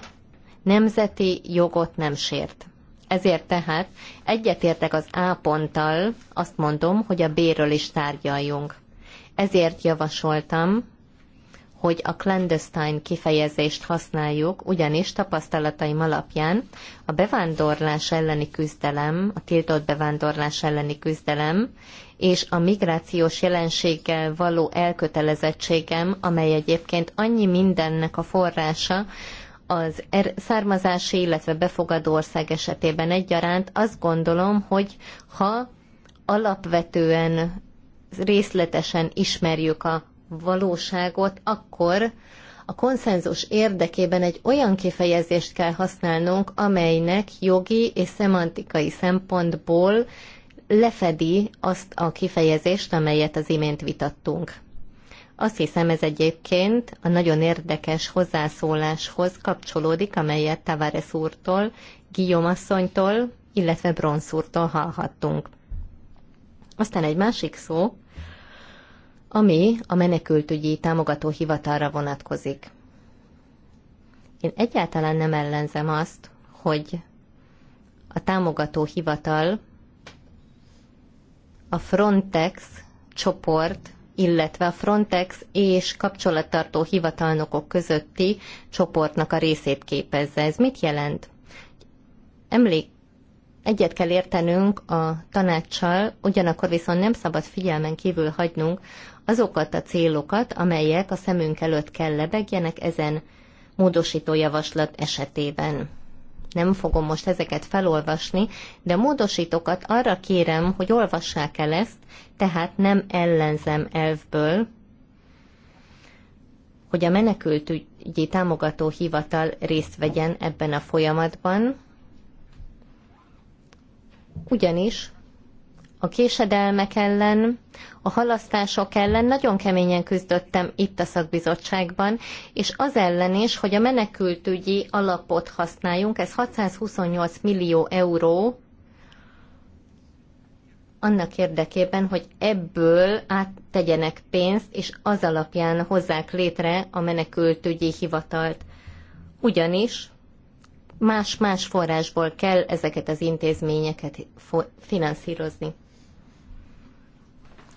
nemzeti jogot nem sért. Ezért tehát egyetértek az A ponttal, azt mondom, hogy a B-ről is tárgyaljunk. Ezért javasoltam, hogy a clandestine kifejezést használjuk, ugyanis tapasztalataim alapján a bevándorlás elleni küzdelem, a tiltott bevándorlás elleni küzdelem, és a migrációs jelenséggel való elkötelezettségem, amely egyébként annyi mindennek a forrása, az er- származási, illetve befogadó ország esetében egyaránt azt gondolom, hogy ha alapvetően részletesen ismerjük a valóságot, akkor a konszenzus érdekében egy olyan kifejezést kell használnunk, amelynek jogi és szemantikai szempontból lefedi azt a kifejezést, amelyet az imént vitattunk. Azt hiszem ez egyébként a nagyon érdekes hozzászóláshoz kapcsolódik, amelyet Tavares úrtól, Guillaume asszonytól, illetve Bronsz úrtól hallhattunk. Aztán egy másik szó, ami a menekültügyi támogató hivatalra vonatkozik. Én egyáltalán nem ellenzem azt, hogy a támogató hivatal a Frontex csoport, illetve a Frontex és kapcsolattartó hivatalnokok közötti csoportnak a részét képezze. Ez mit jelent? Emlék, egyet kell értenünk a tanácssal, ugyanakkor viszont nem szabad figyelmen kívül hagynunk azokat a célokat, amelyek a szemünk előtt kell lebegjenek ezen módosító javaslat esetében. Nem fogom most ezeket felolvasni, de módosítókat arra kérem, hogy olvassák el ezt, tehát nem ellenzem elvből, hogy a menekültügyi támogató hivatal részt vegyen ebben a folyamatban, ugyanis a késedelmek ellen, a halasztások ellen nagyon keményen küzdöttem itt a szakbizottságban, és az ellen is, hogy a menekültügyi alapot használjunk, ez 628 millió euró, annak érdekében, hogy ebből áttegyenek pénzt, és az alapján hozzák létre a menekültügyi hivatalt. Ugyanis más-más forrásból kell ezeket az intézményeket finanszírozni.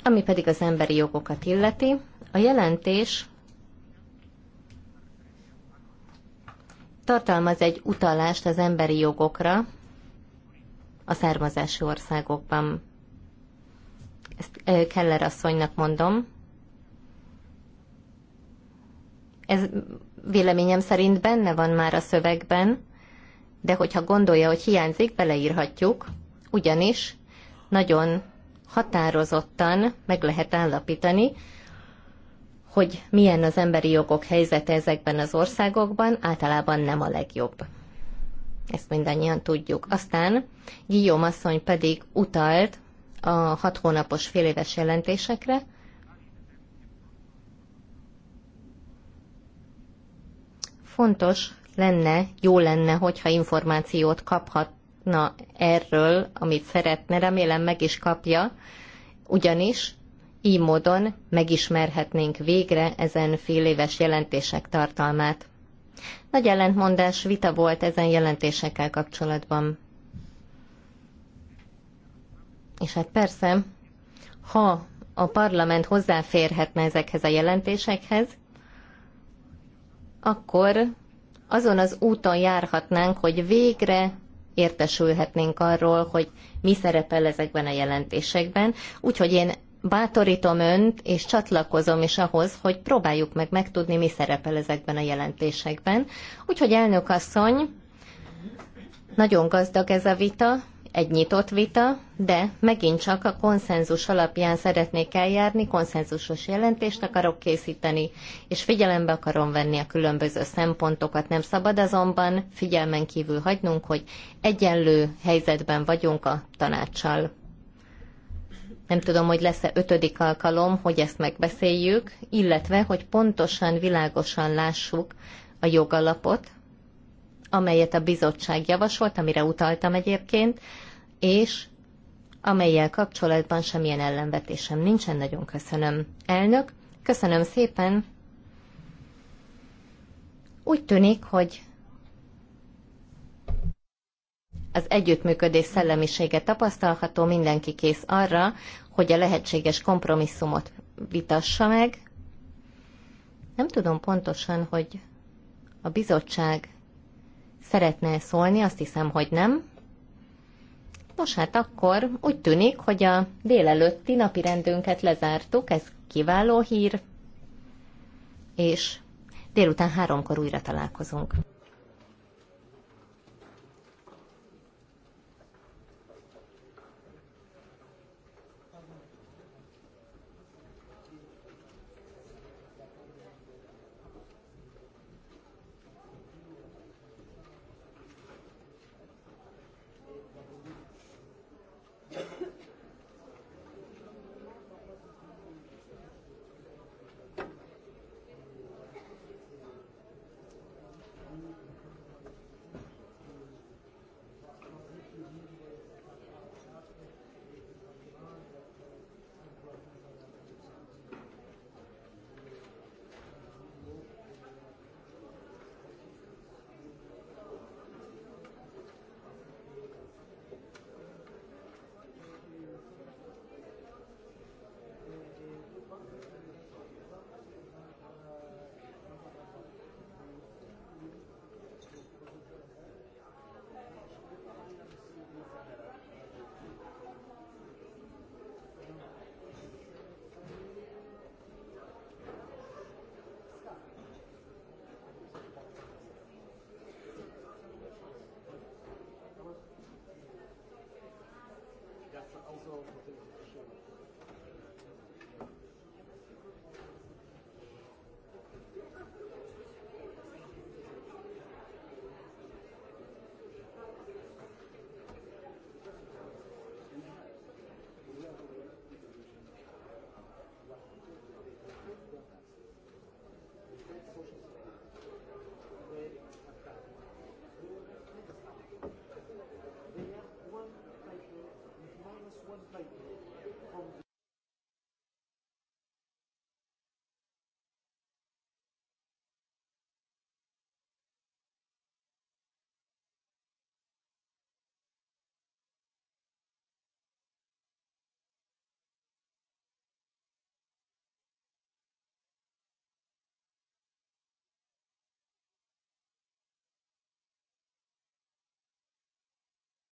Ami pedig az emberi jogokat illeti, a jelentés tartalmaz egy utalást az emberi jogokra a származási országokban. Ezt Keller asszonynak mondom. Ez véleményem szerint benne van már a szövegben, de hogyha gondolja, hogy hiányzik, beleírhatjuk, ugyanis nagyon határozottan meg lehet állapítani, hogy milyen az emberi jogok helyzete ezekben az országokban, általában nem a legjobb. Ezt mindannyian tudjuk. Aztán Guillaume asszony pedig utalt a hat hónapos féléves jelentésekre, fontos lenne, jó lenne, hogyha információt kaphat, kapna erről, amit szeretne, remélem meg is kapja, ugyanis így módon megismerhetnénk végre ezen fél éves jelentések tartalmát. Nagy ellentmondás vita volt ezen jelentésekkel kapcsolatban. És hát persze, ha a parlament hozzáférhetne ezekhez a jelentésekhez, akkor azon az úton járhatnánk, hogy végre értesülhetnénk arról, hogy mi szerepel ezekben a jelentésekben. Úgyhogy én bátorítom önt, és csatlakozom is ahhoz, hogy próbáljuk meg megtudni, mi szerepel ezekben a jelentésekben. Úgyhogy elnök asszony, nagyon gazdag ez a vita, egy nyitott vita, de megint csak a konszenzus alapján szeretnék eljárni, konszenzusos jelentést akarok készíteni, és figyelembe akarom venni a különböző szempontokat. Nem szabad azonban figyelmen kívül hagynunk, hogy egyenlő helyzetben vagyunk a tanácssal. Nem tudom, hogy lesz-e ötödik alkalom, hogy ezt megbeszéljük, illetve, hogy pontosan, világosan lássuk a jogalapot, amelyet a bizottság javasolt, amire utaltam egyébként, és amelyel kapcsolatban semmilyen ellenvetésem nincsen, nagyon köszönöm. Elnök, köszönöm szépen. Úgy tűnik, hogy az együttműködés szellemisége tapasztalható, mindenki kész arra, hogy a lehetséges kompromisszumot vitassa meg. Nem tudom pontosan, hogy a bizottság szeretne szólni, azt hiszem, hogy nem. Nos hát akkor úgy tűnik, hogy a délelőtti napi rendünket lezártuk, ez kiváló hír, és délután háromkor újra találkozunk.